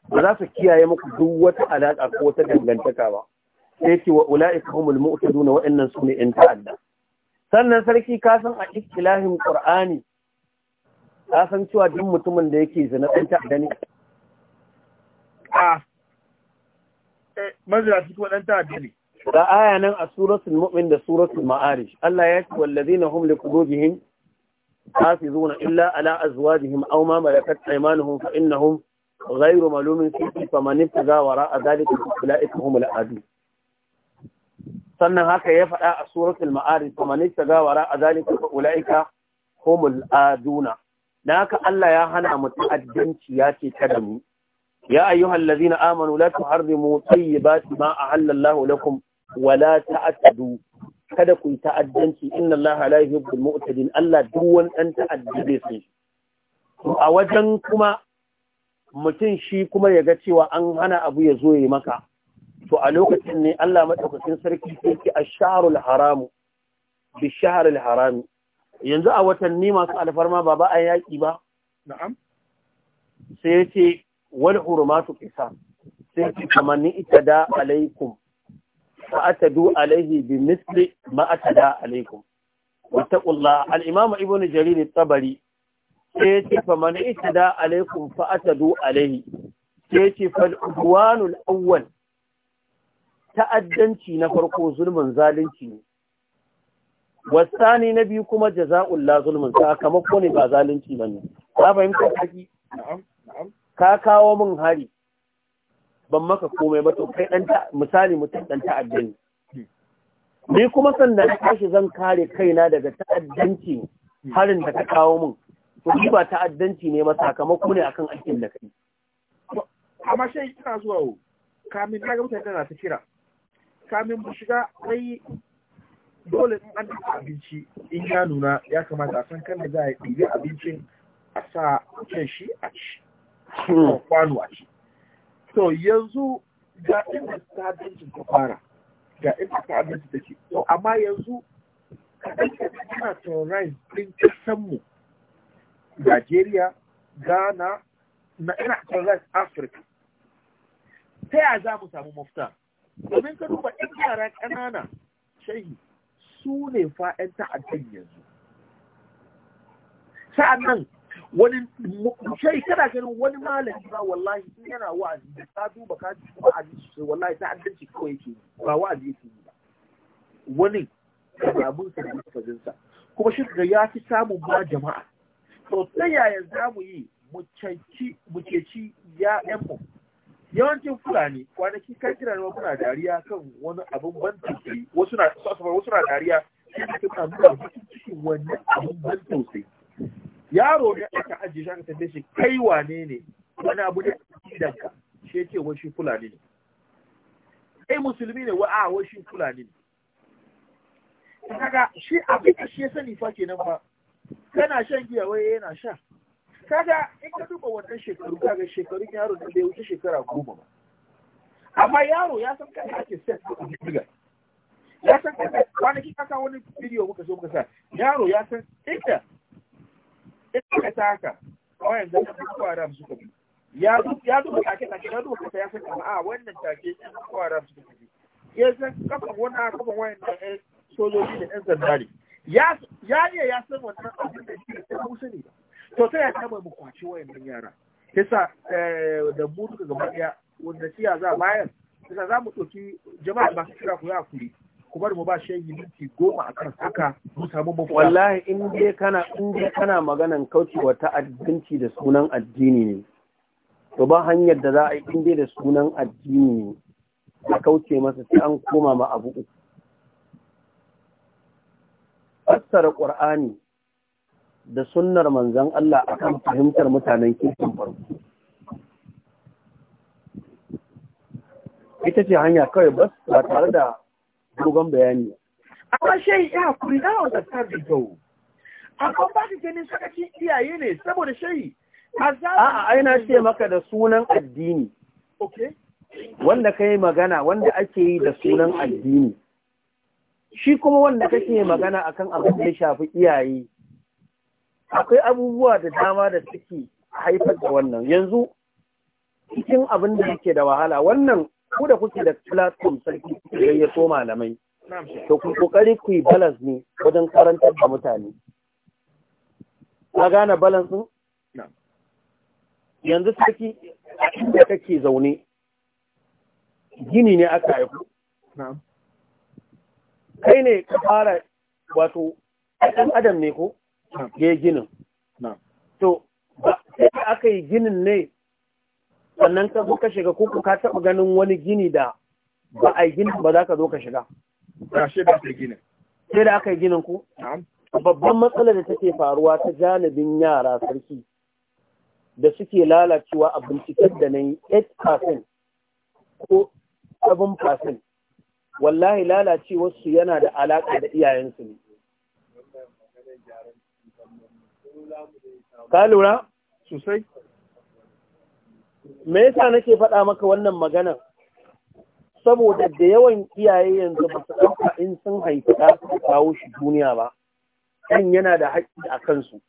ba za su kiyaye muku duk wata alaƙa ko ta dangantaka ba sai ce wa ula'ika humul mu'taduna wa'annan su ne yan ta'adda sannan sarki ka san a ikilahin qur'ani ka san cewa duk mutumin da yake zina dan ta'adda ne a eh, mazira shi kuma dan ta'adda ne da aya nan a suratul mu'min da suratul ma'arij Allah ya ce wallazina hum liqulubihim حافظون إلا على أزواجهم أو ما ملكت أيمانهم فإنهم غير ملوم فيه فمن ابتغى وراء ذلك فأولئك هم العادون sannan haka ya faɗa a suratul ma'arij kuma ne ta gawara a zalika fa ulaika humul aduna dan haka Allah ya hana mu ta'addanci ya ce kada mu ya ayyuhal ladina amanu la tuharrimu tayyibati ma ahallallahu lakum wala ta'tadu kada ku yi ta'addanci inna Allah la yuhibbul mu'tadin Allah duk wani dan ta'addi sai a wajen kuma mutum shi kuma ya ga cewa an hana abu ya zo yi maka to a lokacin ne Allah madaukakin sarki sai ki a asharul haramu bi shahril harami yanzu a watanni masu alfarma ba ba a yaki ba na'am sai yace wal su qisam sai ki kamanni da alaikum fa atadu alaihi bi misli ma atada alaikum wattaqullah al-imam Ibn jarir at-tabari sai ce fa ita da alaikum fa a atadu alaihi sai yace fal udwanul awwal ta'addanci na farko zulmin zalunci ne wasani na biyu kuma jaza'ul la zulmin sakamako ne ba zalunci bane ka fahimta kaki ka kawo min hari ban maka komai ba to kai dan misali mutum dan ta'addanci ni kuma sannan na tashi zan kare kaina daga ta'addanci harin da ka kawo min to shi ba ta'addanci ne ba sakamako ne akan aikin da kai amma shi ina zuwa kamin na ga mutane na ta kira kamin mu shiga kai dole in an dafa abinci in ya nuna ya kamata a san kan da za a ɗibi abincin a sa can shi a ci kwano a ci to yanzu ga inda abincin ta fara ga inda abincin ta ke to amma yanzu kaɗan kaɗan yana terrorize ɗin mu Najeriya, Ghana, na ina terrorize Africa. Ta ya za mu samu mafita? domin ka duba ɗan yara ƙanana shahi su ne fa ƴan ta'addan yanzu sa'annan wani shahi kana ganin wani malami ba wallahi in yana wa'azi da ka duba ka ji wa'azi sosai wallahi ta'addanci kawai yake ba wa'azi yake yi ba wani kalamun sa da lafazin sa kuma shi ga ya fi samun ba jama'a to ta yaya za mu yi mu ceci ya'yanmu yawancin fulani kwanaki kan kira ne kuna dariya kan wani abin ban tausayi wasu na wasu na dariya sai da kuna nuna cikin wani abin ban tausayi yaro ne aka ajiye shi aka tambaye shi kai wane ne wani abu ne a ka shi yake wai shi fulani ne kai musulmi ne wa a wai shi fulani ne kaga shi abin da shi ya sani fa kenan ba kana shan giya wai yana sha kaga in ka duba wannan shekaru kaga shekarun yaro da bai wuce shekara goma ba amma yaro ya san kada ake set a jirga ya san kada kwanaki aka wani bidiyo muka so muka sa yaro ya san inda in ka ta haka kawai da ka duba haram suka bi ya ya duba take take ya duba kasa ya san kama a ah, wannan take in duba haram suka bi ya san kafa wani kafan ɗan sojoji da ɗan sandari ya ya ya san wannan abin da shi ta kusa ne ba to sai ya taba mu kwaci wayannan yara yasa eh, da mutu ga gaba daya wanda siya za bayan. Kisa za mu ɗauki jama'a masu kira ku ya kuri ku bar mu ba shayi minti goma a kan saka mu samu mafi wallahi in dai kana in dai kana maganan kaucewa ta'addanci da sunan addini ne to ba hanyar da za a yi in dai da sunan addini ne a kauce masa sai an koma ma abu uku fassara qur'ani da sunnar manzan Allah akan fahimtar mutanen kirkin farko ita ce hanya kawai bas ba tare da dogon bayani amma shehi ya kuri na wata tar da kyau amma ba su ganin sakacin iyaye ne saboda shai a'a ai na ce maka da sunan addini wanda ka yi magana wanda ake yi da sunan addini shi kuma wanda kake magana akan abin da ya shafi iyaye akwai abubuwa da dama da suke haifar da wannan yanzu cikin abin da yake da wahala wannan ku da kuke da platform sarki kuke gayyato malamai to ku kokari ku yi balance ne wajen karantar da mutane ka gane balance yanzu sarki da kake zaune gini ne aka haifu kai ne ka fara wato ɗan adam ne ko ya ginin to sai aka yi ginin ne sannan ka zo ka shiga ko ka taɓa ganin wani gini da ba a yi ginin ba za ka zo ka shiga sai da aka yi ginin sai da aka yi ginin ku babban matsalar da take faruwa ta janibin yara sarki da suke lalacewa a binciken da na yi 8% ko 7% wallahi lalacewarsu yana da alaƙa da iyayensu ne ka lura sosai me yasa nake faɗa maka wannan magana saboda da yawan iyaye yanzu ba su ɗauka in sun haifi ɗa su kawo shi duniya ba ɗan yana da haƙƙi a kansu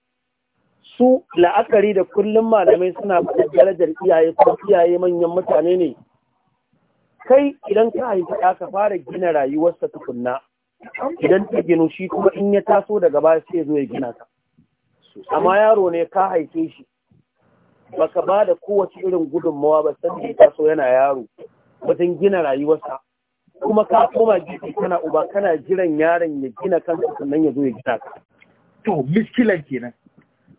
su la'akari da kullum malamai suna faɗa darajar iyaye ko iyaye manyan mutane ne kai idan ka haifi ɗa ka fara gina rayuwarsa tukunna idan ta ginu shi kuma in ya taso daga baya sai zo ya gina ka amma yaro ne ka haife shi baka ba da kowace irin gudunmawa ba san da so yana yaro wajen gina rayuwarsa kuma ka koma gidi kana uba kana jiran yaron ya gina kansa sannan ya zo ya gina ka to miskilan kenan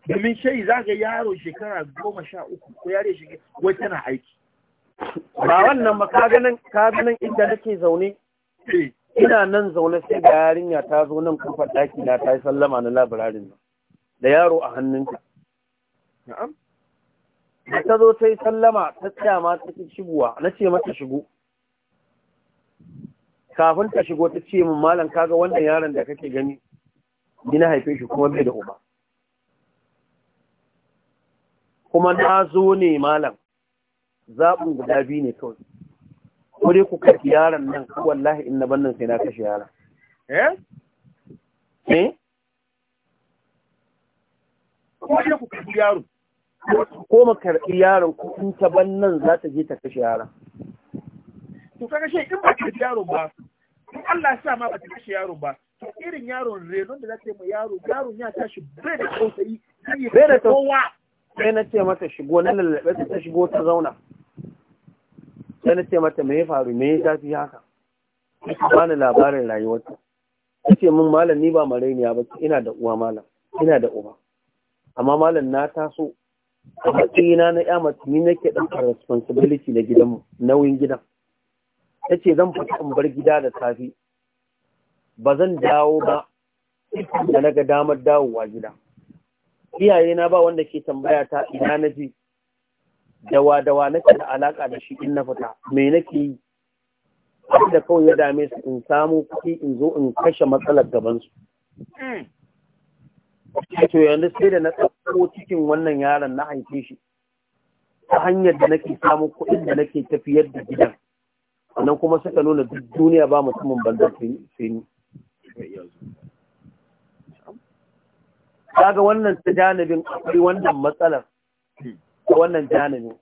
domin shayi za ga yaro shekara goma sha uku ko yare shekara wai tana aiki ba wannan ba ka ganin inda nake zaune eh. ina nan zaune sai ga yarinya ta zo nan kofar ɗaki na ta yi sallama na labirarin nan da yaro a hannunta na'am da ta zo ta yi sallama ta tsaya ma ta shigowa na ce mata shigo kafin ta shigo ta ce min malam kaga wannan yaron da kake gani ni na haife shi kuma bai da uba kuma na zo ne malam zaɓin guda biyu ne kawai Kure ku karki yaron nan wallahi in na bannan sai na kashe yaron eh eh ko da ku karɓi yaro ko mu karɓi yaron ko in ta ban nan za ta je ta kashe yaron to kaga shi in ba ta kashe yaro ba in Allah ya sa ma ba ta kashe yaro ba to irin yaron renon da za ta yi ma yaro yaron ya tashi bai da tausayi bai da kowa sai na ce mata shigo na lallaɓe ta ta shigo ta zauna sai na ce mata me ya faru me ya tafi haka ba ni labarin rayuwarta ta ce min malam ni ba marainiya ba ina da uwa malam ina da uba amma malam na taso a matsayina na ya mace ni nake ɗauka responsibility na gidanmu nauyin gidan ta ce zan fita in bar gida da safe ba zan dawo ba da na ga damar dawowa gida iyaye na ba wanda ke tambaya ta ina na ji dawa dawa nake da alaka da shi in na fita me nake yi da kawai ya dame su in samu kuɗi in zo in kashe matsalar gabansu to yanzu sai da na ɗauko cikin wannan yaron na haife shi ta hanyar da nake samun kuɗin da nake tafiyar da gidan sannan kuma suka nuna duk duniya ba mutumin banza sai ni kaga wannan ta janibin akwai wannan matsalar ta wannan janibin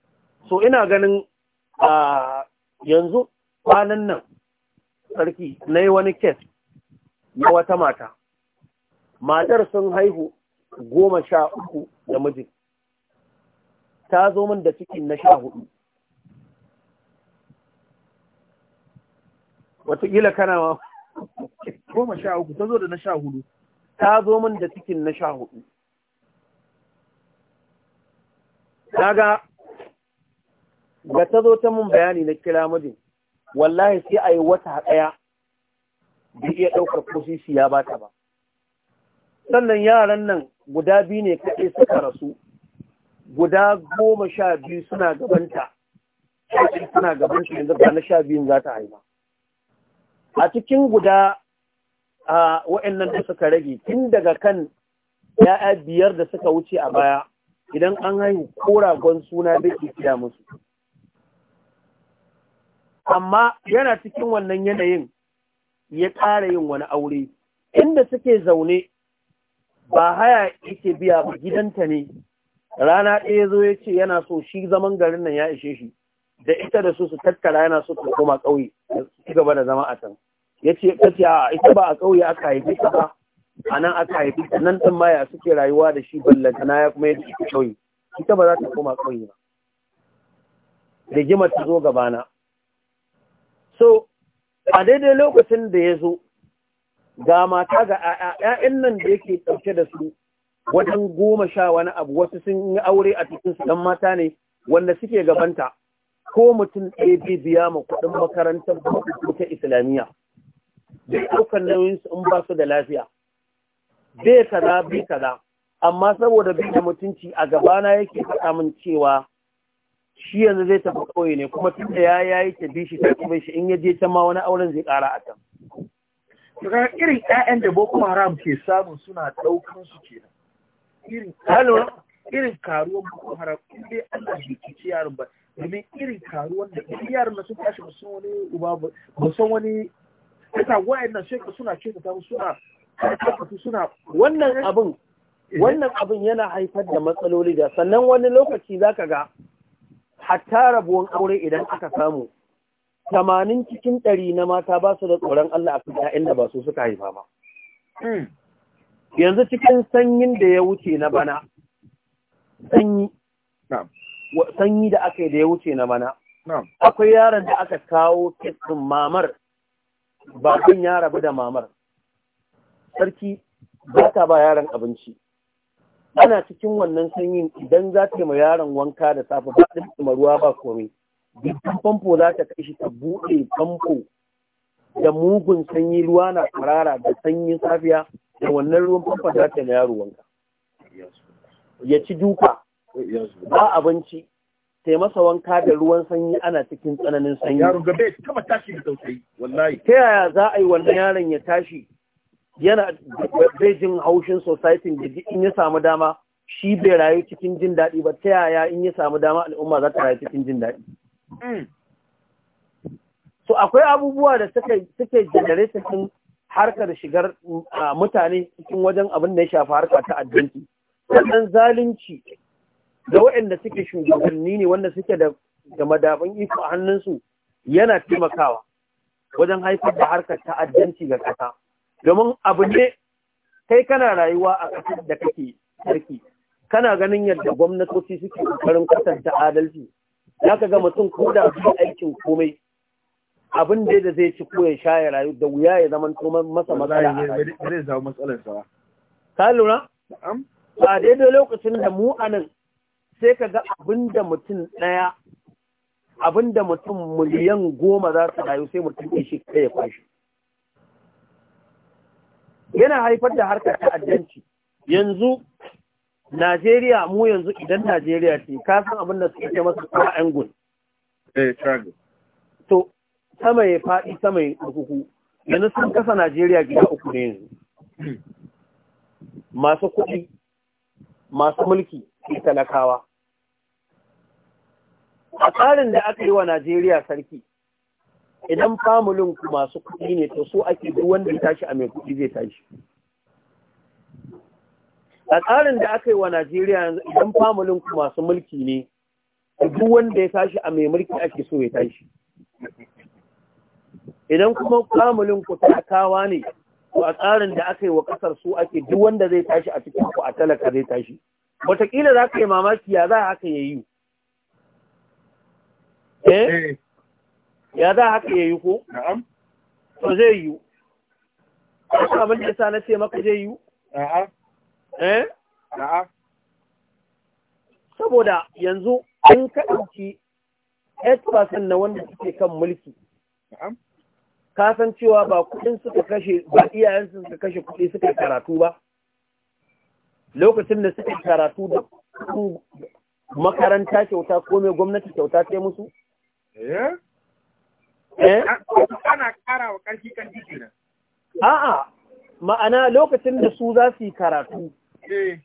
so ina ganin a yanzu kwanan nan sarki na yi wani kes na wata mata matar sun haihu goma sha uku da mijin ta zo min da cikin na sha hudu watakila kana ma goma sha uku ta zo da na sha hudu ta zo min da cikin na sha hudu daga da ta zo ta mun bayani na kira mijin wallahi sai a yi wata haɗaya. bai iya ɗaukar kusisi ya bata ba sannan yaran nan guda biyu ne kaɗai suka rasu guda goma sha biyu suna gabanta suna gabanta yanzu ba na sha biyun za ta haifa a cikin guda a wa'annan da suka rage tun daga kan ya'ya biyar da suka wuce a baya idan an haihu koragon suna da ke fiya musu amma yana cikin wannan yanayin ya ƙara yin wani aure inda suke zaune ba haya yake biya ba gidanta ne rana ɗaya zo ya ce yana so shi zaman garin nan ya ishe shi da ita da su su tattara yana so ta koma ƙauye ci gaba da zama a can ya ce ce, a ita ba a ƙauye aka haifi ta ba a nan aka haifi ta nan ɗin maya suke rayuwa da shi na ya kuma ya ci ƙauye ita ba za ta koma ƙauye ba rigimar ta zo gabana so a daidai lokacin da ya zo ga mata ga ‘ya'yan nan da yake ɗauke da su wajen goma sha wani abu wasu sun yi aure a cikin su mata ne wanda suke gabanta ko mutum ɗaya bai biya ma kuɗin makarantar ko ta islamiyya da ɗaukar nauyin su in ba su da lafiya bai kaza bai kaza amma saboda bai da mutunci a gabana yake faɗa min cewa shi yanzu zai tafi ƙauye ne kuma tun da ya yi ta bi shi ta kuma shi in ya je can ma wani auren zai ƙara a can daga irin ƴaƴan da boko haram ke samu suna ɗaukan su kenan irin irin karuwan boko haram in dai Allah bai kici yaron ba domin irin karuwan da irin yaron da sun tashi ba san wani uba ba san wani kasa wayannan shekaru suna kyautata musu suna tabbatu suna wannan abin wannan abin yana haifar da matsaloli da sannan wani lokaci za ka ga hatta rabuwan aure idan aka samu tamanin cikin ɗari na mata ba su da tsoron Allah a su ‘ya'yan da ba su suka haifa ba. Hmm. Yanzu cikin sanyin da ya wuce na bana, sanyi, sanyi da aka yi da ya wuce na bana, akwai yaron da aka kawo kitsin mamar, bakin ya rabu da mamar. Sarki ba ta ba yaran abinci. Ana cikin wannan sanyin idan za ta yi ma yaron wanka da safe ba ɗin ruwa ba komai. dukkan famfo za ta kai shi ta buɗe famfo da mugun sanyi ruwa na karara da sanyin safiya da wannan ruwan famfo za ta na yaro wanka ya ci duka ba abinci sai masa wanka da ruwan sanyi ana cikin tsananin sanyi yaro gabe kama tashi da tausayi wallahi ta yaya za a yi wannan yaron ya tashi yana zai jin haushin society da in ya samu dama shi bai rayu cikin jin daɗi ba ta yaya in ya samu dama al'umma za ta rayu cikin jin daɗi Mm. So akwai abubuwa da suke generate cikin harkar shigar ah, mutane cikin wajen abin da ya shafi harka ta addinci. Sannan zalunci da waɗanda suke shugabanni ne wanda suke da madafin iko a hannunsu yana taimakawa wajen haifar da harkar ta'addanci ga ƙasa. Domin abu ne kai kana rayuwa a ƙasar da kake sarki, kana ganin yadda gwamnatoci suke ƙoƙarin kwatanta adalci za ka ga mutum ko da su aikin komai abin da da zai ci ko ya rayu da wuya ya zama to masa matsala a rayu. Zai zama matsalar sa. Ka lura? ba daidai lokacin da mu anan sai ka ga abin da mutum ɗaya abin da mutum miliyan goma za su rayu sai mutum ya shi kai ya kwashi. Yana haifar da harkar ta'addanci. Yanzu Najeriya mu yanzu idan Najeriya ce ka san abin da suke masa triangle eh to sama ya faɗi sama ya uku yanzu sun kasa Najeriya gida uku ne yanzu masu kuɗi masu mulki ke talakawa a tsarin da aka yi wa Najeriya sarki idan famulin masu kuɗi ne to so ake duk wanda ya tashi a mai kuɗi zai tashi a tsarin da aka yi wa Najeriya idan famulin ku masu mulki ne duk wanda ya tashi a mai mulki ake so ya tashi idan kuma famulin ku talakawa ne to a tsarin da aka yi wa kasar su ake duk wanda zai tashi a cikin ku a talaka zai tashi wataƙila za ka yi mamaki ya za haka ya yi eh ya za haka ya yi ko na'am to zai yi abin da yasa na ce maka zai yi a'a eh saboda yanzu in ka ɗauki 8% na wanda suke kan mulki ka san cewa ba kuɗin suka kashe ba iyayensu suka kashe kuɗi suka karatu ba lokacin da suka karatu da makaranta kyauta ko mai gwamnati kyauta ta musu? Eh? Eh? Ana ƙara wa ƙarfi ƙarfi kenan. A'a, ma'ana lokacin da su za su yi karatu, Eh.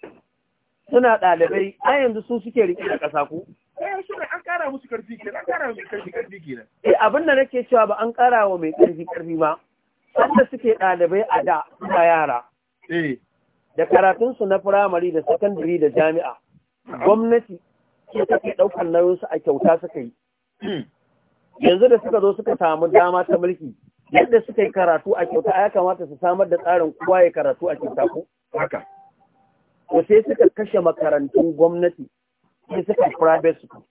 suna ɗalibai a yanzu sun suke riƙe da ƙasa ku? Eh ne an ƙara musu ƙarfi ke an ƙara musu ƙarfi ƙarfi nan. Eh abin da nake cewa ba an ƙara wa mai ƙarfi ƙarfi ba. Sanda suke ɗalibai a da suna yara. Eh. Da karatunsu na firamare da sakandare da jami'a. Gwamnati ke take ɗaukar nauyinsu a kyauta suka yi. Hmm. Yanzu da suka zo suka samu dama ta mulki. Yadda suka yi karatu a kyauta ya kamata su samar da tsarin kowa ya karatu a kyauta ko? Haka. ko sai suka kashe makarantun gwamnati sai suka private school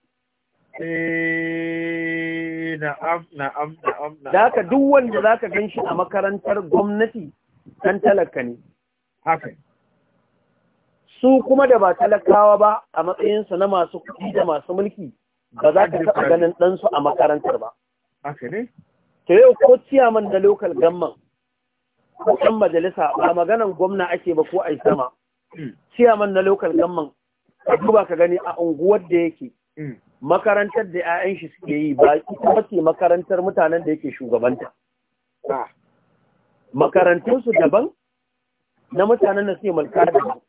eh, na'am na'am da duk wanda zaka shi a makarantar gwamnati kan talaka ne haka su kuma da ba talakawa ba a matsayinsu na masu kuɗi da masu mulki ba za ka taɓa ganin ɗansu a makarantar ba. Haka ne? Ta yau ko ciyaman da lokal gamman ko ɗan majalisa ba maganan gwamna ake ba ko a yi sama. ciyaman na local gamman ka duba ka gani a unguwar da yake mm. makarantar da 'ya'yan shi suke yi ba ita wace makarantar mutanen da yake shugabanta ah. makarantunsu daban na mutanen da suke mulka daban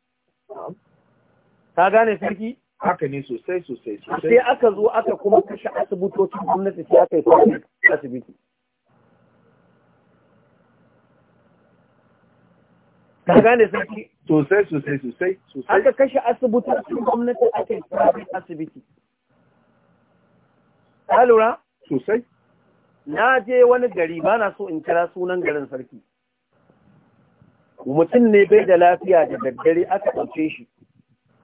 ta gane sarki haka ne sosai sosai sosai sai aka zo aka kuma kashe asibitocin gwamnati sai aka yi kwanci asibiti Ta gane sarki sosai sosai sosai sosai aka kashe cikin gwamnati ake private asibiti Ta lura sosai na je wani gari ba na so in kira sunan garin sarki mutum ne bai da lafiya da daddare aka ɗauke shi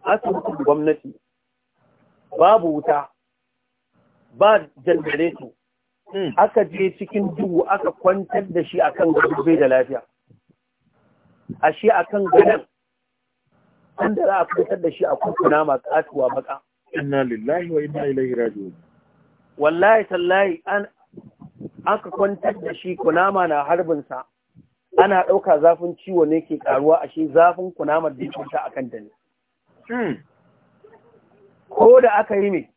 asibitin gwamnati babu wuta ba su hmm. aka je cikin duhu aka kwantar da shi akan gado bai da lafiya ashe akan gado? wanda za a fitar da shi a kurkuna masu katuwa baka inna lillahi wa inna ilaihi raji'un wallahi tallahi an aka kwantar da shi kunama na harbinsa. ana ɗauka zafin ciwo ne ke karuwa ashe zafin kunama da cuta akan ta ne hmm. ko da aka yi ne,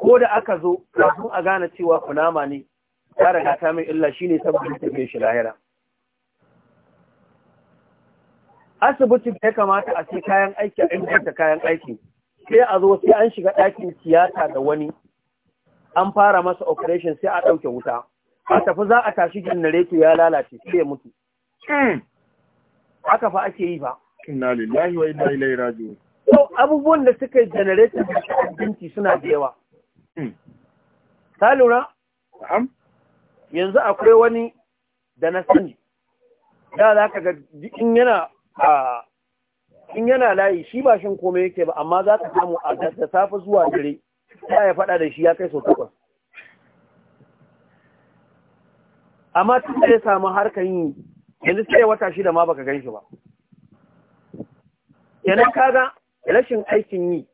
ko da aka zo kafin a gane cewa kunama ne ta riga ta mai illa ne saboda ta fi shi lahira Asibitin da ya kamata a ce kayan aiki a inganta kayan aiki sai a zo sai an shiga ɗakin tiyata da wani an fara masa operation sai a ɗauke wuta a tafi za a tashi janareto ya lalace sai ya mutu haka fa ake yi ba inna lillahi wa inna ilaihi raji'un to abubuwan da suka yi janareto da abinci suna da yawa hmm. ka lura yanzu akwai wani da na sani da za ka ga in yana a in yana layi shi ba shin komai yake ba amma za ka samu a da safe zuwa dare ta ya faɗa da shi ya kai sau takwas amma tun da ya samu harkar yi yanzu sai wata shida ma baka gan shi ba yana kaga rashin aikin yi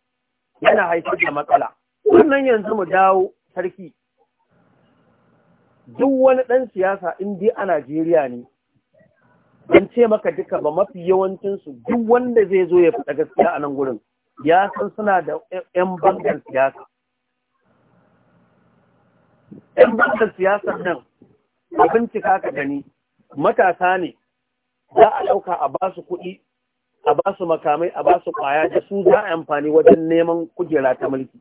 yana haifar da matsala wannan yanzu mu dawo sarki duk wani ɗan siyasa in dai a Najeriya ne an ce maka duka ba mafi yawancinsu duk wanda zai zo ya fita gaskiya a nan gurin ya san suna da 'yan bangar siyasa. 'yan bangar siyasar nan a bincika ka gani matasa ne za a ɗauka a ba su kuɗi a ba su makamai a ba su ƙwaya da su za a amfani wajen neman kujera ta mulki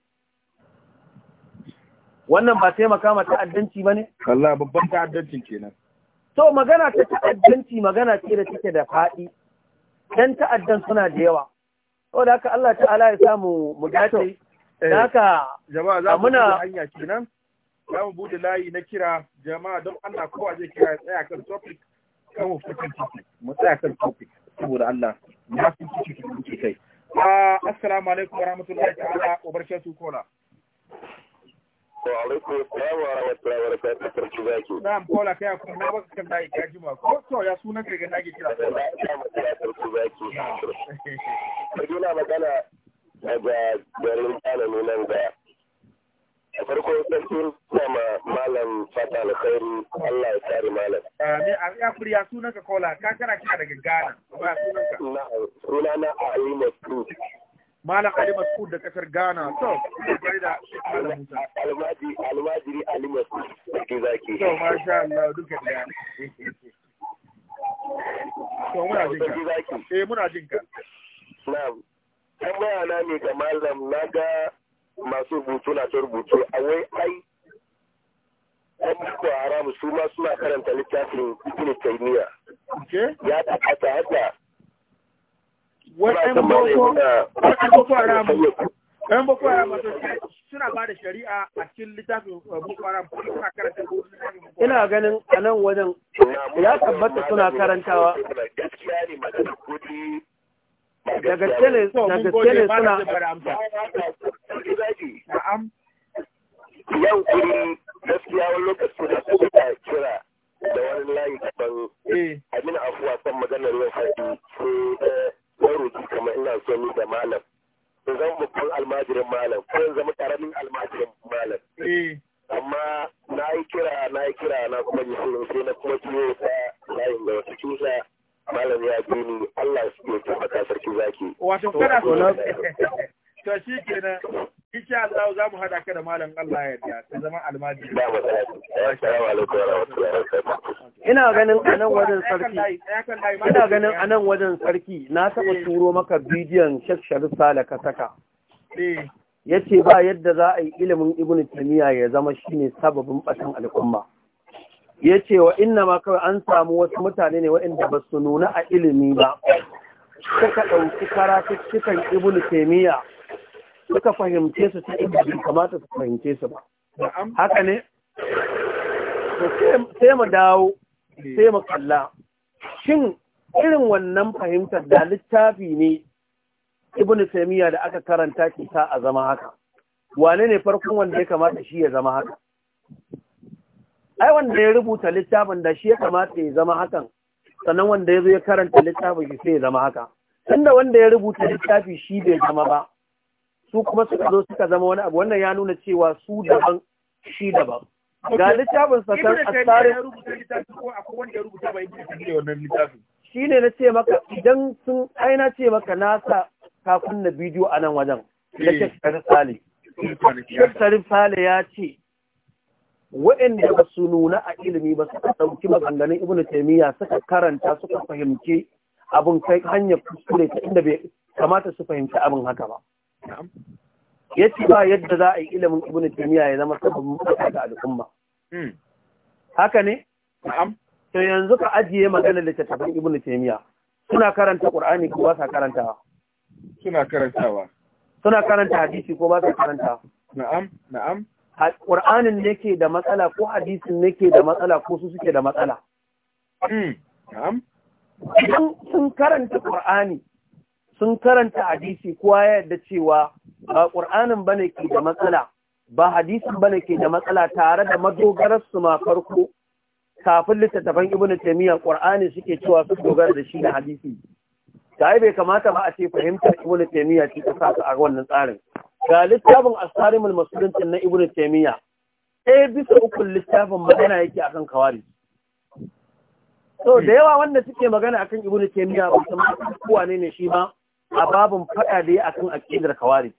wannan ba taimaka ma ta'addanci ba ne? Allah babban ta'addancin kenan so magana ta ta'addanci magana ce da take da faɗi dan ta'addan suna da yawa da haka Allah ta'ala ya samu mu dace eh, haka jama'a za mu nan, za mu buɗe layi na kira jama'a don Allah kowa zai kira tsaya kan topic kan mu fitin topic mu tsaya kan topic saboda Allah ya fi cikin kai ah, assalamu alaikum warahmatullahi ta'ala wa su kola Wa alaikum assalam wa kola na baka kan dai ka jima ko to ya sunan ka ga nake kira sai ta magana daga garin Kano ne nan da farko ma malam fata alkhairi Allah ya kare malam. Amin a ya kuriya sunan ka kola ka kana kira daga Ghana ba sunan ka. Na'am sunana Ali Malam Ali Masud da kasar Ghana. To, kuma da Malam Musa. Ali Masud zaki. To, masha Allah duka To, muna jin ka. Eh, muna jin ka. Na'am. ne ga malam na ga masu rubutu na rubutu a wai ai ɗan boko haramu su ma suna karanta littafin ibn taymiya ya ta haka Wa'yan Boko Haram, ‘yan suna ba da shari'a a cikin littafin uh, Boko Haram suna karanta Ina ganin a nan wajen ya tabbata suna karantawa. Da gaske ne suna. Yau kuri gaskiya wani lokaci da suka kira da wani layi kaɗan. Eh. Amina afuwa kan maganar yau haɗi sai eh, na kamar ina so ni da malam in zama babban almajirin malam ko in zama ƙaramin almajirin malam eh. amma na yi kira na yi kira na kuma yi shirin sai na kuma ciwo ta layin da wasu kisa malam ya bi ni Allah ya taimaka sarki zaki wato kana so to shi kenan insha Allah za mu haɗa ka da malam Allah ya yarda ta zama almajiri ina ganin anan wajen sarki ina ganin anan wajen sarki na taɓa eh. turo maka bidiyon Sheikh Sharif ka saka eh. yace ba yadda za a yi ilimin Ibn Taymiyyah ya zama shine sababin batan al'umma yace wa inna ma kawai an samu wasu mutane ne waɗanda ba su nuna a ilimi ba suka ɗauki cikin Ibn Taymiyyah suka fahimce su ta inda bai kamata su fahimce su ba haka ne sai mu dawo eh. sai mu kalla shin irin wannan fahimtar da littafi ne ibn taymiya da aka karanta ke sa a zama haka wane ne farkon wanda ya kamata shi ya zama haka ai wanda ya rubuta littafin da shi ya kamata ya zama hakan sannan wanda ya zo ya karanta littafin shi sai ya zama haka tunda wanda ya rubuta littafi shi bai zama ba su kuma suka zo suka zama wani abu wannan ya nuna cewa su daban shi daban ga littafin sa asarin shi ne na ce maka idan sun aina ce maka nasa kafin na bidiyo a nan wajen na shekar sale sale ya ce waɗanda ba su nuna a ilimi ba suka ɗauki maganganun ibn taimiyya suka karanta suka fahimci abin kai hanyar kuskure ta inda bai kamata su fahimci abin haka ba ya ba yadda za a yi ilimin ibn taymiya ya zama sabon mutane ga al'umma hmm. haka ne to yanzu ka ajiye maganar littattafan ibn taymiya suna karanta qur'ani ko ba sa karantawa suna karantawa suna karanta hadisi ko ba sa karantawa na'am na'am qur'anin nake da matsala ko hadisin nake da matsala ko su suke da matsala hmm, na'am sun karanta qur'ani sun karanta hadisi kowa ya yarda cewa ba ƙur'anin ne ke da matsala ba hadisin ne ke da matsala tare da madogarar su ma farko kafin littattafan Ibn taimiyyar ƙur'ani suke cewa su dogara da shi na hadisi yi bai kamata ba a ce fahimtar Ibn taimiyyar ce ta saka a wannan tsarin ga littafin asarimul musulunci na Ibn taymiya ɗaya bisa ukun littafin magana yake akan kawari so da yawa wanda suke magana akan Ibn taymiya ba su ma kowa ne ne shi ba a babin faɗa da ya akan aƙidar kawari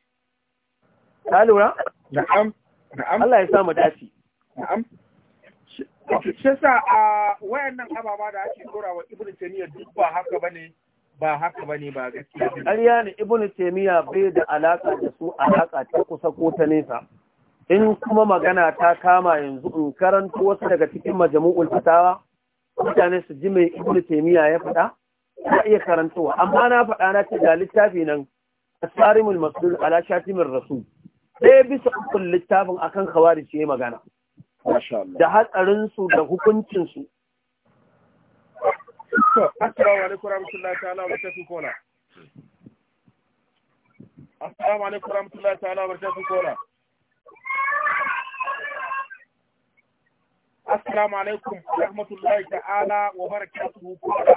ta lura na'am na'am Allah ya samu dafi. na'am shi sa a wayannan ababa da ake dora wa Ibn Taymiyyah duk ba haka ne ba haka ne ba gaskiya ƙarya ne Ibn Taymiyyah bai da alaka da su alaka ta kusa ko ta nesa in kuma magana ta kama yanzu in karanto wasu daga cikin majamu'ul fatawa mutane su ji mai Ibn Taymiyyah ya faɗa ta iya karantowa amma na faɗa na ce ga littafi nan A asarimul masdul ala shatimin rasu. ɗaya bisa ukun littafin akan khawarij ya magana da hatsarin su da hukuncin su assalamu alaikum warahmatullahi ta'ala barakatuh kola assalamu alaikum warahmatullahi ta'ala barakatuh kola assalamu alaikum warahmatullahi ta'ala wa barakatuh kola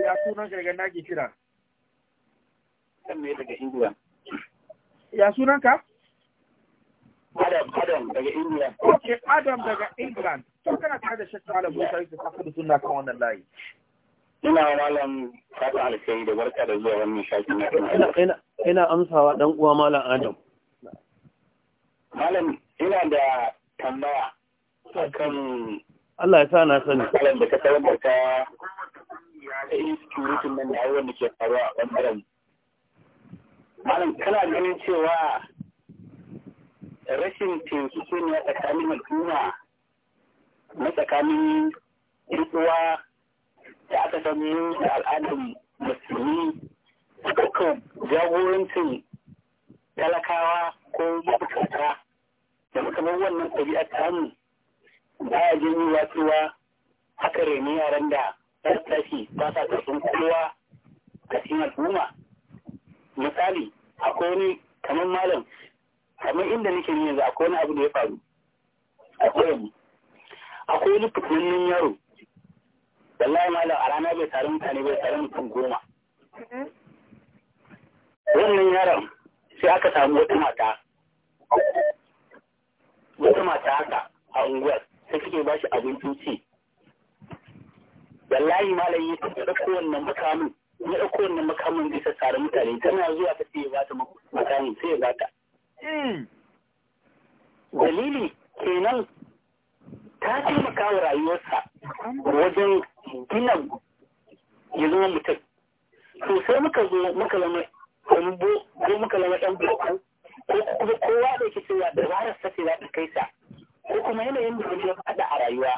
ya sunan ka daga ke kira me daga indiya ya sunan ka Adam, Adam daga England. Ok, Adam daga England. To kana tare da shakka Malam Musa Yusuf ta da sunna kan wannan layi. Ina wa Malam Fata Alkai da barka da zuwa wannan shafi na ina ina amsawa dan uwa Malam Adam. Malam ina da tambaya akan Allah ya sa na sani. Malam da ka tabbata da insecurity nan da abubuwan da ke faruwa a ɓangaren malam kana ganin cewa rashin teku ne a tsakanin al'umma na tsakanin uwa da aka sami da al'adar musulmi suka jagorancin talakawa ko mabukata da muka wannan ɗabi'ar tamu ba ya jin wasuwa aka reni yaran da tashi ba sa ƙarfin kowa a cikin al'umma misali akwai wani kamar malam kamar inda nake yi yanzu akwai wani abu da ya faru akwai yanzu akwai wani fitinin yaro wallahi malam a rana bai tare mutane bai tare mutum goma wannan yaron sai aka samu wata mata wata mata haka a unguwar sai suke ba shi abincin ci wallahi malam ya ta dauko wannan makamin ya dauko wannan makamin zai sassare mutane tana zuwa ta ce ya bata makamin sai ya bata hmm. dalili kenan ta taimaka wa rayuwarsa wajen gina ya zama mutum to sai muka zo muka zama kumbo ko muka zama ɗan boko ko kuma kowa da ke cewa dabarar sa ce za ta kai sa ko kuma yanayin da ya faɗa a rayuwa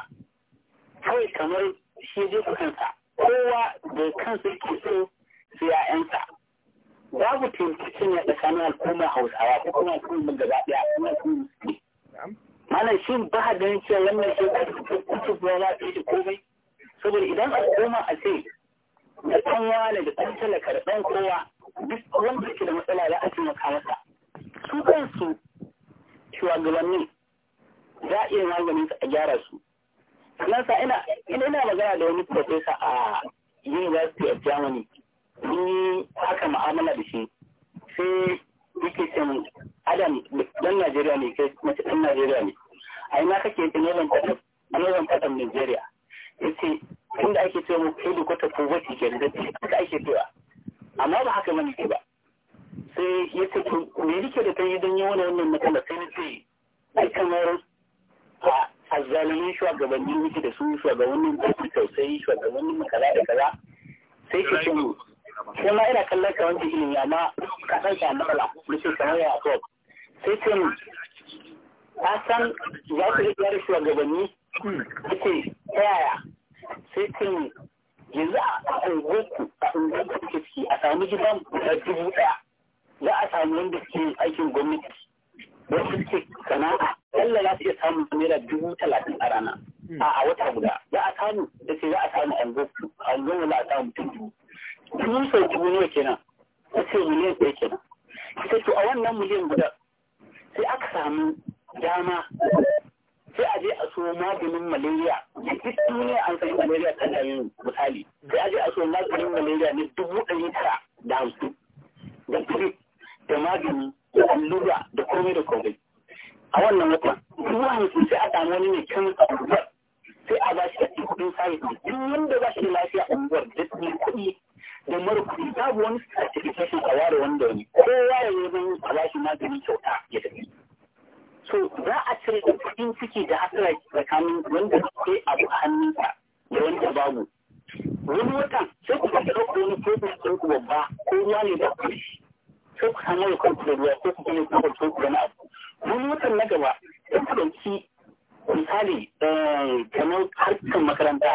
kawai kamar shi zai ku kansa kowa da kansa yake so su ya'yansa babu taimakon ya tsakanin al'ummar hausawa ko kuma al'ummar gaba ɗaya kuma al'ummar musulmi malam shin ba a ganin cewa wannan shi kutu ba za ta yi komai saboda idan al'umma a ce da ɗan ne da ɗan talaka da ɗan kowa duk wanda ke da matsala za a taimaka masa su kansu shugabanni za a iya maganin su a gyara su Nasa ina ina magana da wani profesa a University of Germany. Ni aka ma'amala da shi. Sai yake cin Adam dan Najeriya ne kai mace dan Najeriya ne. A ina kake cin yawan kasar yawan kasar Najeriya. Yace inda ake cewa mu kai dukwata ko kowace ke da haka ake cewa. Amma ba haka mani ke ba. Sai yace to me yake da kai don yi wannan matsalar sai na ce ai kamar a azzalumin shugabannin yake da su shugabannin da su tausayi shugabannin kaza da kaza sai shi ce mu sai ma ina kallon ka wanke ilimi amma ka san ka matsala mutum kamar ya to sai ce mu ka san za ku iya gyara shugabanni kace ta yaya sai ce mu yanzu a unguwarku a unguwarku ke ciki a samu gidan da dubu ɗaya za a samu wanda ke aikin gwamnati wasu sana'a yalla za su iya samun naira dubu talatin a rana hmm. a wata guda za a samu da ce za a samu an gofu an gofu za a samu mutum dubu dubu sau dubu ne kenan ko ce miliyan ɗaya kenan ta to a wannan miliyan guda sai aka samu dama sai a je a so maganin malaria duk duniya an san malaria ta da yin misali sai a je a so maganin malaria ne dubu ɗari tara da hamsin da da magani da allura da komai da komai a wannan wata ruwa sun sai a samu wani ne kan a sai a bashi a cikin sa'idu duk wanda ba shi da lafiya a unguwar da mai kuɗi da marukuri babu wani certification a ware wanda wani kowa ya yi zan a bashi magani kyauta ya tafi so za a cire da kuɗin ciki da hasara tsakanin wanda ke abu a hannunsa da wanda babu wani watan sai ku ɗauka wani program ɗin ku babba ko ruwa ne da kuɗi sai ku samu da kanku da ruwa ko ku kuma kuma kwanto ku na abu wani watan na gaba ya ku ɗauki misali eh, kamar harkar makaranta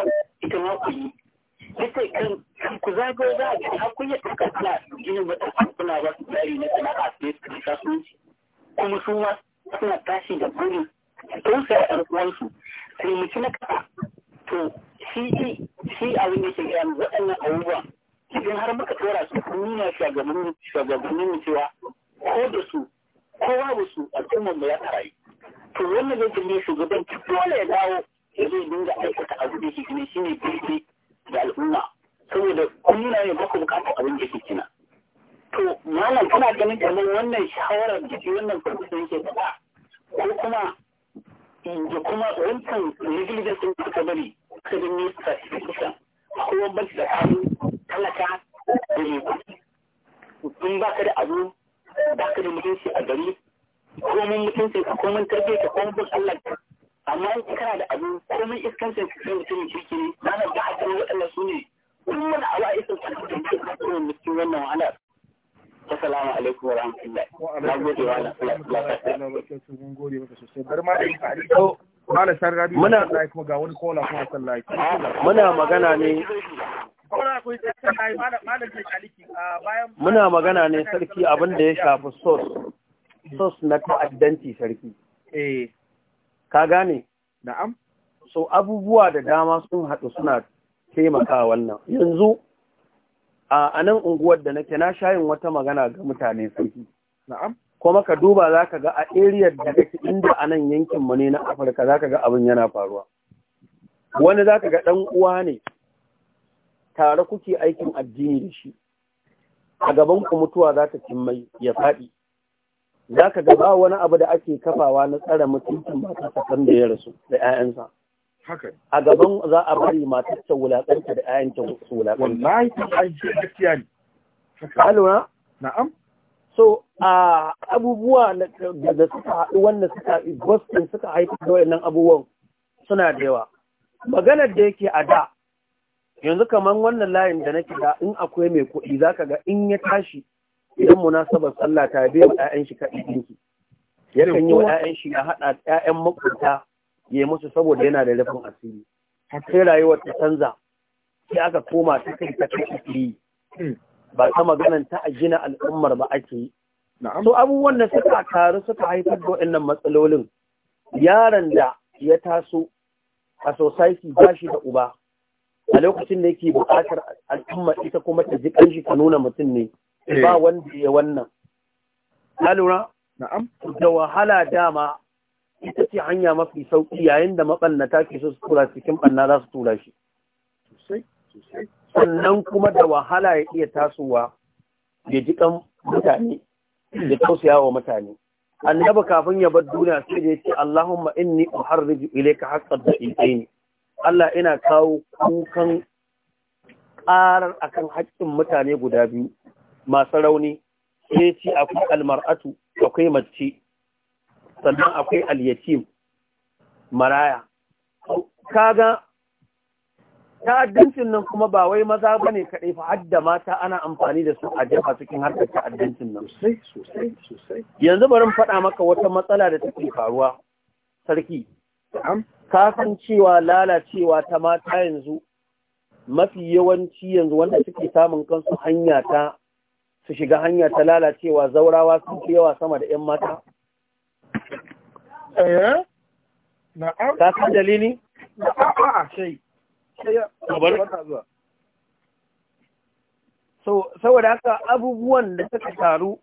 ita ma ku yi ita kan ku zago za a ga kun yi ɗaukar kuna ginin wata kuna ba su tsari na sana'a su ne su kasuwanci kuma su ma suna tashi da burin tausaya ɗan uwansu taimaki na kasa to shi shi abin da ke gaya waɗannan abubuwan idan har muka tsora su sun nuna shugabannin cewa ko da su ko babu su al'ummar mu ya rayu to wannan zai tambaye shugaban dole ya dawo ya zai dinga aikata abu da shi ne shine daidai da al'umma saboda kun nuna ne ba ku bukatar abin da shi kina to malam kana ganin kamar wannan shawarar da shi wannan farko yake faɗa ko kuma da kuma wancan negligence da suka bari suka dinga certification akwai bambanci da kamun talaka da mai kuɗi in ba ka da abu ba ka da mutunci a gari komin mutunci a komin tarbe ka komin bin Allah ka amma in kana da abu komin iskancin ka kai mutumin kirki ne ba na ga hakan waɗanda su ne kullum abu a iskan kan da ke kasuwan mutum wannan wahala Assalamu alaikum wa rahmatullahi. Na gode wa Allah. Mun gode maka sosai. Bar ma da ita Mala Sarrabi, muna kuma ga wani kola kuma sallaki. Muna magana ne Muna magana ne sarki abinda ya shafi sos, sos na ta'addanci sarki. Eh. Ka gane? Na'am. So abubuwa da dama sun haɗu suna taimaka wannan. Yanzu, a nan unguwar da nake na shayin wata magana ga mutane sarki. Na'am. Kuma ka duba za ka ga a eriyar da kake inda a nan yankinmu ne na Afirka za ka ga abin yana faruwa. Wani za ka ga ɗan uwa ne, tare kuke aikin addini da shi a gaban ku mutuwa za ta cimmai ya faɗi za ka gaba wani abu da ake kafawa na tsara mutuncin matar sakan da ya rasu da 'ya'yansa a gaban za a bari mata ta wulaƙanta da 'ya'yanta su wulaƙanta wallahi ta na'am so a abubuwa da suka haɗu wanda suka boston suka haifar da wayannan abubuwan suna da yawa maganar da yake a da yanzu kamar wannan layin da nake da in akwai mai kuɗi zaka ga in ya tashi idan munasabar sallah ta bai wa ƴaƴan shi kaɗi dinki kan yi wa ƴaƴan shi ya haɗa ƴaƴan makwabta ya musu saboda yana da rufin asiri sai rayuwar ta canza sai aka koma ta kai ta kai hmm. ba ta maganan ta ajina al'ummar ba ake yi so abubuwan da suka taru suka haifar da waɗannan matsalolin yaron da ya taso a society ba shi da uba a lokacin da yake bukatar al'umma ita kuma ta ji kanshi ka nuna mutum ne eh. ba wanda ya wannan na lura da wahala dama ita ce hanya mafi sauki yayin da maɓannata ke so su tura cikin ɓanna za su tura shi sannan kuma da wahala ya iya tasowa ya ji kan mutane da tausaya wa mutane annabi kafin ya bar duniya sai da ya ce Allahumma inni uharriju ilayka haqqan da ne. Allah ina kawo kukan ƙarar akan haƙƙin mutane guda biyu masu rauni sai ce akwai almar'atu akwai mace sannan akwai alyatim maraya kaga ta'addancin nan kuma ba wai maza ba ne kaɗai fa hadda mata ana amfani da su a jefa cikin harkar ta'addancin nan sosai sosai sosai yanzu bari faɗa maka wata matsala da take faruwa sarki ka san cewa lalacewa ta mata yanzu mafi yawanci yanzu wanda suke samun kansu hanya ta su shiga hanya ta lalacewa zaurawa sun fi yawa sama da 'yan mata? Eh, na'am. Ka san dalili? Na'am, a shai. So, saboda haka abubuwan da suka taru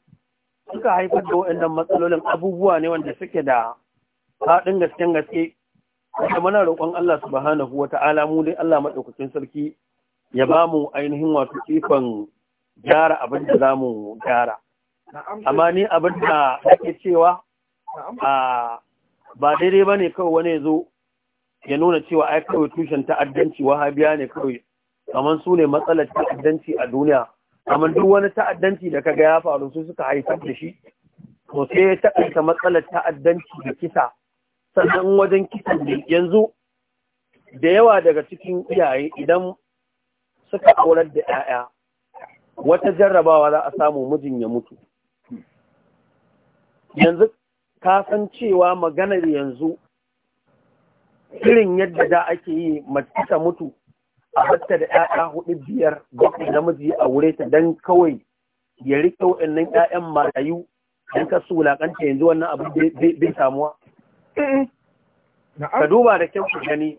suka haifar da waɗannan matsalolin abubuwa ne wanda suke da haɗin gaske gaske wanda muna roƙon Allah subhanahu wa ta'ala mu dai Allah madaukakin sarki ya ba mu ainihin wato ikon gyara abin da za mu gyara amma ni abin da ake cewa a ba daidai ba ne kawai wani zo ya nuna cewa ai kawai tushen ta'addanci wahabiya ne kawai kamar su ne matsalar ta'addanci a duniya amma duk wani ta'addanci da kaga ya faru su suka haifar da shi to sai ya ta'aita matsalar ta'addanci da kisa sannan wajen kisan ne yanzu da yawa daga cikin iyaye idan suka aurar da 'ya'ya wata jarrabawa za a samu mijin ya mutu yanzu ka san cewa maganar yanzu irin yadda da ake yi mace mutu a hatta da 'ya'ya hudu biyar bakwai namiji a wure ta don kawai ya riƙe waɗannan 'ya'yan marayu don ka wulaƙanta yanzu wannan abu bai samuwa ka duba da kyau ku gani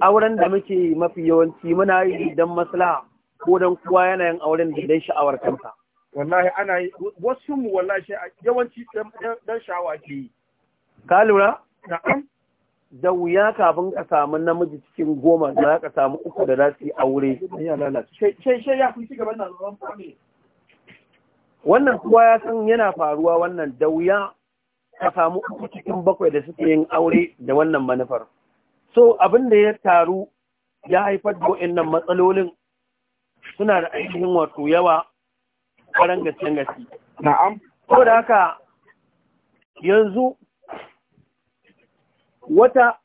auren da muke mafi yawanci muna yi don maslaha ko don kuwa yana yin auren da dai sha'awar kanta wallahi ana yi wasu mu wallahi yawanci dan sha'awa ke yi ka lura na'am da wuya kafin ka samu namiji cikin goma za ka samu uku da za su yi aure wannan kuwa ya san yana faruwa wannan da wuya ka samu uku cikin bakwai da suke yin aure da wannan manufar so abin da ya taru ya haifar da wa'annan matsalolin suna da ainihin wato yawa ƙwarar gaske gaske na'am ko da haka yanzu wata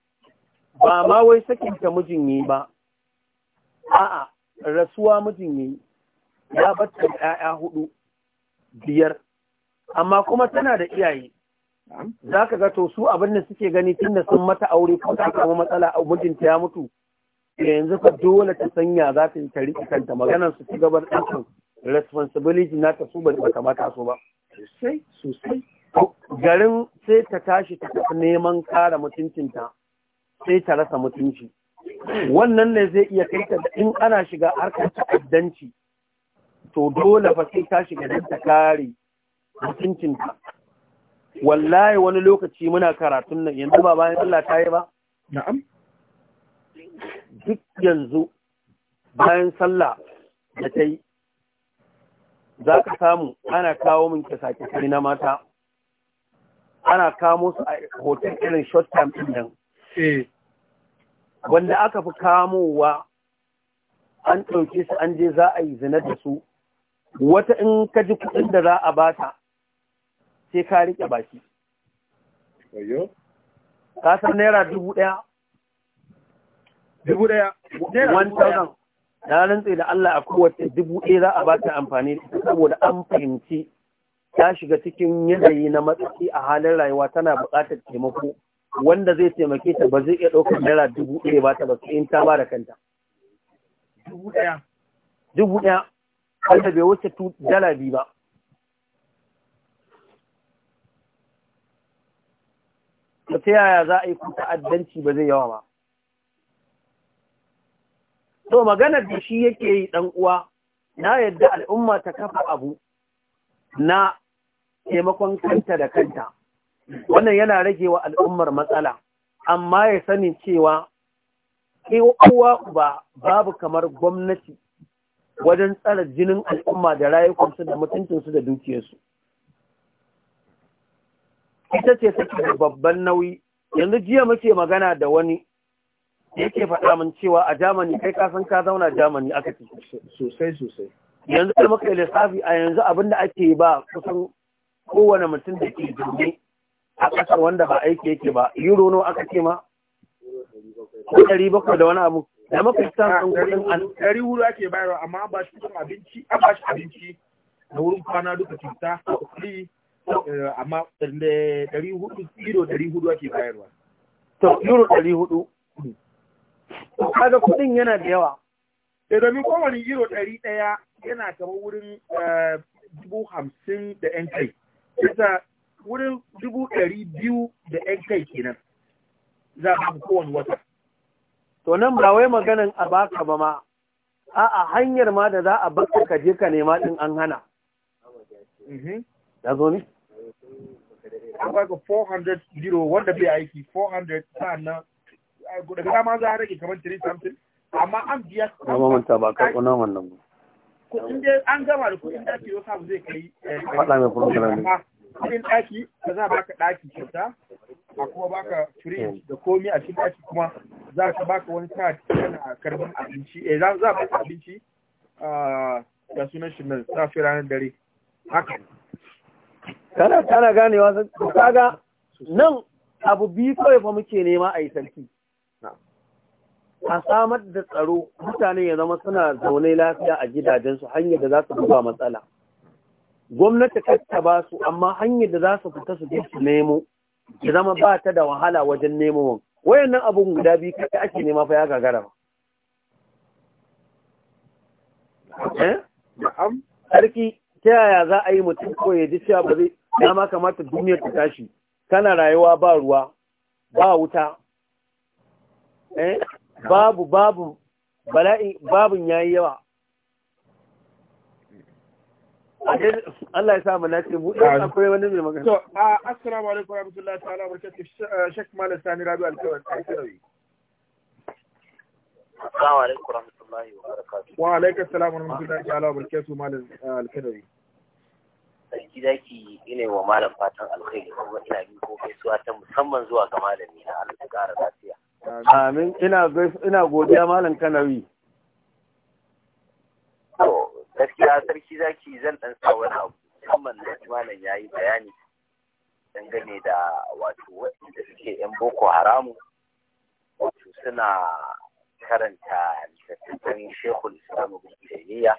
ba ma wai sakinta mijin yi ba a'a rasuwa mijin yi ya batta da 'ya'ya hudu biyar amma kuma tana da iyaye za ka ga to su abin da suke gani tun da sun mata aure ko ta samu matsala a mijinta ya mutu yanzu ka dole ta sanya za ta ta riƙe kanta maganar su ci gaban ɗaukan responsibility na ta su ba ta mata su ba sosai sosai garin sai ta tashi ta tafi neman kara mutuncinta sai ta rasa mutunci wannan ne zai iya kai ta in ana shiga harkar ta'addanci to dole fa sai ta shiga don ta kare mutuncinta wallahi wani lokaci muna karatun nan yanzu ba bayan Allah ta yi ba na'am duk yanzu bayan sallah da ta yi za ka samu ana kawo min kisa-kisai na mata ana kamo su a hoton irin short time din nan eh. wanda aka fi kamowa an ɗauke su an je za a yi zina da su wata in ka ji kuɗin da za a bata sai ka riƙe baki ka san naira dubu ɗaya dubu ɗaya one thousand na rantse da Allah a kowace dubu ɗaya za a ba ta amfani da ita saboda an fahimci ta shiga cikin yanayi na matsaki a halin rayuwa tana buƙatar taimako wanda zai taimake ta ba zai iya ɗaukar naira dubu ɗaya ba ta ba in ta ba da kanta. Dubu ɗaya. Dubu ɗaya. Kanta bai wuce dala biyu ba. to ta yaya za a yi ku addanci ba zai yawa ba to maganar da shi yake yi ɗan uwa na yadda al'umma ta kafa abu na taimakon kanta da kanta wannan yana rage wa al'ummar matsala amma ya sani cewa uwa ba babu kamar gwamnati wajen tsara jinin al'umma da rayukansu da mutuncinsu da dukiyarsu ita ce take da babban nauyi yanzu jiya muke magana da wani yake faɗa min cewa a Germany kai ka san ka zauna Germany aka ci sosai sosai yanzu da muka lissafi a yanzu abinda ake ba kusan kowane mutum da ke jirgi a ƙasar wanda ba aiki yake ba euro no aka ce ma ko ɗari bakwai da wani abu da muka yi san ɗan kuɗin an ɗari wuri ake bayarwa amma ba shi abinci an ba shi abinci da wurin kwana duka cuta free Eh, amma ɗari hudu euro ɗari hudu ake bayarwa to euro ɗari hudu kaga kuɗin yana da yawa da eh, domin kowane euro ɗari ɗaya yana kama wurin eh, dubu hamsin da yan kai yasa wurin dubu ɗari biyu da yan kai kenan za a samu kowane wata to nan ba wai maganin a baka ba ma a'a hanyar ma da za a baka ka je ka nema din an hana mhm. ya zo ne an baka 400 euro wanda bai aiki 400 sannan daga dama za a rage kamar 3 something amma an biya kuma manta ba ka kuna wannan ba kudin dai an gama da kuɗin daki yau ba zai kai eh, faɗa mai furfura ne ba daki ka za baka daki kyauta a kuma baka fridge da komi a cikin daki kuma za ka baka wani card yana karbin abinci eh za za baka abinci da ah, sunan shi nan ranar dare haka kana kana ganewa kaga nan abu biyu kawai fa muke nema a yi sarki a samar da tsaro mutane ya zama suna zaune lafiya a gidajensu hanyar da za su duba matsala gwamnati ta ba su amma hanyar da za su fita su je su nemo ya zama ba ta da wahala wajen nemo wayannan abun guda biyu kai ake nema fa ya gagara ba eh? sarki ta yaya za a yi mutum ko ya ji cewa ba zai ya ma kamata duniyar ta tashi kana rayuwa ba ruwa ba wuta eh babu babu bala'i babun yayi yawa Allah ya sa mu nace mu dan akwai wani mai magana to assalamu alaikum warahmatullahi ta'ala barakatuh shek uh, malam sani rabi alkawari assalamu alaikum warahmatullahi wabarakatuh wa alaikum assalam warahmatullahi ta'ala barakatuh malam uh, alkawari sarki zaki ina wa malam fatan alkhairi kuma ina bi ko gaisuwa ta musamman zuwa ga malami na Allah ya ƙara lafiya amin ina ina godiya malam kanawi to gaskiya sarki zaki zan dan sa wani abu musamman da malam yayi bayani dangane da wato waɗanda suke yan boko haramu wato suna karanta littattafan shekul islam ibn taymiyyah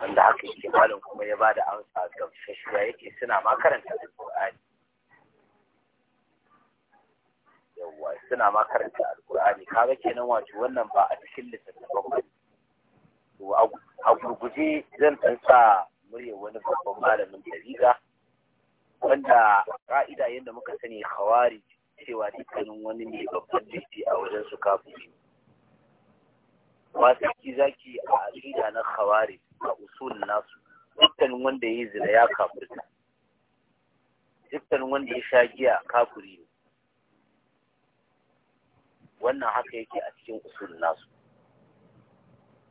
wanda haka yake malam kuma ya ba da amsa shashiya yake suna ma karanta alkur'ani yawwa suna ma karanta alkur'ani kaga kenan wato wannan ba a cikin littattafan ba a gurguje zan ɗan sa murya wani babban malamin dariga wanda ka'ida yadda muka sani hawari cewa dukkanin wani ne babban laifi a wajen su kafin masu zaki a aƙida na hawari a usul nasu dukkanin wanda ya yi zina ya kafirta dukkanin wanda ya sha giya kafiri ne wannan haka yake a cikin usul nasu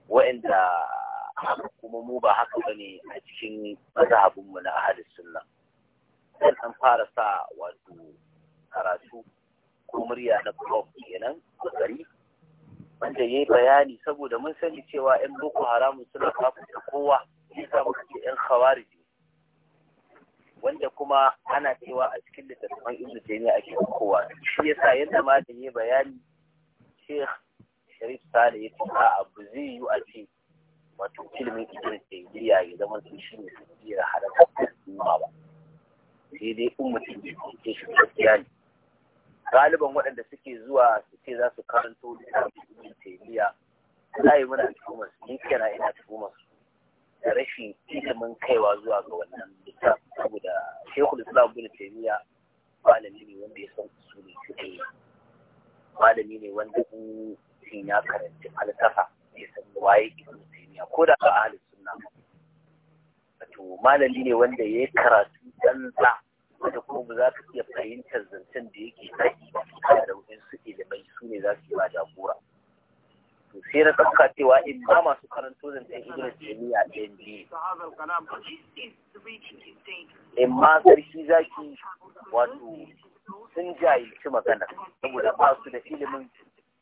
wa'anda haka kuma mu ba haka bane a cikin mu na ahalin sunna dan an fara sa wato karatu ko murya na prof kenan a gari wanda ya yi bayani saboda mun sani cewa 'yan boko haramun suna kafin kowa yasa muka ce 'yan khawarij wanda kuma ana cewa a cikin littattafan ibnu taymiya ake kowa shi yasa yadda ma da yi bayani sheikh sharif sale ya ce a abu zai yi a ce wato ilimin ibnu taymiya ya zama su shi ne su jira ba sai dai in mutum ke shi gaskiya ne galiban waɗanda suke zuwa suke za su karanto da za a yi muna tuhumar su ni kana ina tuhumar su da rashin ilimin kaiwa zuwa ga wannan littafi saboda shekul islam bin taimiyya, malami ne wanda ya san su ne suke malami ne wanda in ya karanta falsafa ya san waye ibn taimiyya, ko da ba na. sunna wato malami ne wanda ya karatu tsantsa wanda kuma ba za ka iya fahimtar zancen da yake tsaki da wajen su ilimai su ne za su yi ba jagora to sai na ɗauka cewa in ba masu karanto zancen jamia taymiya ɗin biyu. in ma sarki za ki wato sun jahilci magana saboda ba su da ilimin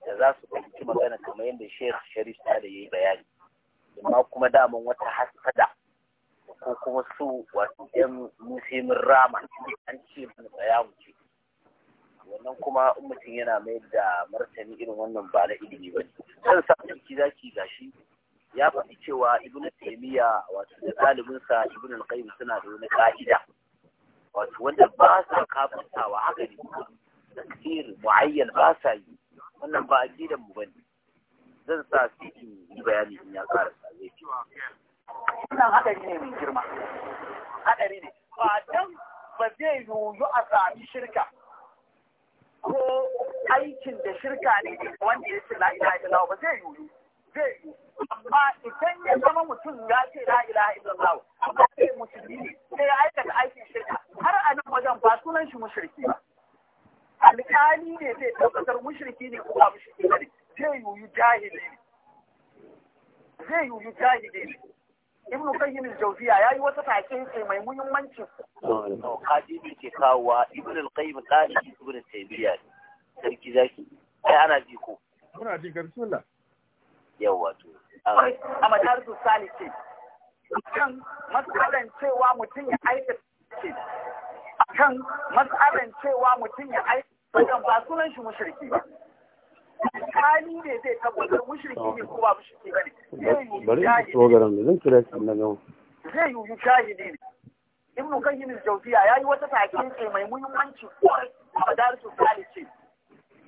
da za su fahimci magana kamar yadda Sheikh sharif ta da ya yi bayani amma kuma daman wata hasada ko kuma su wato yan musulmin rama an ce mun tsaya mu ce wannan kuma in mutum yana mai da martani irin wannan ba na ilimi ba zan sa ciki ki gashi ya faɗi cewa ibnu taymiya wato da ɗalibinsa ibnu al-qayyim suna da wani ka'ida wato wanda ba sa kafantawa haka ne takfir muayyan ba sa yi wannan ba a gidan mu bane zan sa su yi bayani in ya karasa zai wannan haɗari ne mai girma haɗari ne ba don ba zai yoyo a sami shirka ko aikin da shirka ne wanda ya ce la'ila illallah ba zai yoyo zai yi amma idan ya zama mutum ya ce la'ila illallah amma sai musulmi ne sai ya aikata aikin shirka har a nan wajen ba sunan shi mushriki ba alƙali ne zai tabbatar mushriki ne ko ba mushriki ne zai yoyo jahili ne zai yoyo jahili ne ibn qayyim al-jawziya yayi wata take mai muhimmanci to kaji ne ke kawowa ibn al-qayyim qali ibn taymiya sarki zaki ai ana ji ko muna ji bismillah yawa to a madarisu salike kan matsalan cewa mutum ya aika ce kan matsalan cewa mutum ya aika ba sunan shi mushriki ba tsakani ne zai tabbatar mushriki ne ko ba mushriki bane zai yi shahidi ne ibnu qayyim al-jawziya yayi wata taqiqi mai muhimmanci ko a madarisu salice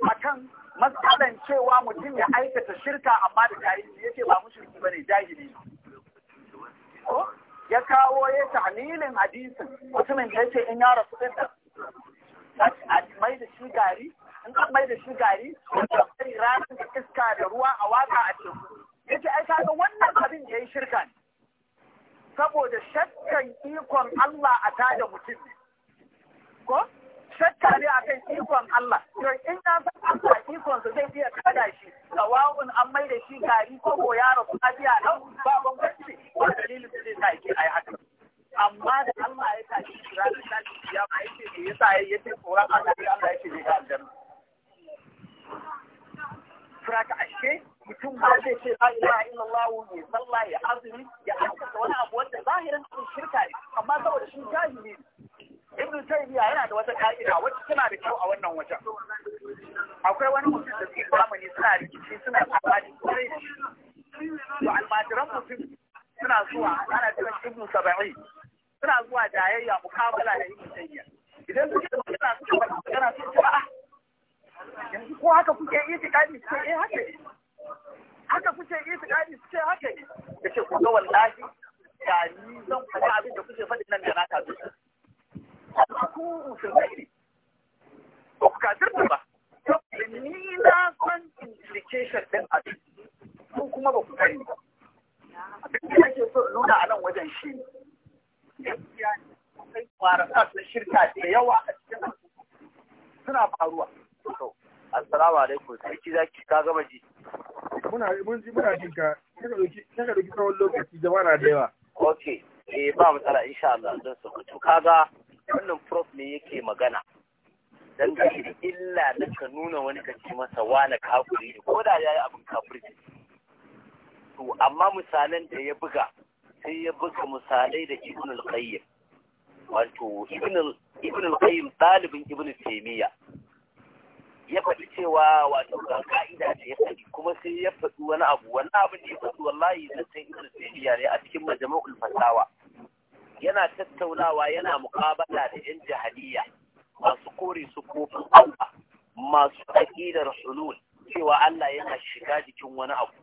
akan matsalan cewa mutum ya aikata shirka amma da tarihi ya ce ba mushriki bane jahili ya kawo ya tahlilin hadisin mutumin da ya ce in ya rasu din a mai da shi gari in ka mai da shi gari sai ranar da iska da ruwa a waka a teku yace ai kaga wannan abin yayi shirka ne saboda shakkan ikon Allah a tada mutum ne ko shakka ne akan ikon Allah to in na san Allah ikon sa zai iya kada shi sawa'un an mai da shi gari ko ko yaro ko abiya nan ba bambanci ba dalilin da zai sa yake ai haka amma da Allah ya tashi ranar da ya ba yake me yasa yake tsoron Allah ya Allah yake ne ga aljanna kira ta ashe mutum ba zai ce la ilaha illallah ya sallah ya azumi ya aikata wani abu wanda zahirin sun shirka ne amma saboda shi jahili ibnu taymiya yana da wata ka'ida wacce tana da kyau a wannan wajen akwai wani mutum da suke zamani suna rikici suna tsabani kwarai da shi to almajiran mutum suna zuwa ana kiran ibnu saba'i suna zuwa jayayya mukabala da ibnu taymiya idan suke magana suke magana sun ce a'a Yanzu ko haka kuke itikadi ce eh haka haka kuke yi itikadi ce haka ce, ku ga wallahi ya ni zan faɗa abin da kuke faɗi nan da na ka zuci ku musulmai ba ku kafirta ba ni na san implication din abin ko kuma ba ku sani ba abin da ake so nuna a nan wajen shi ne. gaskiya ne akwai marasa na shirka da yawa a cikin suna faruwa assalamu alaikum sarki zaki ka gama ji muna mun ji muna jin ka saka doki saka doki tsawon lokaci jama'a na da yawa okay eh ba matsala insha Allah zan so to kaga wannan prof ne yake magana dan da illa da ka nuna wani ka ce masa wani kafiri ne ko da ya yi abin kafiri to amma misalan da ya buga sai ya buga misalai da Ibn al-Qayyim wato Ibn al-Qayyim talibin Ibn Taymiyyah ya faɗi cewa wato ga ka'ida ce ya faɗi kuma sai ya faɗi wani abu wani abin da ya faɗi wallahi zancen ibn taymiya ne a cikin majmu'ul fatawa yana tattaunawa yana muqabala da yan jahiliya masu kore su ko Allah masu aqidar hulul cewa Allah yana shiga jikin wani abu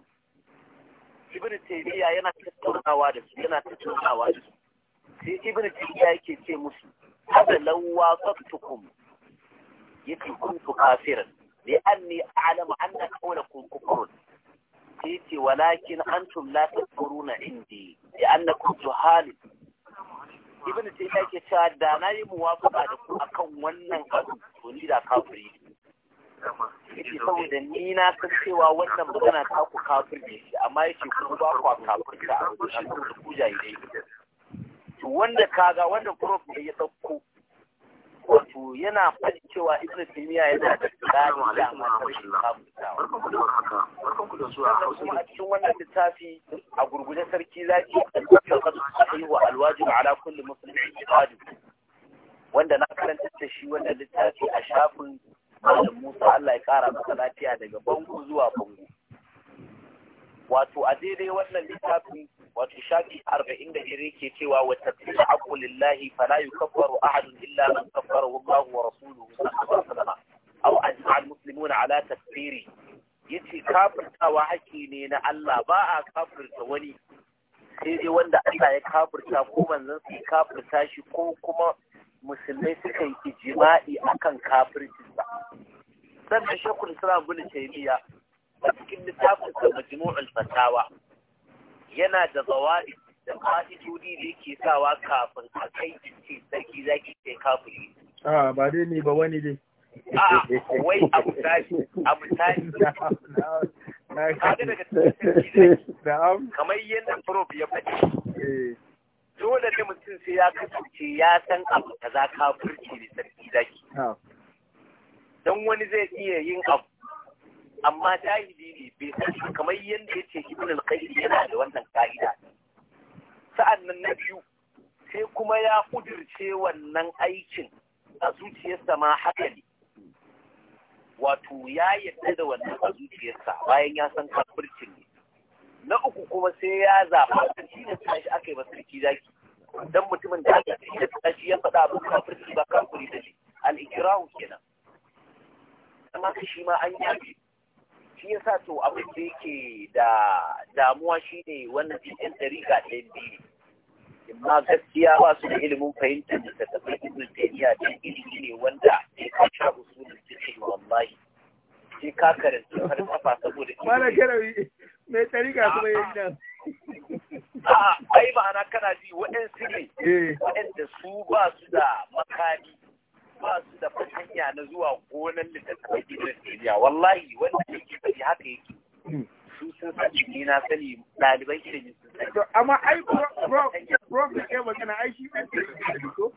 ibn taymiya yana tattaunawa da su yana tattaunawa da su sai ibn taymiya yake ce musu hada lawa faktukum yace kuntu kafiran li anni a'lamu anna qawlakum kufrun yace walakin antum la tadkuruna indi li annakum juhalun ibn taymiya yake cewa da na yi muwafaqa da ku akan wannan abu to ni da kafiri yace saboda ni na san cewa wannan magana ta ku kafirce shi amma yace ku ba ku kafirta a ku jayi dai wanda kaga wanda prof ya dauko wato yana faɗin cewa ibn taymiya yana da tsarin da matar kuma a cikin wannan littafi a gurguje sarki zaki al-kafa qad wa al ala kulli muslimin wajib wanda na karanta da shi wannan littafi a shafin Malam Musa Allah ya kara masa lafiya daga bango zuwa bango. wato a daidai wannan littafin wato shafi arba'in da biyar yake cewa wa tafiya aqu lillahi fala yukaffaru ahadun illa man kaffara Allah wa rasuluhu aw ajma'a almuslimuna ala takfiri yace kafirtawa haƙƙi ne na Allah ba a kafirta wani sai dai wanda Allah ya kafirta ko manzon sai kafirta shi ko kuma musulmai suka yi ijma'i akan kafircinsa sannan shakul islam bin taymiya cikin littafin da majmu'ul fatawa yana da zawaid da fa'idodi da yake sawa kafin a kai ce sarki zaki ce kafiri a ba dai ne ba wani dai a wai abu tashi abu tashi kaga daga cikin kamar yadda prof ya faɗi eh. dole ne mutum sai ya kasance ya san abu kaza kafirci ne sarki zaki don wani zai iya yin abu amma jahili ne bai san kamar yadda yace ibn al-qayyim yana da wannan ka'ida sa'annan na biyu sai kuma ya kudirce wannan aikin a zuciyarsa ma haka ne wato ya yadda da wannan a zuciyarsa bayan ya san kafircin ne na uku kuma sai ya zaɓa da shi da tashi aka yi masarki zaki dan mutumin da aka yi da tashi ya faɗa abin kafirci ba kafiri da shi al-ikrahu kenan amma shi ma an yafi shi sa to abin da yake da damuwa shine wannan cikin ga ɗin biyu amma gaskiya ba su da ilimin fahimtar da ta tafi ibn taymiya da ilimi ne wanda ya kasha usulul fiqh wallahi sai ka karanta kafa saboda mala karawi mai dariƙa kuma yin nan a'a ai ma'ana kana ji waɗansu ne eh. waɗanda su ba su da makami ba su da hanya na zuwa gonar littattafai gidan Najeriya wallahi wanda ke faɗi haka yake su sun sani ne na sani ɗaliban ne sun sani. amma ai prof da kai magana ai shi ɗan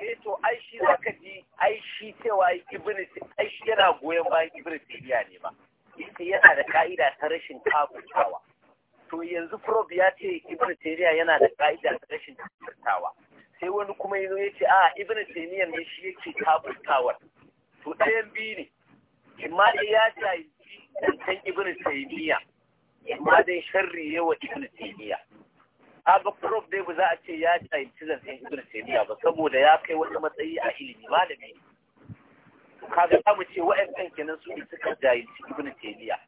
Eh to ai shi za ka ji ai shi cewa ibn ai shi yana goyon bayan ibn Taymiya ne ba. Ita yana da ka'ida ta rashin kafurtawa. To yanzu prof ya ce ibn Taymiya yana da ka'ida ta rashin kafurtawa. sai wani kuma yi zo ya ce a ah, ibn taymiyyah ne shi yake tabbatawar to ɗayan biyu ne imma a ya shayi dantan ibn taymiyyah imma dai sharri yawa ibn taymiyyah kaga prof dai ba za a ce ya jahilci zancen ibn taymiya ba saboda ya kai wani matsayi a ilimi malami kaga za mu ce wa'annan kenan su ne suka jahilci ibn taymiya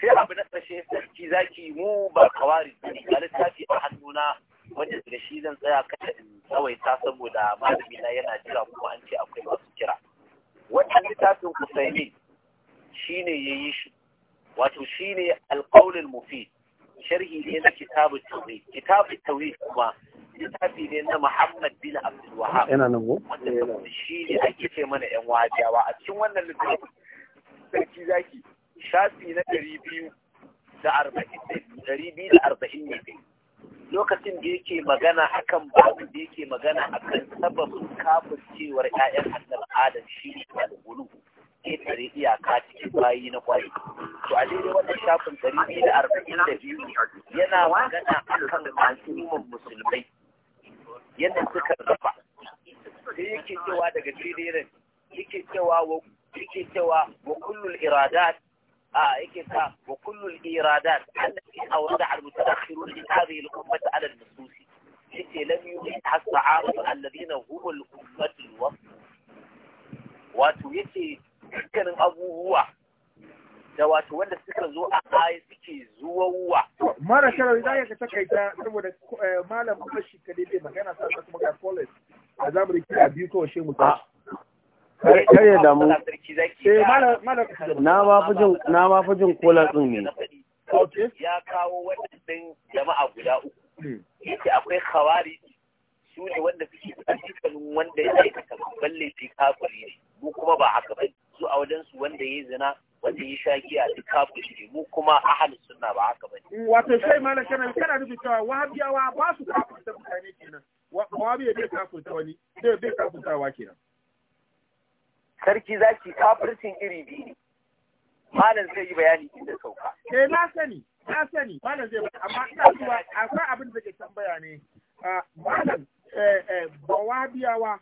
sai abu na ƙarshe sarki zaki mu ba kawari ba littafi a hannuna wanda da shi zan tsaya kada in tsawaita saboda malami na yana jira kuma an ce akwai masu kira wannan littafin kusaini shine ya yi shi wato shine alƙaulin mufi sharhi ne na kitabu tauhid kuma littafi ne na Muhammad bin Abdul Wahab yana nan wanda shi ne ake ce mana yan wajiyawa a cikin wannan littafin sarki zaki shafi na ɗari biyu da arba'in ɗari biyu da arba'in ne lokacin da yake magana akan babu da yake magana akan sababin cewar ƴaƴan annabi adam shi ne da gulu ƙetare iyaka cikin bayi na kwari to a daidai wannan shafin ɗari biyu da arba'in da biyu yana magana akan al'ummar musulmai yadda suka raba sai yake cewa daga daidai yake cewa wa yake cewa wa kullul iradat آه إكتا وكل الإيرادات التي أوردها المتأخرون من هذه الأمة على النصوص التي لم يريدها الصحابة الذين هم الأمة الوسط wato yake dukkanin abubuwa da wato wanda suka zo a aya suke zuwawuwa. Mara sharar za ya ka takaita saboda malam kuma shi kadai bai magana sa kuma ga college a kira biyu kawai shi mu kar ya damu eh, na ba fi jin kola ɗin ne ya kawo waɗannan jama'a guda uku hmm. yace akwai khawari su ne wanda suke tsakanin wanda ya aikata babban laifi kafiri ne mu kuma ba haka ba su a wajen su wanda ya zina wanda ya sha giya duk kafiri ne mu kuma ahalin sunna ba haka ba wato sai malam kana kana nufin cewa wahabiyawa ba su kafirta mutane kenan wahabiya bai kafirta wani bai kafirtawa kenan sarki zaki kafircin iri biyu ne malam zai yi bayani inda sauka eh na sani na sani malam zai amma ina zuwa akwai abin da ke tambaya ne ah, malam eh eh bawabiyawa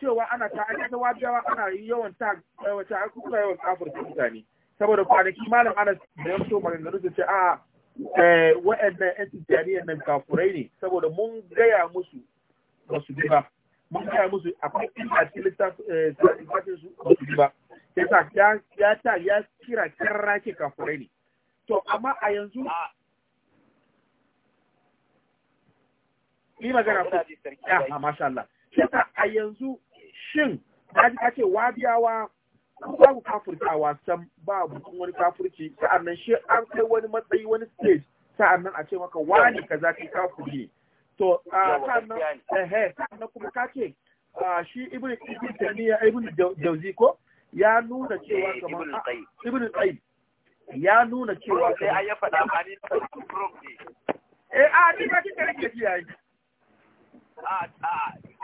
cewa ana ta aikata wajawa ana yawan ta eh, wata kuka yawan kafirta mutane saboda kwanaki malam ana da ya fito da su ce a ah, eh, wa'annan yan tijjaniyan nan kafurai ne saboda mun gaya musu ba su bi ba mun gaya musu akwai inda a cikin littafin eh, su ba su ba ya ya ta ya kira kira ke kafurai ne to amma a yanzu ni magana ku ya masha Allah ya sa a yanzu shin ka wa kace wabiyawa babu a wasan babu bukun wani kafurci nan shi an kai wani matsayi wani stage nan a ce maka wani kaza kai kafuri ne to sannan kuma ka ce shi ibn ibn tamiya ibn jauzi ko ya nuna cewa eh, kamar ibn qayyim ya nuna cewa sai ai ya faɗa ma ni eh a ni ka kike rike shi ai a a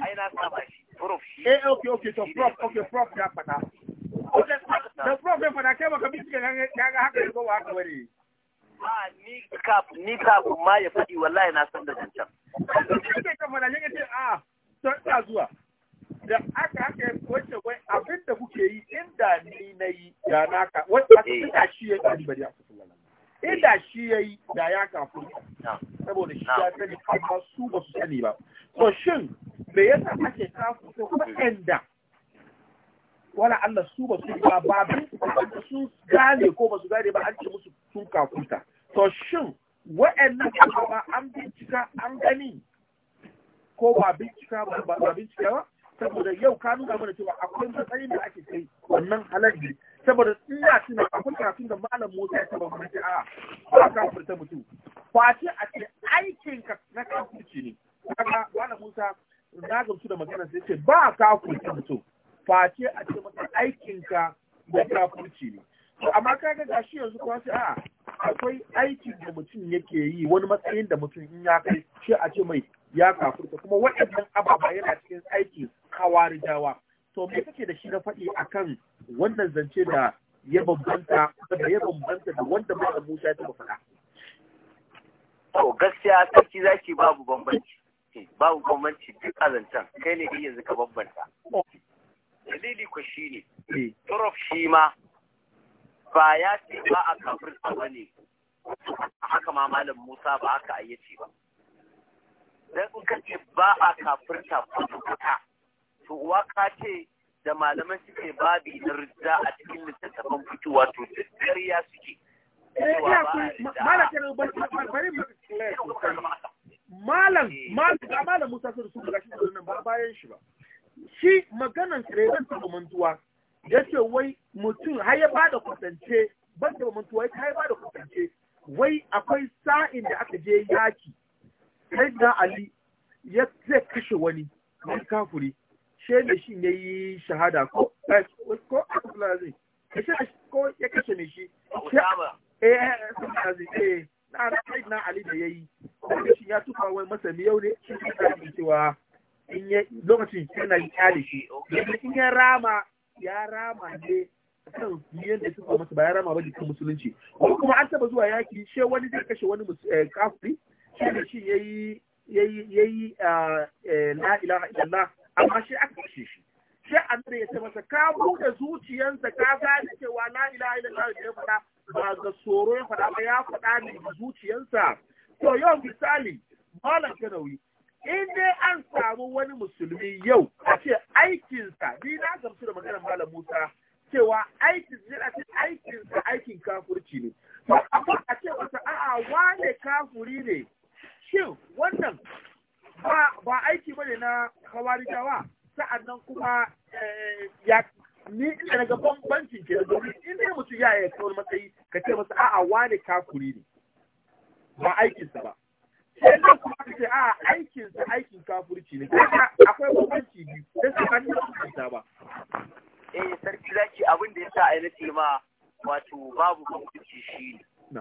ai na saba shi prof shi eh okay okay to prof okay prof ya faɗa da prof ya faɗa kai baka bi kika ga haka ko ba haka bane a ni kaf ni kaf ma ya faɗi wallahi na san da zancen kake kan mana ne ce a ah, to ina zuwa da aka aka wace wai abin da kuke yi inda ni nayi da naka wai aka eh. shi ya yi bari a kusa inda shi ya yi da ya kafin saboda shi ya sani amma su ba su sani ba to shin me yasa ake kafu ko kuma inda wala Allah su ba su ba ba sun gane ko ba su gane ba an ce musu sun kakuta. to shin wa'annan ba an bincika an gani ko ba bincika ba ba bincika ba saboda yau ka nuna mana cewa akwai matsayin da ake kai wannan halarci saboda ina tuna akwai karatun da malam Musa ya taba mana ce a ba ka furta mutum face a ce aikin ka na kafirci ne kaga malam Musa na gamsu da magana sai ce ba ka furta mutum face a ce maka aikinka da kafurci ne amma kaga gashi yanzu kuma sai a ah, akwai aikin da mutum yake yi wani matsayin da mutum in ya kai shi a ce mai ya kafurta kuma waɗannan ababa yana cikin aiki kawarijawa to me kake da shi na faɗi akan wannan zance da ya bambanta da ya bambanta da wanda mutum Musa ya taɓa faɗa to gaskiya sarki zaki babu bambanci eh, babu bambanci duk a kai ne yanzu ka bambanta oh. dalili ku shi ne eh. turuf shi ma ba ya ce ba a kafirta ba ne haka ma malam musa ba haka ayyace ba dan in ka ba a kafirta kwata to uwa ka ce da malaman suke babi na ridda a cikin littattafan fitowa to ya suke eh, malam eh. malam musa sun su ga shi nan ba bayan shi ba shi maganan kireban taɓa mantuwa ya ce wai mutum har ya ba da kwatance ban da mantuwa ya har ya ba da kwatance wai akwai sa'in da aka je yaki sai da ali ya zai kashe wani wani kafuri she ne shi ne yi shahada ko eh, ko asibila ya shi ko ya kashe ne shi eh asibila eh, eh, eh. na ali da ya yi shi ya tuka wai masa yau ne shi ne cewa in ya lokacin yana kyale shi in ya rama ya rama ne kan yadda suka masa ba ya rama ba jikin musulunci ko kuma an taba zuwa yaki she wani zai kashe wani eh, kafiri shi da shi yayi yayi ah, eh, la ilaha illallah amma shi aka kashe shi shi annabi ya ce masa ka buɗe zuciyarsa ka gane cewa la ilaha illallah da ya faɗa ba ga tsoro ya faɗa ba ya faɗa ne zuciyarsa to yau misali malam kanawi in dai an samu wani musulmi yau a ce aikinsa ni na gamsu da maganar malam Musa cewa aikin yana ce aikinsa aikin kafurci ne amma a ce wata a'a wane kafuri ne shin wannan ba aiki bane na sa'an nan kuma eh, ya ni ina daga bambancin ke domin in dai mutum ya yi kawar matsayi ka ce masa a'a wane kafuri ne ba aikinsa ba sai da kuma ce a aikin sa aikin kafurci ne akwai bambanci biyu sai su kan ta ba eh sarki zaki abin da yasa ai nace ma wato babu bambanci shi ne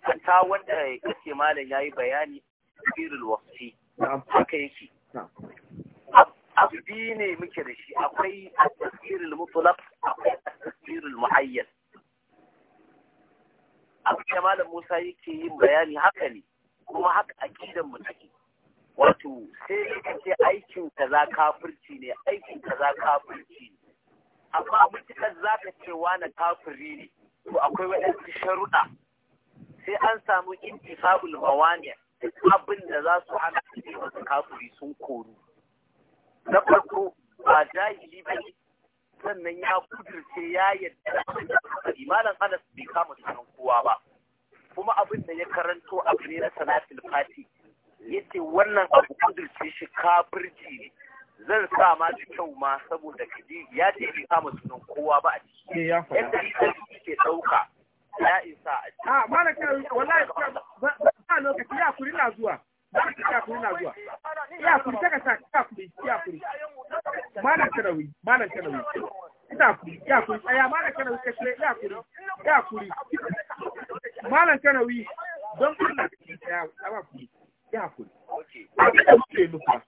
hatta wanda kace malam yayi bayani sirrul wasfi haka yake abdi ne muke da shi akwai at-tasirul mutlaq akwai at-tasirul muayyan abu da malam Musa yake yin bayani haka ne kuma haka akidan mu take wato sai ka ce aikin za kafirci ne aikin za kafirci ne amma mutukar ka ce na kafiri ne to akwai waɗansu sharuɗa sai an samu intifa'ul mawani abin da za su hana ne wasu kafiri sun koru na farko ba jahili ba sannan ya kudurce ya yarda da malam Anas bai kama sunan kowa ba kuma abin da ya karanto abu ne na sanatin fati ce wannan abu kudurce shi kafirci ne zan sa ma da kyau ma saboda kaji ya ce bai kama sunan kowa ba a ciki yadda shi ke ɗauka ya isa a a ah, malaka wallahi ba lokaci ya kuri na zuwa ya kuri na zuwa ya kuri saka sa ya kuri ya kuri malaka rawi malaka rawi ina kuri ya malam kanawi ka shirya ya kuri ya kuri malam kanawi don Allah ya ba kuri ya kuri abin da muke nufa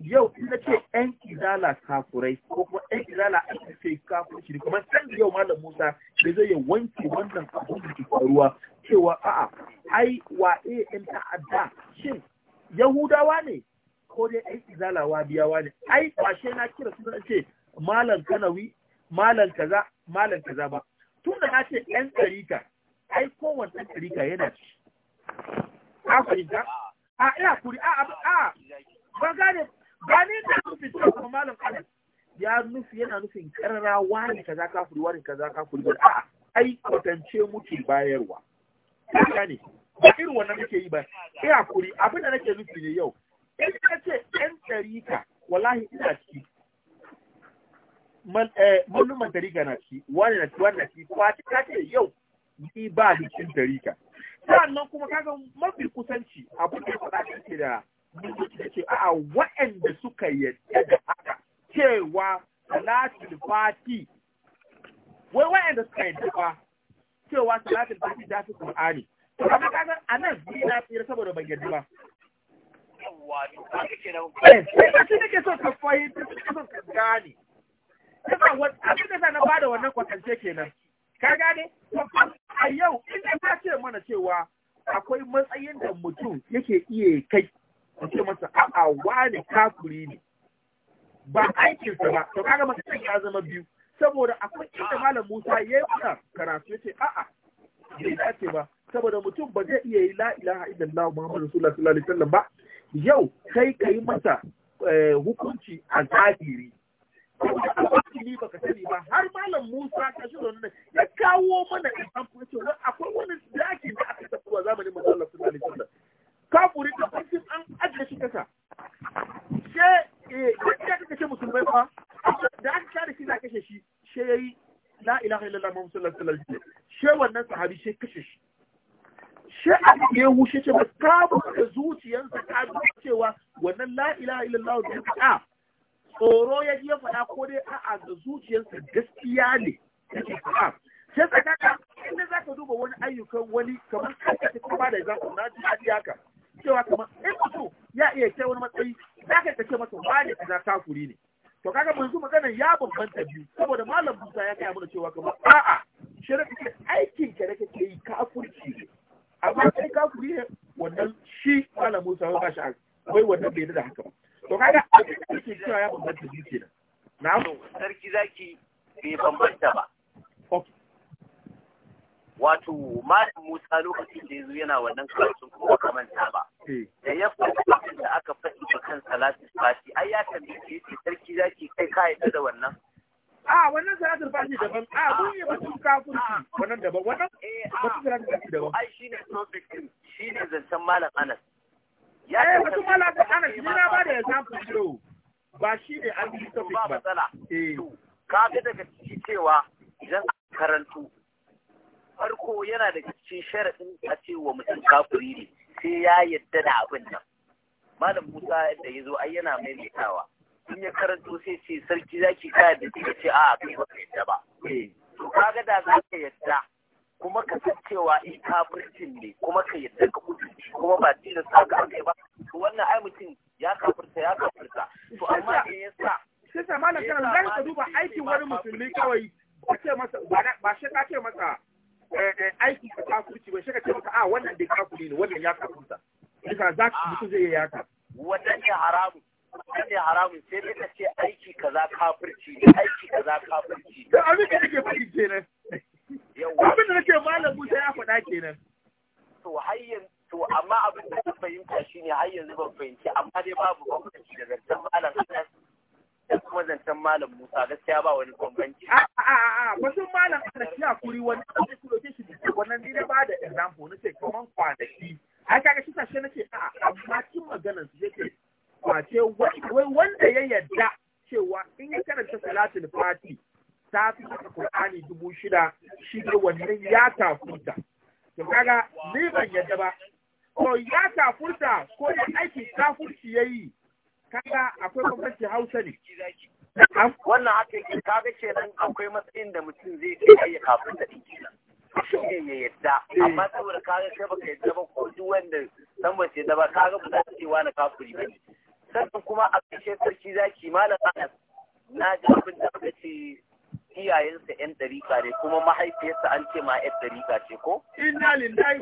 yau in na ce ƴan izala kafurai ko kuma ƴan izala an ce kafurci ne kamar san yau malam musa da zai yi wanke wannan abin da ke faruwa cewa a'a ai wa ɗan ta'adda shin yahudawa ne ko dai ‘yan izala wadiyawa ne ai kwashe na kira suna ce malam kanawi Malan kaza ba tun da ce ɗan tsarika ai kowane ɗan tsarika yana ci a fahimta a ina kuri a a ba gane ba ni da nufin cewa kuma malam kaza ya nufi yana nufin karara wani kaza kafuri wani kaza kafuri ba a ai kwatance muke bayarwa ka gane ba irin wannan muke yi ba ina kuri abin da nake nufi ne yau Ina ce ɗan tsarika wallahi ina ciki Eh, malluman tarika na ci wani na ci wani na ci kwaci ta ce yau ni ba ni cin tarika sannan kuma kaga mafi kusanci abu da faɗa ce da da ce a'a wa'anda suka yadda da haka cewa salatul fati wai wa'anda suka yadda ba cewa salatul fati ta fi qur'ani to amma kaga nan ni na tsira saboda ban yadda ba yawwa to kaga kenan eh sai ka ce kake ka fahimta ka gane abin da na bada wannan kwatance kenan ka gane a yau inda ta ce mana cewa akwai matsayin da mutum yake iya kai a ce masa a'a wani kafuri ne ba aikinsa ba to kaga mutum ya zama biyu saboda akwai inda malam Musa ya yi mana karatu ya ce a'a bai dace ba saboda mutum ba zai iya yi la ilaha illallah Muhammadu Rasulullah sallallahu alaihi wasallam ba yau kai kai masa eh, hukunci a zahiri ba baka sani ba har malam Musa ka shi nan. ya kawo mana example ce wani akwai wani daki da aka tafi wa zamanin manzo Allah sallallahu alaihi wasallam kafuri da kafin an ajiye shi kasa she eh ya kake ce musulmai fa da aka kare shi za kashe shi she yayi la ilaha illallah muhammad sallallahu alaihi wasallam she wannan sahabi she kashe shi she a ya wuce ce ba ka ba zuciyarsa ka cewa wannan la ilaha illallah da ka tsoro ya ji ya faɗa ko dai a'a da zuciyarsa gaskiya ne yake faɗa sai ka inda za ka duba wani ayyukan wani kamar kanka ta ba da example na ji hadi haka cewa kamar in mutum ya iya kai wani matsayi za ka kace masa wani kaza kafuri ne to kaga yanzu maganar ya bambanta biyu saboda malam Musa ya kai mana cewa kamar a'a shirka aikin ka da kake yi kafurci ne amma kai kafuri ne wannan shi malam Musa ya ba shi wai wannan bai da haka ba to kaga ake cewa ya bambanta biyu kenan na sarki zaki bai bambanta ba wato malam Musa lokacin da yazo yana wannan karatun kuma kamanta ba eh. da ya faɗi da aka faɗi ba kan salatul fati ai ya tambaye shi sarki zaki kai ka yadda da wannan a wannan salatul fati daban a mun yi batun kafirci wannan daban wannan eh, batun salatul fati daban ai shine topic shine zancen malam Anas ya yi wasu mala ana shi na ba da ya samu shiro ba shi ne an yi topic ba matsala eh. ka ga daga ciki cewa idan karantu farko yana da cikin sharaɗin a cewa mutum kafiri ne sai ya yadda da abin nan malam musa da ya zo ai yana maimaitawa in ya karanto sai ce sarki zaki ka yadda ce a kai ba ka yadda ba eh. to kaga da za ka yadda kuma ka san cewa in kafircin ne kuma ka yadda ka kudu, kuma ba da sa ka ba to wannan ai mutum ya kafirta ya kafirta to amma in ya sa sai sa malam kana zan ka duba aikin wani musulmi kawai ka ce masa ba shi ka ce masa eh, aiki ka kafirci ba shi ka ce masa a ah, wannan da kafiri ne wannan ya kafirta duka za ka ah. mutu zai yi ka wannan ne haramun wannan ne haramu sai dai ka ce aiki kaza kafirci ne aiki kaza kafirci ne abin da kake faɗi ne abin da nake malam Musa ya faɗa kenan to hayyan to amma abin da zan fahimta shine har yanzu ban fahimci amma dai babu bambanci da zancen malam da kuma zancen malam Musa gaskiya ba wani bambanci a a a sun malam Anas ya kuri wani abin da yake shi wannan ni ba da example nace kaman kwanaki ai kaga shi sashe nace a amma kin maganar su yake ce wai wanda ya yarda cewa in ya karanta salatul fati ta fi da Qur'ani dubu shida shi ne wannan ya kafurta to kaga ni ban yadda ba ko ya kafurta ko ya aiki ya yi? kaga akwai bambanci Hausa ne wannan haka yake kaga nan akwai matsayin da mutum zai je ya kafin din kenan shi ne ya yadda eh. amma saboda kaga kai baka yadda ba ko duk wanda san ba ba kaga ba za ta ce wani kafuri ba sannan kuma a ƙarshe sarki zaki malam Anas na ji abin da aka ce iyayensa yan dariƙa ne kuma mahaifiyarsa an ce ma yan ɗariƙa ce ko? Inna lillahi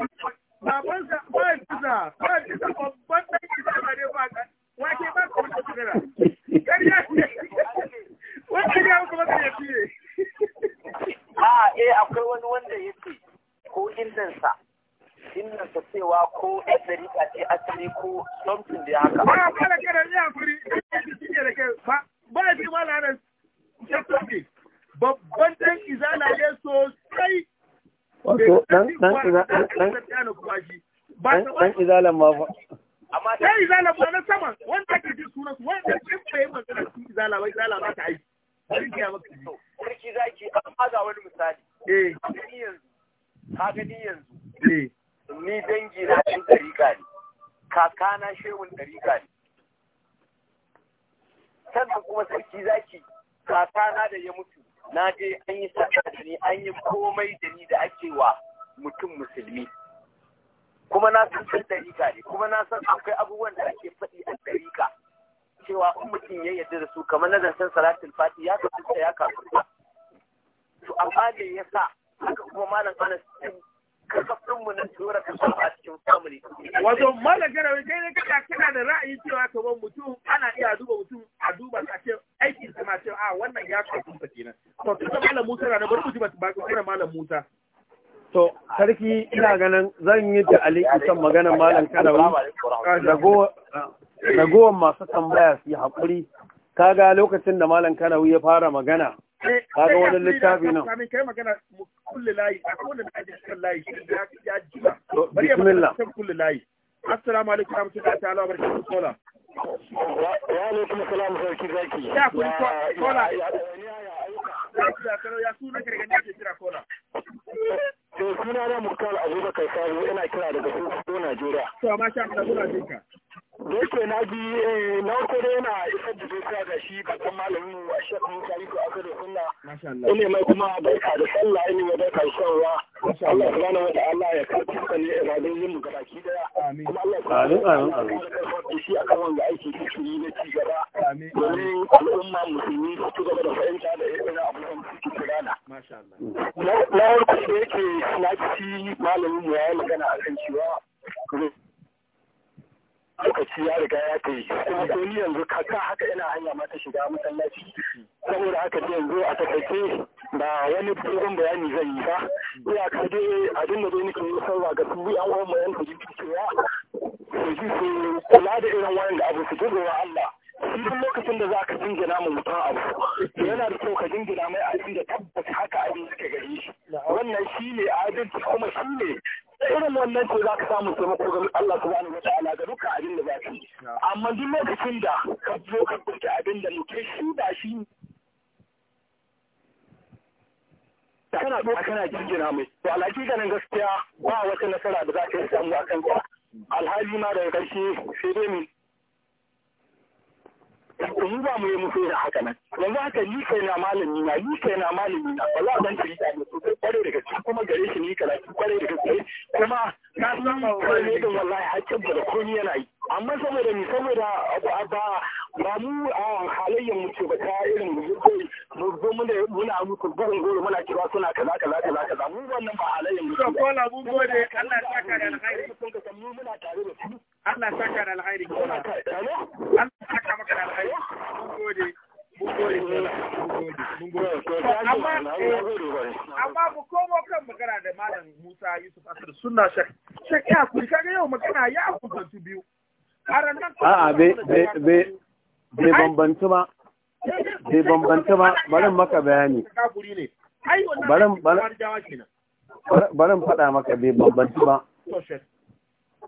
babansa ba kisa ba kisa babban ɗan kisa ba ne ba ka wake ba ka wani kira. Kariya ne. Wani kariya kuma kariya ne. A'a eh akwai wani wanda ya ce ko innansa inganta cewa ko yan dariƙa ce asali ko something da haka. Ba kala kala ne a furi, ba ba ji ma lanar, ya tobe. babban dan izala ne sosai wato dan izalan ma ba amma Sai izala ba na sama wanda ke ji sunan wanda ke bai magana shi izala ba izala ba ta aiki sarki sarki zaki amma ga wani misali eh ka gani yanzu ka yanzu eh ni dangi na ɗan ɗariƙa ne kakana shehun ɗari ne sannan kuma sarki zaki kakana da ya mutu na je an yi sa'a da ni an yi komai da ni da ake wa mutum musulmi kuma na san san dariƙa ne kuma na san akwai abubuwan da ake faɗi a dariƙa cewa in mutum ya yarda da su kamar na zancen salatin fati ya kafin ya kafin to amma ya sa haka kuma malam anas kasafin na tura kasar a cikin family. Wato malam garawi kai ne kana kana da ra'ayi cewa ka ban mutum ana iya duba mutum a duba a ce aikin sa ma ce a ah, wannan ya kasu ta kenan. To tunda malam Musa na bari mu ji ba ka malam Musa. To sarki ina ganin zan yi da aliki kan magana malam Karawi ragowar masu tambaya su yi haƙuri ga lokacin da malam Karawi ya fara magana kaga wani littafi nan kai magana mu kulle layi a kowane da ake cikin layi ya jima bari ya magana cikin layi assalamu alaikum warahmatullahi ta'ala wa kola wa alaikum Salam sarki zaki ya kola ya suna ne ke kira kola to suna na mukal abubakar sabu ina kira daga sokoto najeriya to da na bi eh, na uku dai na isar da doka ga shi babban malamin a shek Musa ko aka da sunna ina mai kuma barka da sallah ina mai barka da Allah subhanahu wataala ya karbi ka a ibadun yin muka baki daya kuma Allah ya subhanahu da ya karbi shi akan wanda aiki ke shiri na ci gaba domin al'umma musulmi su ci gaba da fahimta da irin abubuwan da suke gudana na farko da yake na ci malamin ya yi magana akan cewa lokaci ya riga ya kai kuma ko ni yanzu kaka haka ina hanya ma ta shiga masallaci saboda haka ne yanzu a takaice ba wani dogon bayani zan yi ba je a dinga da nika yi sarwa ga su yan uwan mu yan kujin cewa su ji su kula da irin wayan da abu su ji wa Allah sun lokacin da za ka jingina mu mutum abu yana da kyau ka jingina mai abin da tabbas haka abin suka gare shi wannan shi ne adalci kuma shi ne irin wannan ce za ka samu taimako ga Allah subhanahu wataala ga duka abin da za ka yi amma duk lokacin da ka zo ka kunta abin da mutum shi ba shi kana doka kana jirgina mai to alhaki ganin gaskiya ba wata nasara da za ka yi samu a kanka alhaji ma daga ƙarshe sai dai mu ba mu yi musu da haka nan yanzu haka ni kai na malami na ni kai na malami na wallahi dan kiri ta su sosai kware da gaske kuma gare shi ni su kware da gaske kuma na san kai ne din wallahi hakkin da komai yana yi amma saboda ni saboda ba ba mu a halayyar mu ce ba ta irin mu zai mu zo muna mutu gurin goro muna kira suna kaza kaza kaza kaza mu wannan ba halayyar mu ko la mu gode Allah ya saka da alkhairi sun ka mu muna tare da su Allah saka da alkhairi Allah saka maka da alkhairi mun gode mun gode mun gode amma amma mu komo kan magana da malam Musa Yusuf Asir sunna shek shek ya kuri kaga yau magana ya kusantu biyu a'a be be be be bambantu ba be bambantu ba bari maka bayani bari bari bari faɗa maka be bambantu ba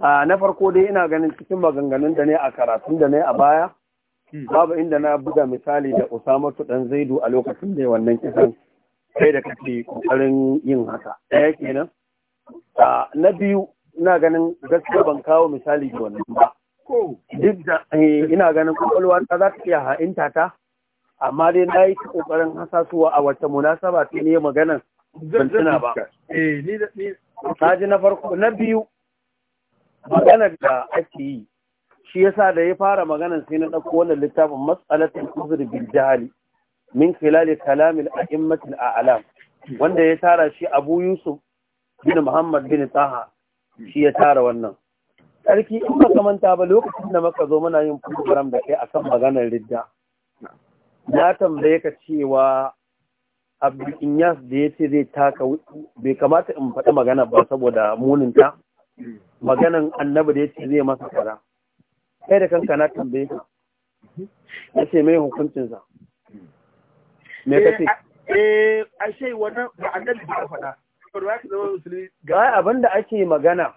a na farko dai ina ganin cikin maganganun da ne a karatun da ne a baya hmm. babu inda na buga misali da Usama dan Zaidu a lokacin da wannan kisan sai da kake kokarin yin haka ɗaya kenan na biyu ina ganin gaskiya ban kawo misali da wannan ba duk da eh, ina ganin kwakwalwa ta za ta iya ha'inta ta amma dai na yi ta kokarin hasasuwa a wata munasaba ta ne maganan ban tuna ba. Eh, ji na farko na biyu maganar da ake yi shi yasa da ya fara maganar sai na ɗauko wannan littafin mas'alatul uzr bil jahali min khilal kalam al a'immatil a'lam wanda ya tara shi Abu Yusuf bin Muhammad bin Taha shi ya tara wannan sarki in ba manta ba lokacin da muka zo muna yin program da kai akan maganar ridda na tambaye ka cewa Abdul Inyas da ya ce zai taka bai kamata in faɗi magana ba saboda muninta maganan annabi da yace zai masa kaza kai da kanka na tambaye ka yace mai hukuncin sa me kace eh ashe eh, wannan ba annabi ba abin da ake magana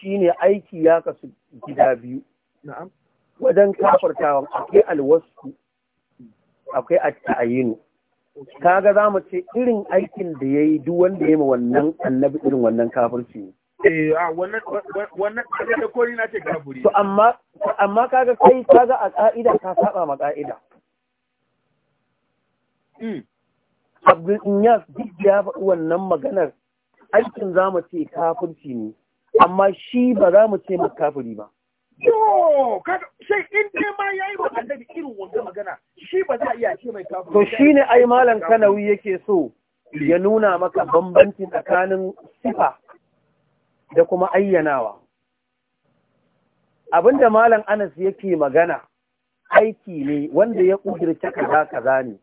shine aiki ya kasu gida biyu. Wajen kafartawan akwai alwasu, akwai a ta'ayinu. Kaga za mu ce irin aikin da ya yi duk wanda ya yi wannan annabi irin wannan kafirci ne. Eh, ah, wannan da to amma kaga kai kaga a ƙa'ida ka saba ma ƙa'ida. Hmm. Abdul Inyas duk ya faɗi wannan maganar aikin za mu ce kafirci ne amma shi ba za mu ce maka kafiri ba Yo, sai in dai ma yi wa annabi irin magana shi ba za a iya ce mai kafiri to shine ai malam Kanawi yake so ya nuna maka bambancin tsakanin sifa da kuma ayyanawa abinda malam Anas yake magana aiki ne wanda ya ka kaza kaza ne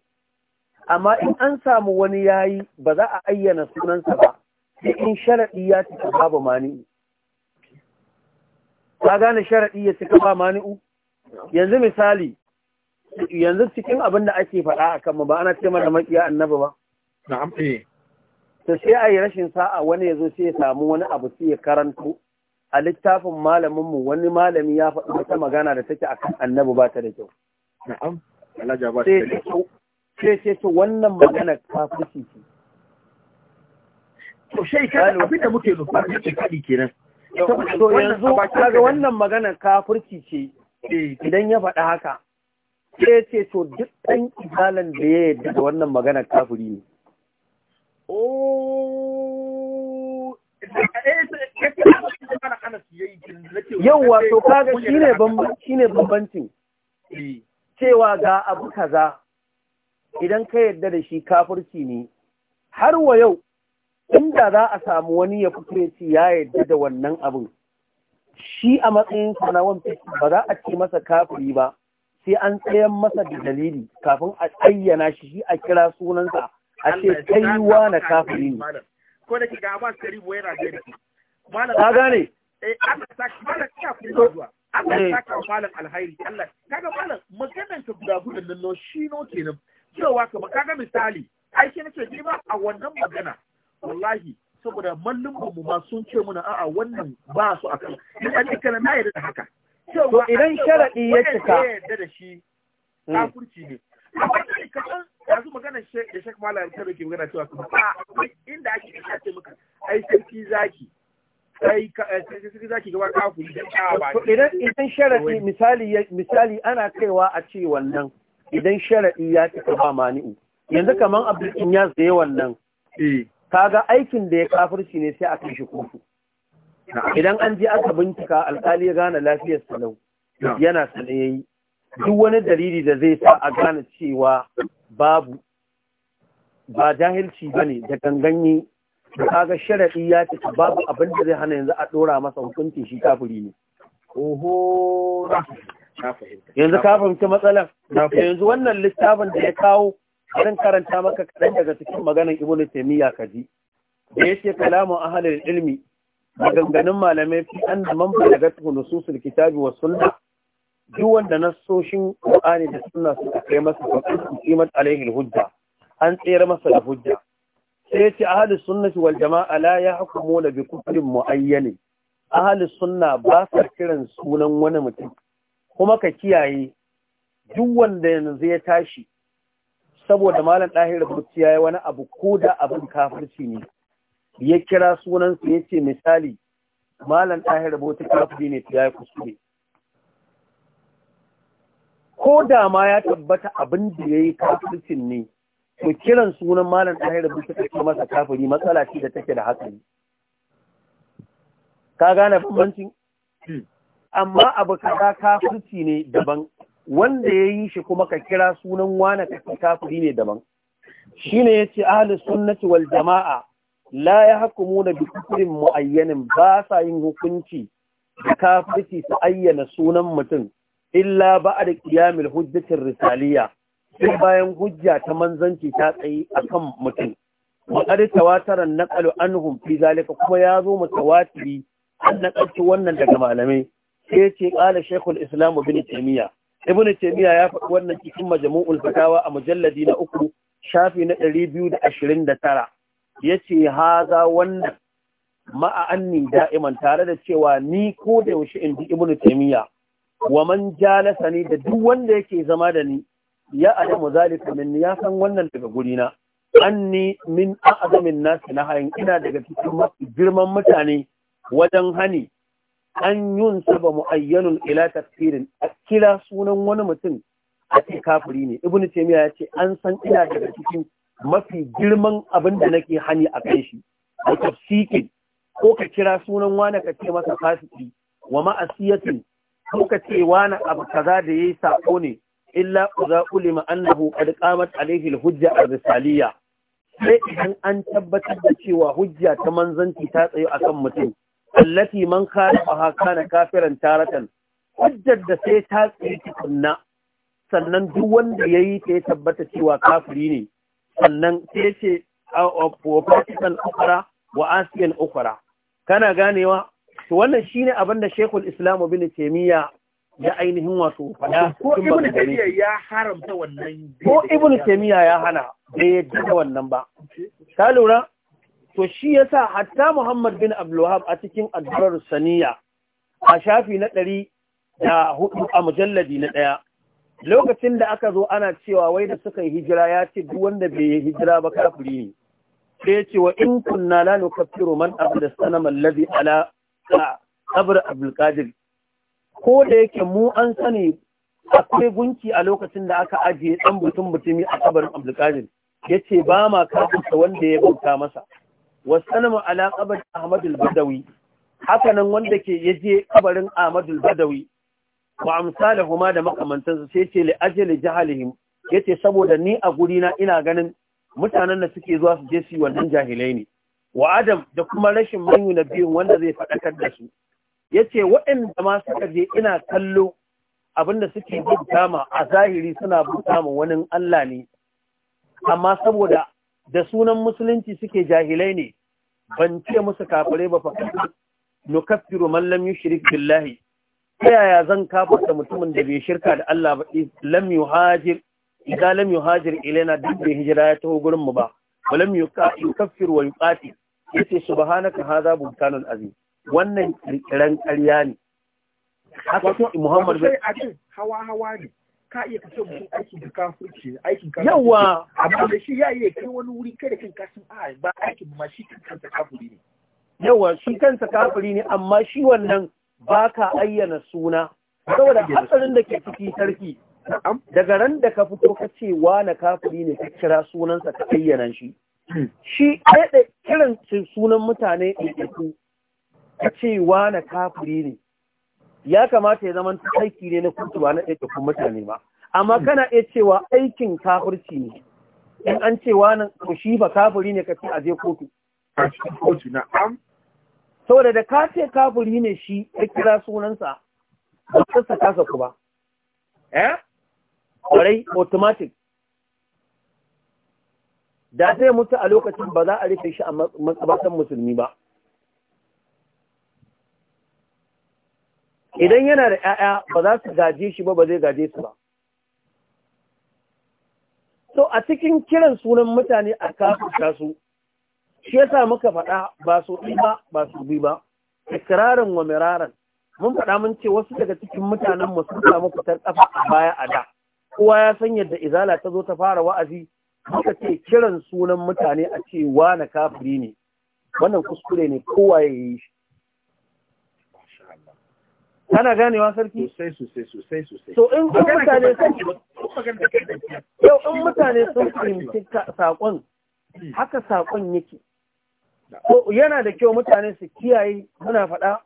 amma in an samu wani yayi ba za a ayyana sunansa ba sai in sharaɗi ya cika babu mani'u ka gane sharaɗi ya cika ba mani'u yanzu misali yanzu cikin abin da ake faɗa akan mu ba ana ce mana maƙiya annabi ba na'am eh to sai a yi rashin sa'a wani ya zo sai ya samu wani abu sai ya karanto a littafin malaminmu wani malami ya faɗi wata magana da take akan annabi ba ta da kyau. Na'am, Alhaji ba ta da kyau. Sai ce ce wannan magana ta fushi ce. To shai ka abin da muke nufi da ke kaɗi kenan. To yanzu kaga wannan magana kafirci ce eh. idan ya faɗi haka. Sai ce to duk ɗan izalan da ya yadda da wannan magana kafiri ne. Oh, yauwa to kaga shi shine bambancin eh. cewa ga abu kaza idan ka yarda da shi kafirci ne har wa yau inda za a samu wani ya fito ci ya yarda da wannan abin shi a matsayin sanawan ba za a ce masa kafiri ba sai an tsayan masa da dalili kafin a ayyana shi shi a kira sunansa a ce kai na kafiri ne ko da ke ga Abbas Karibu yana da shi malam ta gane eh Allah saka malam ka fi zuwa eh. Allah saka malam alhairi Allah kaga malam maganar ta guda gudun nan shi no kenan cewa kamar kaga misali ai shi nake ji ba a wannan magana wallahi saboda mallin mu ma sun ce muna a'a wannan ba su akan in an dika na yarda da haka to idan sharadi ya cika yarda da shi kafirci ne A kai kaɗan yanzu magana da shek malam ta ke magana cewa kuma a inda ake ina ce maka ai sarki zaki sai eh, sarki zaki gaba kafu idan ka ba idan idan sharadi misali misali ana kaiwa a ce wannan idan sharadi ya cika ba mani'u yanzu kaman abin ya zai wannan eh. kaga aikin da ya kafirci ne sai a kai shi kofu idan an je aka bincika alkali ya gane lafiyar salau yana sanayi duk wani dalili da zai sa a gane cewa babu ba jahilci ba ne da ganganye da kaga sharaɗi ya ce babu abin da zai hana yanzu a ɗora masa hukuncin shi kafiri ne. Oho, yanzu ka fahimci matsalar. Yanzu wannan littafin da ya kawo zan karanta maka kaɗan daga cikin maganar Ibn Taymiyyah ka ji. Da ya ce kalamun ahalin ilmi maganganun malamai fi an da man balagat nususul kitabi wa sunna duk wanda nasoshin Qur'ani da sunna suka kai masa faqatu qimat alaihi hujja an tsere masa da hujja sai yace ahlus sunnati wal jamaa la yahkumuna bi kufrin muayyan ahlus sunna ba sa kiran sunan wani mutum kuma ka kiyaye duk wanda yanzu ya tashi saboda malam ɗahir rubuci ya yi wani abu ko da abin kafirci ne ya kira sunansa ya ce misali malam ɗahir rubuci kafiri ne ya yi kuskure ko da ma ya tabbata abin da ya yi kafircin ne to kiran sunan malam da bisa take masa kafiri matsala ce da take da hatsari ka gane bambancin amma abu kaza kafirci ne daban wanda ya yi shi kuma ka kira sunan wane ka kafiri ne daban shine yace ahalin sunnati wal jamaa la ya yahkumuna bi kufrin muayyanin ba sa yin hukunci da kafirci su ayyana sunan mutum illa ba da ƙiyamil hujjatin risaliyya sai bayan hujja ta manzanci ta tsayi kan mutum wa qad tawatara ƙalu an fi zalika kuma mu tawatiri an ƙarfi wannan daga malamai sai ce ƙara shekul islam ibn taymiya ibn taymiya ya faɗi wannan cikin majamu'ul fatawa a mujalladi na uku shafi na ɗari biyu da da ashirin tara. ce yace haza wannan ma'a anni da'iman tare da cewa ni ko da yaushe in ji ibn taymiya wa man jalasa ni da duk wanda yake zama da ni ya adamu zalika minni ya san wannan daga gurina anni min a'zamin nas hayin ina daga cikin mafi girman mutane wajen hani an yun saba mu'ayyanun ila tafsirin a kira sunan wani mutum a ce kafiri ne ibnu taymiya ya ce an san ina daga cikin mafi girman abin da nake hani a kan shi a tafsikin ko ka kira sunan wani ka ce masa fasiki wa ma'asiyatin muka ce wani abu kaza da yayi sako ne illa za ulima annahu qad qamat alayhi al-hujja ar-risaliyya sai idan an tabbatar da cewa hujja ta manzanci ta tsayo akan mutum allati man khalafaha kana kafiran taratan hujjar da sai ta tsaye tukunna sannan duk wanda yayi ta ya tabbata cewa kafiri ne sannan sai ce wa fasikan ukhra wa asiyan ukhra kana ganewa to wannan shine abin da Sheikhul Islam Ibn Taymiyyah ya ainihin wato fada ko Ibn Taymiyyah ya haramta wannan ko Ibn ya hana ba ka lura to shi yasa hatta Muhammad bin Abdul Wahhab a cikin Adrar Saniya a shafi na ɗari da hudu a mujalladi na ɗaya lokacin da aka zo ana cewa wai da suka yi hijira ya ce duk wanda bai yi hijira ba kafiri ne sai ya ce wa in kunna la nukaffiru man abda sanama alladhi ala ka kabar abulkadir ko da yake mu an sani akwai gunki a lokacin da aka ajiye ɗan mutum mutumi a kabarin abulkadir ya ce ba ma kafinsa wanda ya bauta masa wasanama ala kabar ahmadul badawi hakanan wanda ke ya je kabarin ahmadul badawi wa amsa da makamantansa sai ce li ajali jahalihim ce saboda ni a gurina ina ganin mutanen da suke zuwa su je su yi wannan jahilai ne wa adam da kuma rashin manyu na biyun wanda zai faɗakar da su ya ce waɗanda ma suka je ina kallo abinda suke bauta ma a zahiri suna bauta ma wani Allah ne amma saboda da sunan musulunci suke jahilai ne ban ce musu kafirai ba Nu kafiru man lam yushrik billahi ta yaya zan kafarta mutumin da bai shirka da Allah ba lam yuhajir idan lam yuhajir ilaina duk bai hijira ya taho gurin mu ba walam yukaffiru wa yace subhanaka hadha butanun azim wannan kirkiran ƙarya ne haka Muhammad bai a ce hawa hawa ne ka iya kace mutum aiki da kafirci aikin ka yawa amma da shi ya iya kai wani wuri kai da kan kasin a ba aikin ma shi kansa kafiri ne yawa shi kansa kafiri ne amma shi wannan baka ayyana suna saboda hatsarin da ke ciki sarki daga ran da ka fito ka ce wa na kafiri ne ka kira sunansa ka ayyana shi shi ɗaya kiran sunan mutane ta a wa na kafiri ne ya kamata ya zama aiki ne na ba na ɗaiɗaikun mutane ba amma kana iya cewa aikin kafirci ne in an wa nan to shi ba kafiri ne ka ce a je kotu a cikin kotu na am saboda da ka ce kafiri ne shi ya kira sunansa ba ta saka ku ba eh ƙwarai automatic da zai mutu a lokacin ba za a rufe shi a matsabatan musulmi ba idan yana da 'ya'ya ba za su gaje shi ba ba zai gaje su ba so a cikin kiran sunan mutane a kafa su shi ya sa muka faɗa ba su ɗi ba ba su bi ba ikirarin wa miraran mun faɗa mun ce wasu daga cikin mutanen mu sun samu fitar ƙafa a baya a da kowa ya san yadda izala ta zo ta fara wa'azi muka ce kiran sunan mutane a ce na kafiri ne wannan kuskure ne kowa ya yi shi Kana ganewa sarki? Sosai sosai sosai sosai. So in mutane sun yau in mutane sun fahimci saƙon hmm. haka saƙon yake. So yana da kyau mutane su kiyaye muna faɗa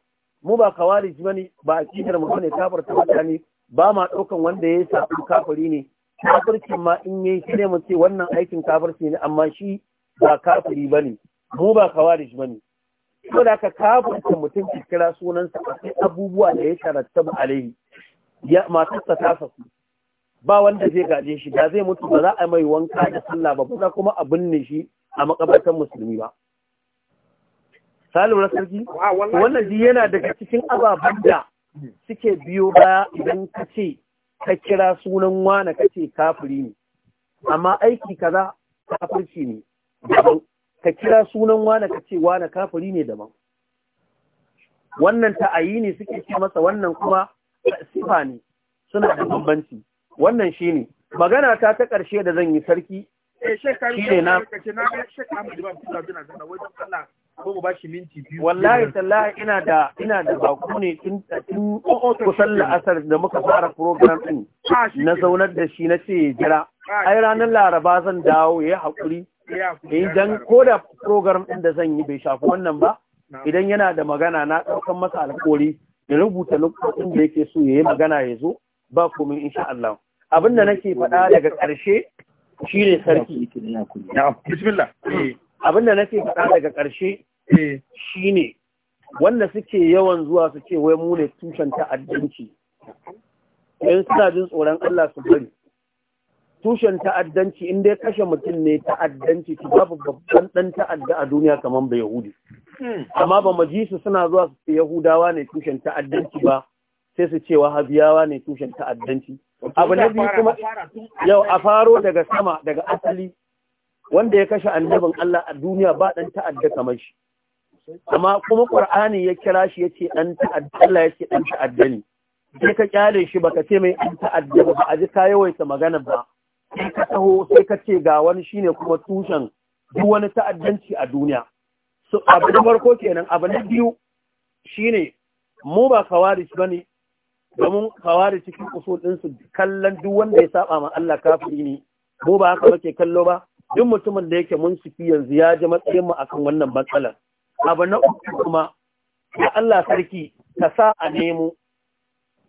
mu ba kawari ji ne ba a kitar mu ne kafar ta mutane ba ma ɗaukan wanda ya yi saƙon kafari ne kafircin ma in yayi ne mu ce wannan aikin kafirci ne amma shi ba kafiri ne, mu ba kawarij ne ko da ka kafircin mutum ki kira sunansa akwai abubuwa da ya ba alaihi ya matarsa ta su ba wanda zai gaje shi da zai mutu ba za a mai wanka da sallah ba ba kuma a binne shi a makabartan musulmi ba salura sarki wannan ji yana daga cikin ababen da suke biyo baya idan ka ce ka kira sunan wane kace kafiri ne amma aiki kaza kafirci ne daban ka kira sunan wane kace wane kafiri ne daban wannan ta'ayi ne suke ce masa wannan kuma sifa ne suna da bambanci wannan ne, magana ta ta ƙarshe da zan yi sarki eh, shine na wallahi tallahi ina da ina da baku ne tun tun kusan la'asar da muka fara program din ah, na zaunar da shi na ce jira ah, ai ranar laraba zan dawo yayi hakuri. idan eh, ko da program din da zan yi bai shafi wannan ba idan yana da magana na ɗaukan masa alƙori ya rubuta lokacin da yake so ya yi magana ya zo ba komai insha Allah abinda nake faɗa daga ƙarshe shine sarki bismillah eh, Abin da nake faɗa daga ƙarshe eh. shine wanda suke yawan zuwa su ce wai mu ne tushen ta'addanci in suna jin tsoron Allah su bari tushen ta'addanci in dai kashe mutum ne ta'addanci su babu babban ɗan ta'adda a duniya kamar ba yahudi hmm. amma ba majisu su suna zuwa su ce yahudawa ne tushen ta'addanci ba sai su ce wahabiyawa ne tushen ta'addanci abu na biyu kuma yau a faro daga sama daga asali wanda ya kashe annabin Allah a duniya ba dan ta'adda kamar shi amma kuma Qur'ani ya kira shi yace dan ta'adda Allah yace dan ta'adda ne sai ka kyale shi baka ce mai dan ta'adda ba a ji ka yawaita magana ba sai ka taho sai ka ce ga wani shine kuma tushen duk wani ta'addanci a duniya so abu na farko kenan abu na biyu shine mu ba kawarij bane domin kawari cikin usul su kallon duk wanda ya saba ma Allah kafiri ne mu ba haka muke kallo ba duk mutumin da yake munsifi yanzu ya ji matsayin mu akan wannan matsalar abu na uku kuma ya Allah sarki ka sa a nemo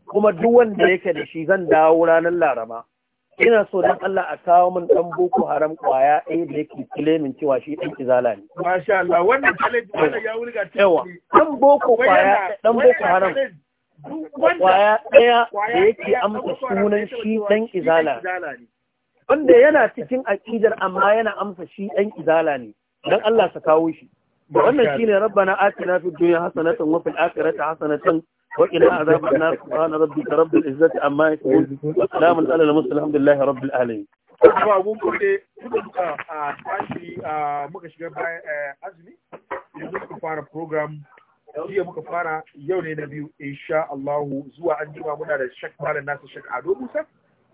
kuma duk wanda yake da shi zan dawo ranar laraba ina so don Allah a kawo min dan boko haram kwaya ɗaya da yake kilemin cewa shi ɗan izala ne. Masha Allah wannan challenge ba ya wurga ta yawa dan boko kwaya dan boko haram kwaya ɗaya da yake amsa sunan shi ɗan izala ne. wanda yana cikin aƙidar amma yana amsa shi ɗan izala ne don Allah sa kawo shi wannan shine rabbana atina fid dunya hasanatan wa fil akhirati hasanatan wa qina azaban nar subhana rabbika rabbil izzati amma yasifun wa salamun alal mursalin alhamdulillahi rabbil alamin ba mun gode duka a tashi muka shiga bayan eh, azumi yanzu muka fara program jiya muka fara yau ne na biyu insha Allah zuwa an jima muna da shak malam nasu shak Ado Musa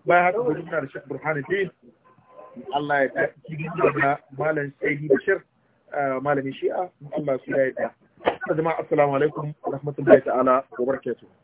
bayan haka gobe muna da Sheikh Burhanuddin Allah ya ta cikin da malam Saidi Bashir malamin Shi'a Allah su ya yi da jama'a assalamu alaikum rahmatullahi ta'ala wa barakatuh